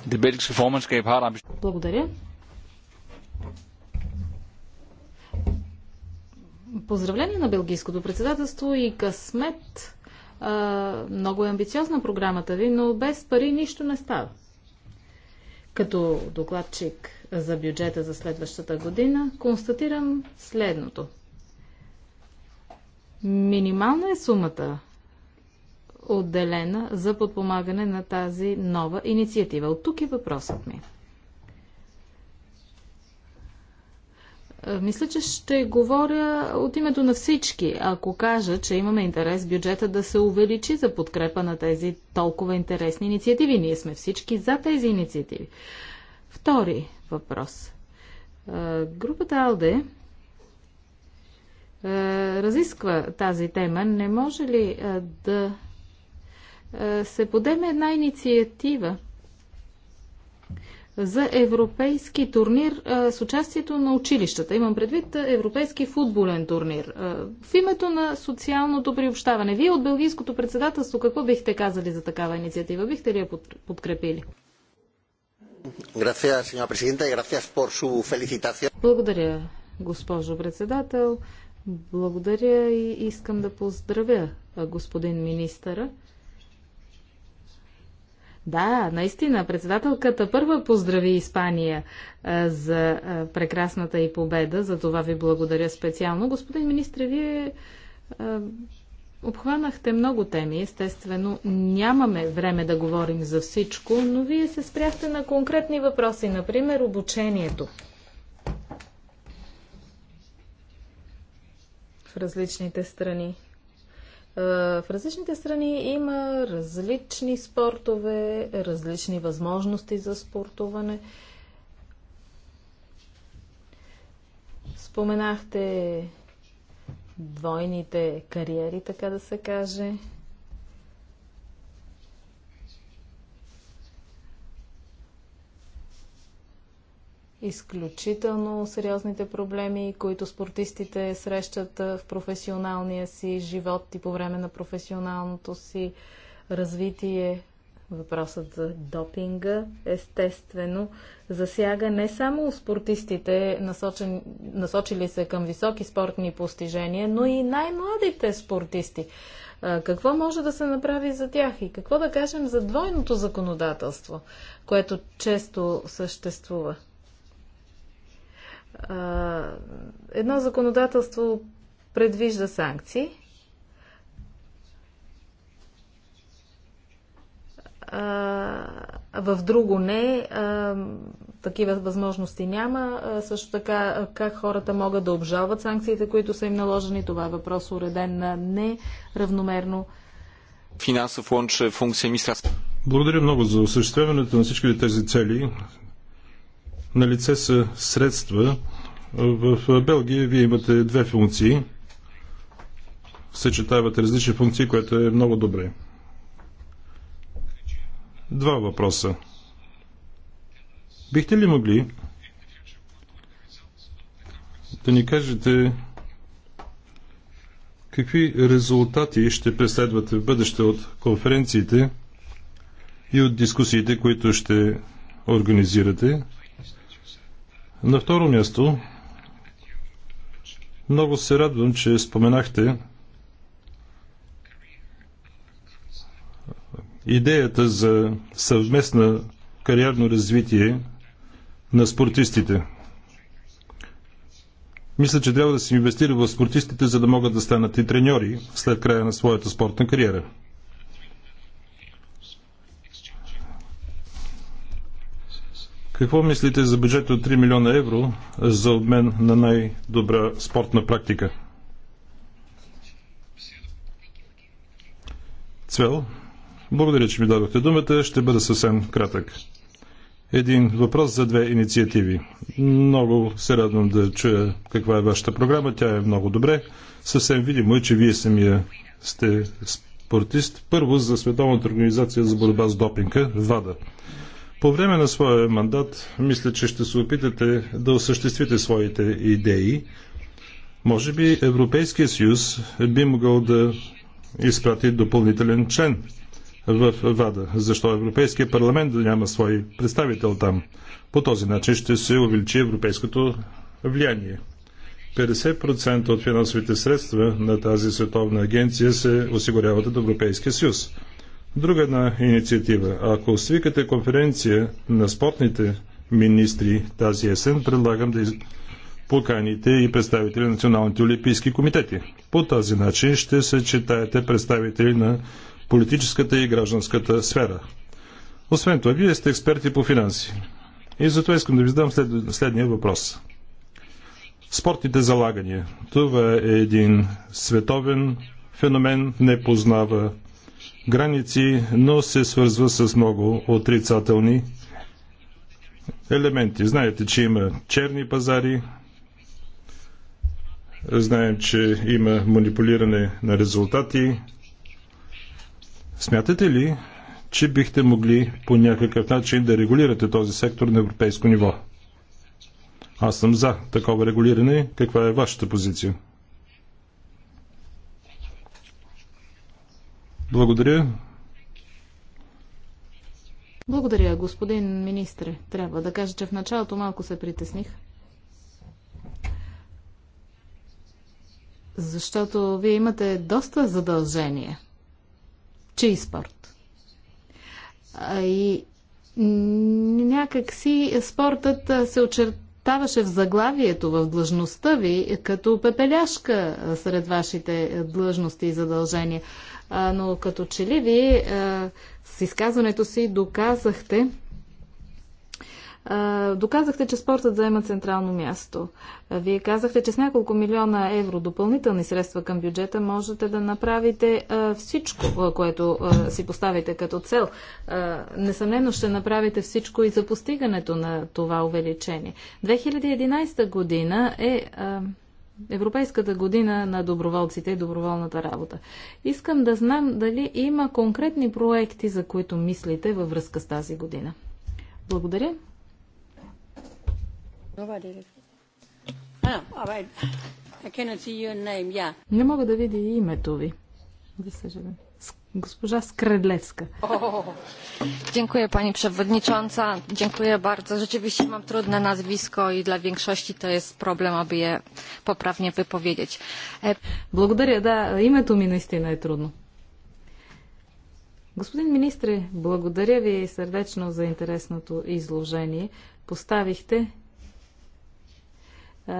Øh, Благодаря. Поздравление на Белгийското председателство и късмет. Много е амбициозна програмата ви, но без пари нищо не става. Като докладчик за бюджета за следващата година, констатирам следното. Минимална е сумата, отделена за подпомагане на тази нова инициатива. От тук е въпросът ми. Е, мисля, че ще говоря от името на всички, ако кажа, че имаме интерес бюджета да се увеличи за подкрепа на тези толкова интересни инициативи. Ние сме всички за тези инициативи. Втори въпрос. Е, групата АЛДЕ е, разисква тази тема. Не може ли да се подеме една инициатива? за европейски турнир а, с участието на училищата. Имам предвид европейски футболен турнир. А, в името на социалното приобщаване, вие от Белгийското председателство какво бихте казали за такава инициатива? Бихте ли я подкрепили? Благодаря, госпожо председател. Благодаря и искам да поздравя господин министъра да, наистина, председателката първа поздрави Испания а, за а, прекрасната и победа. За това ви благодаря специално. Господин министр, вие а, обхванахте много теми. Естествено, нямаме време да говорим за всичко, но вие се спряхте на конкретни въпроси, например обучението. В различните страни. Е, в различните страни има различни спортове, различни възможности за спортуване. Споменахте двойните кариери, така да се каже. изключително сериозните проблеми, които спортистите срещат в професионалния си живот и по време на професионалното си развитие. Въпросът за допинга, естествено, засяга не само спортистите, насочен, насочили се към високи спортни постижения, но и най-младите спортисти. Какво може да се направи за тях и какво да кажем за двойното законодателство, което често съществува? едно законодателство предвижда санкции. в друго не. Такива възможности няма. Също така, как хората могат да обжалват санкциите, които са им наложени, това е въпрос уреден на неравномерно. Финансов лонч функция министерство. Благодаря много за осъществяването на всички тези цели на лице са средства. В Белгия вие имате две функции. Съчетават различни функции, което е много добре. Два въпроса. Бихте ли могли да ни кажете какви резултати ще преследвате в бъдеще от конференциите и от дискусиите, които ще организирате? На второ място, много се радвам, че споменахте идеята за съвместна кариерно развитие на спортистите. Мисля, че трябва да се инвестира в спортистите, за да могат да станат и треньори след края на своята спортна кариера. Какво мислите за бюджет от 3 милиона евро за обмен на най-добра спортна практика? Цвел, благодаря, че ми дадохте думата. Ще бъда съвсем кратък. Един въпрос за две инициативи. Много се радвам да чуя каква е вашата програма. Тя е много добре. Съвсем видимо е, че вие самия сте спортист. Първо за Световната организация за борба с допинга, ВАДА. По време на своя мандат, мисля, че ще се опитате да осъществите своите идеи. Може би Европейския съюз би могъл да изпрати допълнителен член в ВАДА. Защо Европейския парламент да няма свой представител там? По този начин ще се увеличи европейското влияние. 50% от финансовите средства на тази световна агенция се осигуряват от Европейския съюз. Друга една инициатива. Ако свикате конференция на спортните министри тази есен, предлагам да поканите и представители на националните олимпийски комитети. По този начин ще се читаете представители на политическата и гражданската сфера. Освен това, вие сте експерти по финанси. И затова искам да ви задам след, следния въпрос. Спортните залагания. Това е един световен феномен, не познава граници, но се свързва с много отрицателни елементи. Знаете, че има черни пазари, знаем, че има манипулиране на резултати. Смятате ли, че бихте могли по някакъв начин да регулирате този сектор на европейско ниво? Аз съм за такова регулиране. Каква е вашата позиция? Благодаря. Благодаря, господин министре. Трябва да кажа, че в началото малко се притесних. Защото вие имате доста задължения. Чий спорт? А и някак си спортът се очертаваше в заглавието, в длъжността ви, като пепеляшка сред вашите длъжности и задължения но като че ли ви с изказването си доказахте, Доказахте, че спортът заема централно място. Вие казахте, че с няколко милиона евро допълнителни средства към бюджета можете да направите всичко, което си поставите като цел. Несъмнено ще направите всичко и за постигането на това увеличение. 2011 година е Европейската година на доброволците и доброволната работа. Искам да знам дали има конкретни проекти, за които мислите във връзка с тази година. Благодаря. Ah, Не мога да видя и името ви. За съжаление. Госпожа Skredlewska. Dziękuję Pani Przewodnicząca. Dziękuję bardzo. Rzeczywiście mam trudne nazwisko i dla większości to jest problem, aby je poprawnie wypowiedzieć. Благодаря. Да, името ми наистина е трудно. Господин министре, благодаря ви сърдечно за интересното изложение. Поставихте е,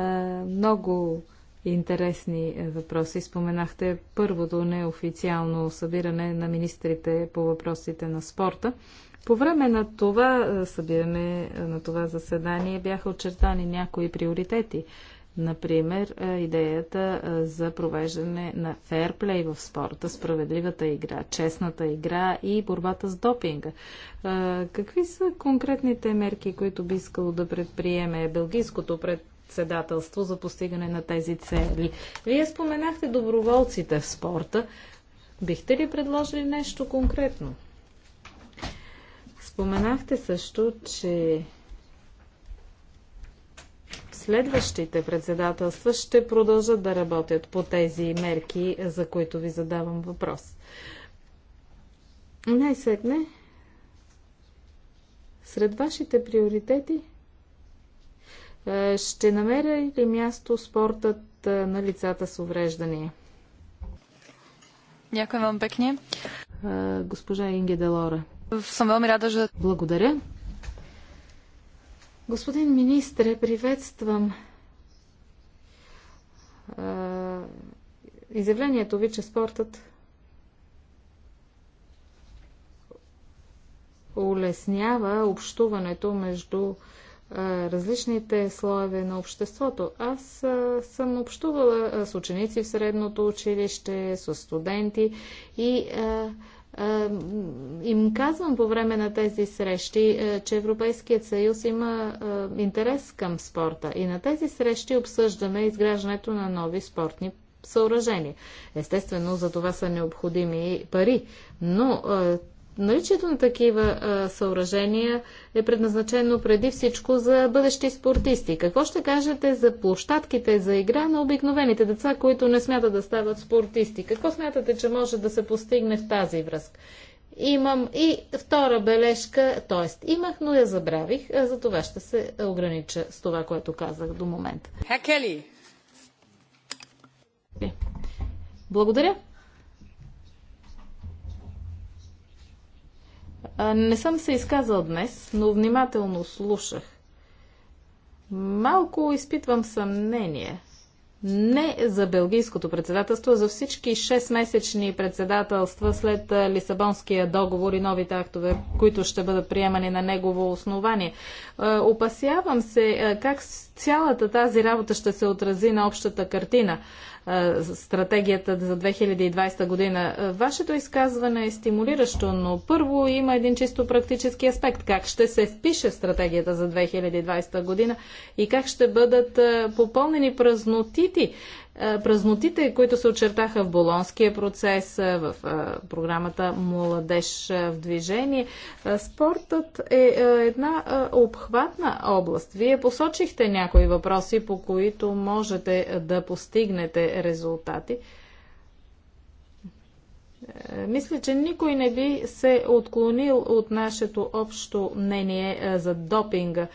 много е, интересни е, въпроси. Споменахте първото неофициално събиране на министрите по въпросите на спорта. По време на това е, събиране, е, на това заседание бяха очертани някои приоритети. Например, идеята за провеждане на фейрплей в спорта, справедливата игра, честната игра и борбата с допинга. Какви са конкретните мерки, които би искало да предприеме Белгийското пред председателство за постигане на тези цели. Вие споменахте доброволците в спорта. Бихте ли предложили нещо конкретно? Споменахте също, че следващите председателства ще продължат да работят по тези мерки, за които ви задавам въпрос. Най-сетне, сред вашите приоритети е, ще намери ли място спортът е, на лицата с увреждания? Някой вам пекне. Е, госпожа Инге Делора. Съм veľmi рада, че... Благодаря. Господин министре, приветствам изявлението ви, че спортът улеснява общуването между различните слоеве на обществото. Аз съм общувала с ученици в средното училище, с студенти и им казвам по време на тези срещи, че Европейският съюз има интерес към спорта и на тези срещи обсъждаме изграждането на нови спортни съоръжения. Естествено, за това са необходими пари, но Наличието на такива а, съоръжения е предназначено преди всичко за бъдещи спортисти. Какво ще кажете за площадките за игра на обикновените деца, които не смятат да стават спортисти? Какво смятате, че може да се постигне в тази връзка? Имам и втора бележка, т.е. имах, но я забравих, за това ще се огранича с това, което казах до момента. Хакели! Е, благодаря. Не съм се изказал днес, но внимателно слушах. Малко изпитвам съмнение. Не за белгийското председателство, а за всички 6-месечни председателства след Лисабонския договор и новите актове, които ще бъдат приемани на негово основание. Опасявам се как цялата тази работа ще се отрази на общата картина стратегията за 2020 година. Вашето изказване е стимулиращо, но първо има един чисто практически аспект. Как ще се впише стратегията за 2020 година и как ще бъдат попълнени празнотити празнотите, които се очертаха в Болонския процес, в програмата Младеж в движение. Спортът е една обхватна област. Вие посочихте някои въпроси, по които можете да постигнете резултати. Мисля, че никой не би се отклонил от нашето общо мнение за допинга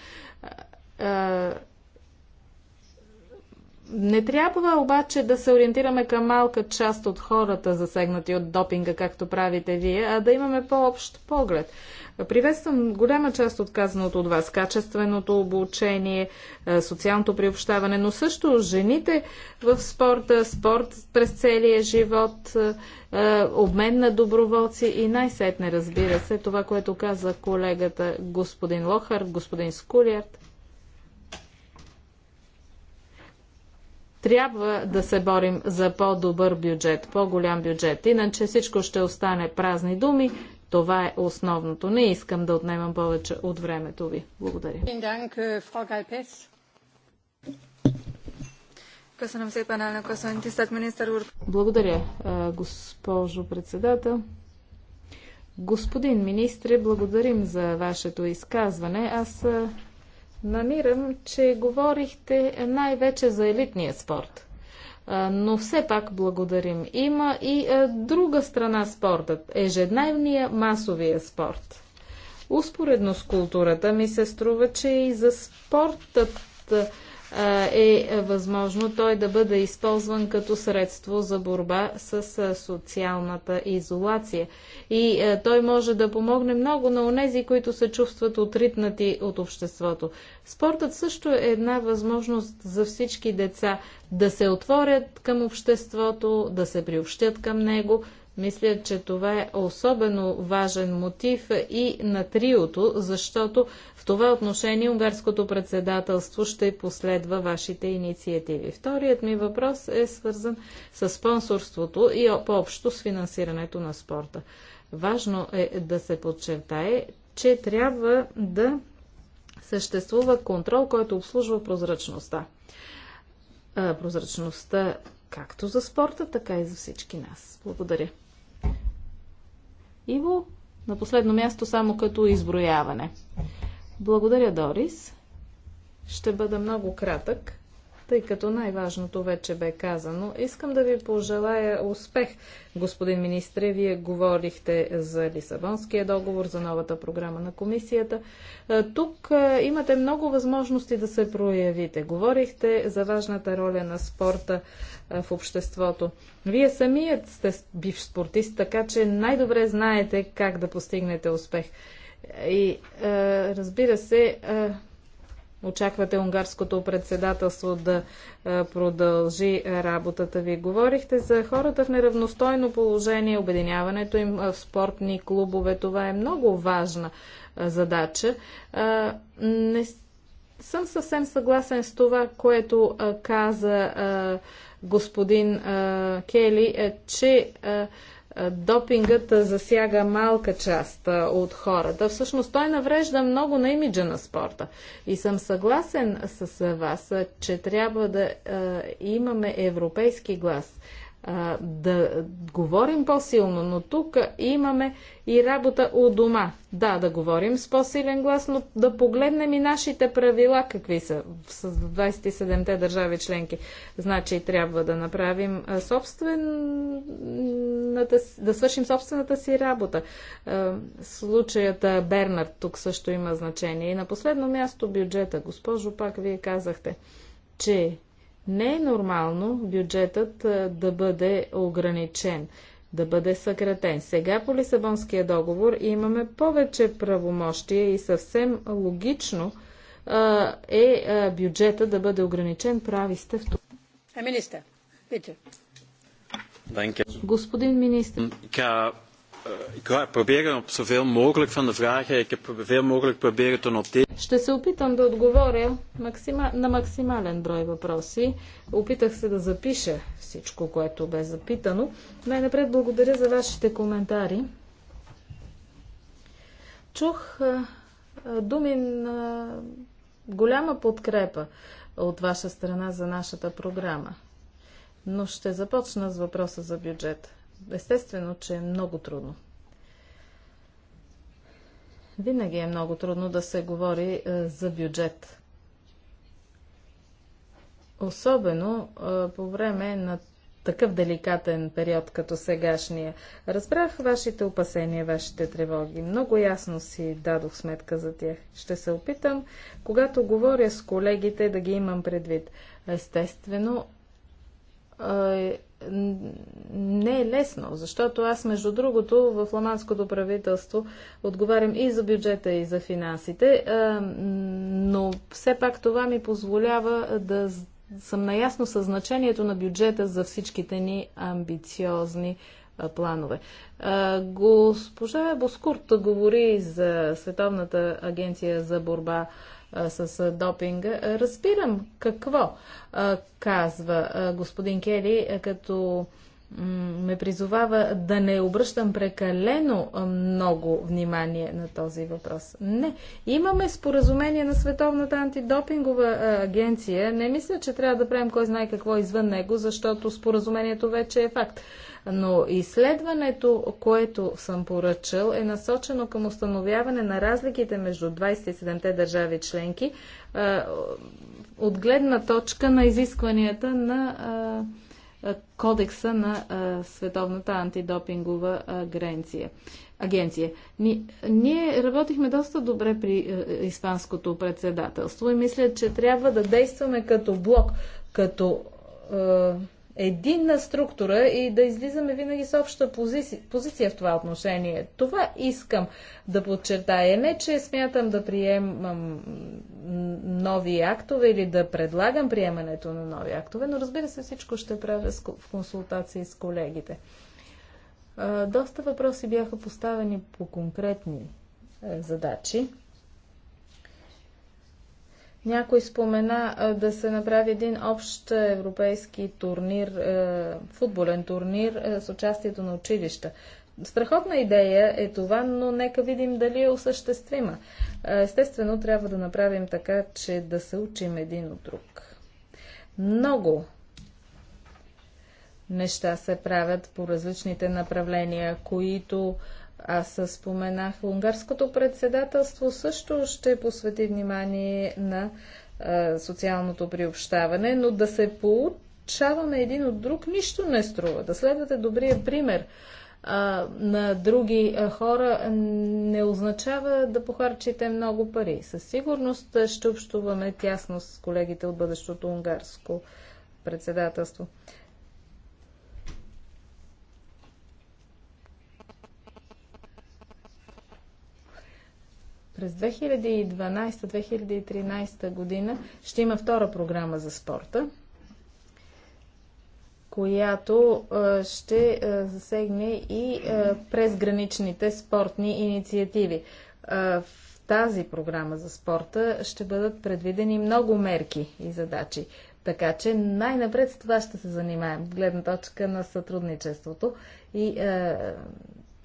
не трябва обаче да се ориентираме към малка част от хората, засегнати от допинга, както правите вие, а да имаме по-общ поглед. Приветствам голяма част от казаното от вас, качественото обучение, е, социалното приобщаване, но също жените в спорта, спорт през целия живот, е, е, обмен на доброволци и най-сетне, разбира се, това, което каза колегата господин Лохар, господин Скулярд. Трябва да се борим за по-добър бюджет, по-голям бюджет. Иначе всичко ще остане празни думи. Това е основното. Не искам да отнемам повече от времето ви. Благодаря. Э, Благодаря, э, госпожо председател. Господин министре, благодарим за вашето изказване. Аз э, Намирам, че говорихте най-вече за елитния спорт. Но все пак благодарим. Има и друга страна спортът ежедневния масовия спорт. Успоредно с културата ми се струва, че и за спортът е възможно той да бъде използван като средство за борба с социалната изолация. И той може да помогне много на онези, които се чувстват отритнати от обществото. Спортът също е една възможност за всички деца да се отворят към обществото, да се приобщят към него, мисля, че това е особено важен мотив и на триото, защото в това отношение унгарското председателство ще последва вашите инициативи. Вторият ми въпрос е свързан с спонсорството и по-общо с финансирането на спорта. Важно е да се подчертае, че трябва да съществува контрол, който обслужва прозрачността. Прозрачността както за спорта, така и за всички нас. Благодаря. Иво, на последно място само като изброяване. Благодаря, Дорис. Ще бъда много кратък тъй като най-важното вече бе казано. Искам да ви пожелая успех, господин министре. Вие говорихте за Лисабонския договор, за новата програма на комисията. Е, тук е, имате много възможности да се проявите. Говорихте за важната роля на спорта е, в обществото. Вие самият сте бив спортист, така че най-добре знаете как да постигнете успех. И разбира се, очаквате унгарското председателство да продължи работата ви. Говорихте за хората в неравностойно положение, обединяването им в спортни клубове. Това е много важна задача. Не съм съвсем съгласен с това, което каза господин Кели, е, че допингът засяга малка част от хората. Всъщност той наврежда много на имиджа на спорта. И съм съгласен с вас, че трябва да имаме европейски глас да говорим по-силно, но тук имаме и работа у дома. Да, да говорим с по-силен глас, но да погледнем и нашите правила, какви са с 27-те държави членки. Значи трябва да направим собствената, да свършим собствената си работа. Случаята Бернард тук също има значение. И на последно място бюджета. Госпожо, пак вие казахте, че не е нормално бюджетът да бъде ограничен, да бъде съкратен. Сега по Лисабонския договор имаме повече правомощия и съвсем логично е бюджета да бъде ограничен. Прави сте в това. Е, Господин министр ik ga op zoveel mogelijk van de vragen. Ik heb veel mogelijk proberen te noteren. Ще се опитам да отговоря максима, на максимален брой въпроси. Опитах се да запиша всичко, което бе запитано. Най-напред благодаря за вашите коментари. Чух а, думи на голяма подкрепа от ваша страна за нашата програма. Но ще започна с въпроса за бюджета. Естествено, че е много трудно. Винаги е много трудно да се говори е, за бюджет. Особено е, по време на такъв деликатен период като сегашния. Разбрах вашите опасения, вашите тревоги. Много ясно си дадох сметка за тях. Ще се опитам, когато говоря с колегите, да ги имам предвид. Естествено, е, не е лесно, защото аз, между другото, в ламанското правителство отговарям и за бюджета, и за финансите, но все пак това ми позволява да съм наясно със значението на бюджета за всичките ни амбициозни планове. Госпожа Боскурт говори за Световната агенция за борба а, с допинга. Разбирам какво а, казва а, господин Кели, а, като ме призовава да не обръщам прекалено много внимание на този въпрос. Не. Имаме споразумение на Световната антидопингова агенция. Не мисля, че трябва да правим кой знае какво извън него, защото споразумението вече е факт но изследването, което съм поръчал, е насочено към установяване на разликите между 27-те държави членки от гледна точка на изискванията на кодекса на Световната антидопингова агренция. агенция. Ни, ние работихме доста добре при Испанското председателство и мисля, че трябва да действаме като блок, като единна структура и да излизаме винаги с обща позиция, позиция в това отношение. Това искам да подчертая. Не, че смятам да приемам нови актове или да предлагам приемането на нови актове, но разбира се, всичко ще правя в консултации с колегите. Доста въпроси бяха поставени по конкретни е, задачи. Някой спомена да се направи един общ европейски турнир, футболен турнир с участието на училища. Страхотна идея е това, но нека видим дали е осъществима. Естествено, трябва да направим така, че да се учим един от друг. Много неща се правят по различните направления, които аз споменах, унгарското председателство също ще посвети внимание на а, социалното приобщаване, но да се получаваме един от друг нищо не струва. Да следвате добрия пример а, на други а, хора не означава да похарчите много пари. Със сигурност ще общуваме тясно с колегите от бъдещото унгарско председателство. През 2012-2013 година ще има втора програма за спорта, която ще засегне и презграничните спортни инициативи. В тази програма за спорта ще бъдат предвидени много мерки и задачи. Така че най-напред с това ще се занимаем, гледна точка на сътрудничеството и е,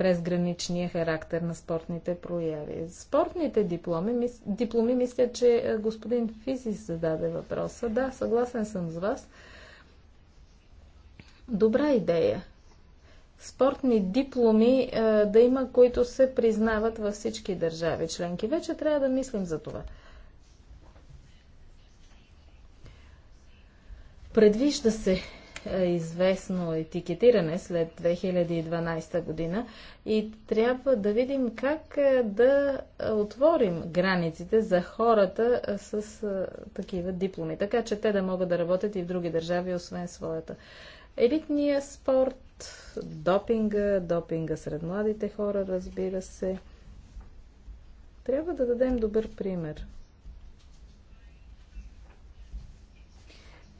презграничния характер на спортните прояви. Спортните дипломи, дипломи мисля, че е, господин Физис зададе въпроса. Да, съгласен съм с вас. Добра идея. Спортни дипломи е, да има, които се признават във всички държави членки. Вече трябва да мислим за това. Предвижда се е известно етикетиране след 2012 година и трябва да видим как е, да отворим границите за хората е, с такива дипломи, така че те да могат да работят и в други държави, освен своята. Елитния спорт, допинга, допинга сред младите хора, разбира се. Трябва да дадем добър пример.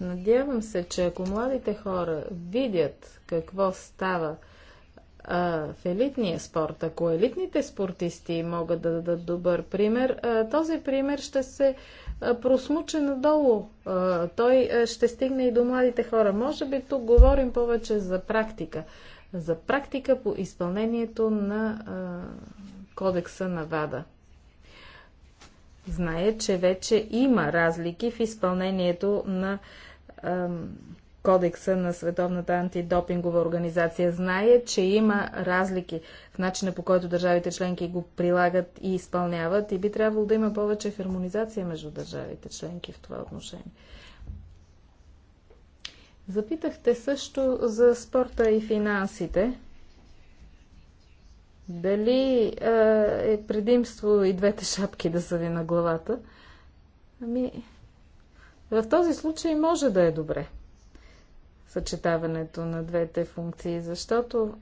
Надявам се, че ако младите хора видят какво става а, в елитния спорт, ако елитните спортисти могат да дадат добър пример, а, този пример ще се просмуче надолу. А, той ще стигне и до младите хора. Може би тук говорим повече за практика. За практика по изпълнението на а, кодекса на ВАДА. Зная, че вече има разлики в изпълнението на а, кодекса на Световната антидопингова организация. Знае, че има разлики в начина по който държавите членки го прилагат и изпълняват и би трябвало да има повече хармонизация между държавите членки в това отношение. Запитахте също за спорта и финансите. Дали е предимство и двете шапки да са ви на главата? Ами, в този случай може да е добре съчетаването на двете функции, защото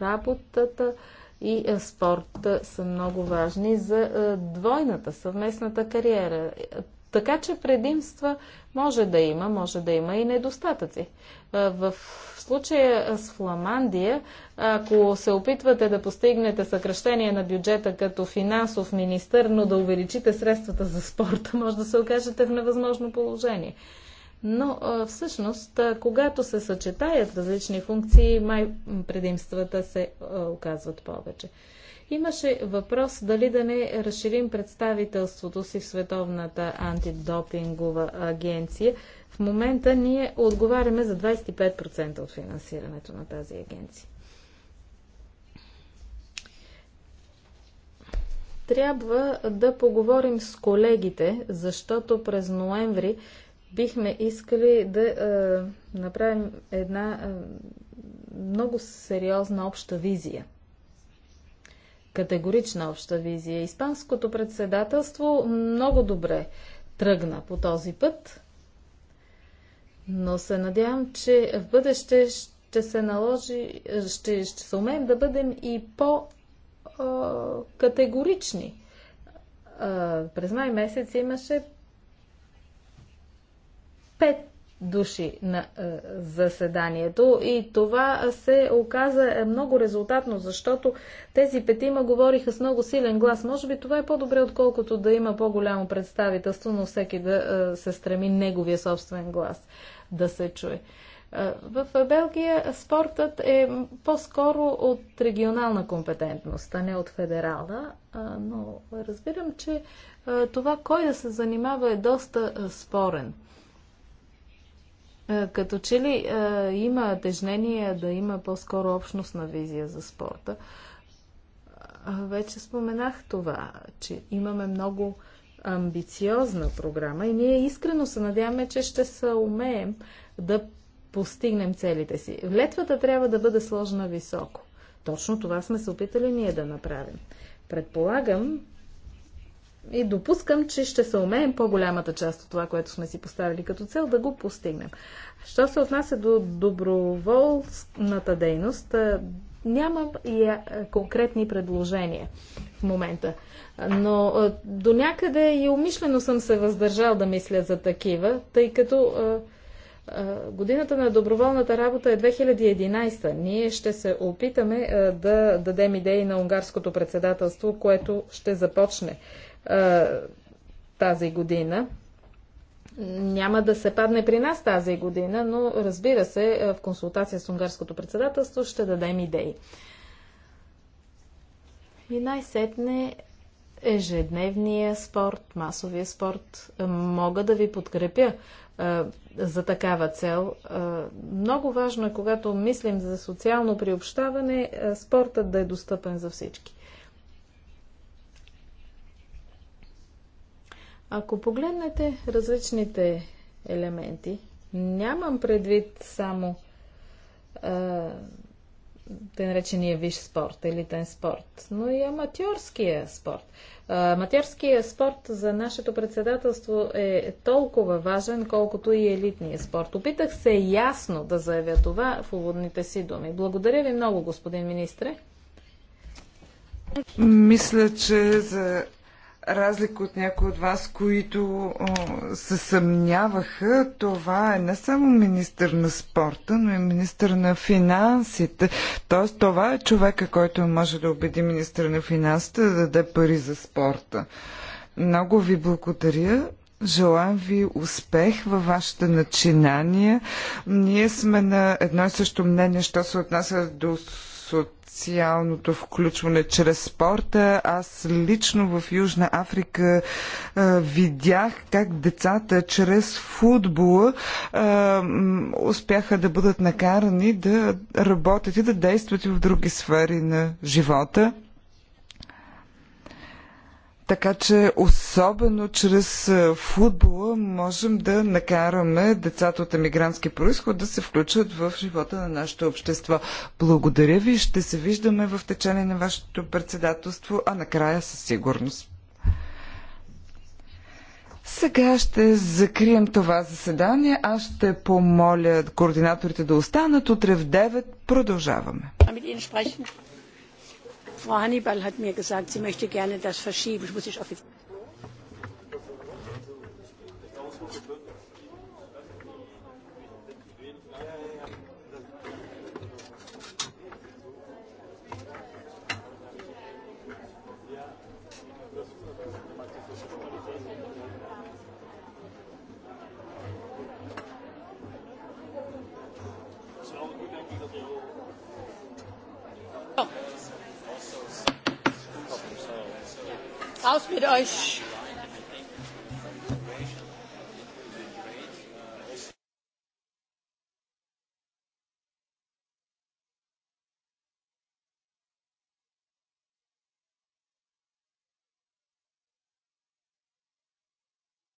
работата и спорта са много важни за двойната съвместната кариера. Така че предимства може да има, може да има и недостатъци. В случая с Фламандия, ако се опитвате да постигнете съкръщение на бюджета като финансов министър, но да увеличите средствата за спорта, може да се окажете в невъзможно положение. Но всъщност, когато се съчетаят различни функции, май предимствата се оказват повече. Имаше въпрос дали да не разширим представителството си в Световната антидопингова агенция. В момента ние отговаряме за 25% от финансирането на тази агенция. Трябва да поговорим с колегите, защото през ноември бихме искали да е, направим една е, много сериозна обща визия категорична обща визия. Испанското председателство много добре тръгна по този път, но се надявам, че в бъдеще ще се наложи, ще, ще се умеем да бъдем и по-категорични. През май месец имаше пет души на е, заседанието и това се оказа е, много резултатно, защото тези петима говориха с много силен глас. Може би това е по-добре, отколкото да има по-голямо представителство, но всеки да е, се стреми неговия собствен глас да се чуе. Е, в Белгия спортът е по-скоро от регионална компетентност, а не от федерална, но разбирам, че е, това кой да се занимава е доста спорен е, като че ли е, има тежнение да има по-скоро общностна визия за спорта. Е, вече споменах това, че имаме много амбициозна програма и ние искрено се надяваме, че ще се умеем да постигнем целите си. Летвата трябва да бъде сложена високо. Точно това сме се опитали ние да направим. Предполагам, и допускам, че ще се умеем по-голямата част от това, което сме си поставили като цел, да го постигнем. Що се отнася до доброволната дейност, нямам и конкретни предложения в момента. Но до някъде и умишлено съм се въздържал да мисля за такива, тъй като Годината на доброволната работа е 2011. Ние ще се опитаме да дадем идеи на унгарското председателство, което ще започне тази година. Няма да се падне при нас тази година, но разбира се, в консултация с унгарското председателство ще дадем идеи. И най-сетне ежедневния спорт, масовия спорт. Мога да ви подкрепя за такава цел. много важно е, когато мислим за социално приобщаване, а, спортът да е достъпен за всички. Ако погледнете различните елементи, нямам предвид само а, тъй наречения виш спорт, елитен спорт, но и аматьорския спорт. Аматьорския спорт за нашето председателство е толкова важен, колкото и елитния спорт. Опитах се ясно да заявя това в уводните си думи. Благодаря ви много, господин министре. Мисля, че за разлика от някои от вас, които се съмняваха, това е не само министър на спорта, но и министър на финансите. Тоест, това е човека, който може да убеди министър на финансите да даде пари за спорта. Много ви благодаря. Желаем ви успех във вашите начинания. Ние сме на едно и също мнение, що се отнася до социалното включване чрез спорта. Аз лично в Южна Африка а, видях как децата чрез футбола а, успяха да бъдат накарани да работят и да действат и в други сфери на живота. Така че, особено чрез е, футбола, можем да накараме децата от емигрантски происход да се включат в живота на нашето общество. Благодаря ви, ще се виждаме в течение на вашето председателство, а накрая със сигурност. Сега ще закрием това заседание. Аз ще помоля координаторите да останат. Утре в 9 продължаваме. Frau Hannibal hat mir gesagt, sie möchte gerne das verschieben. mit euch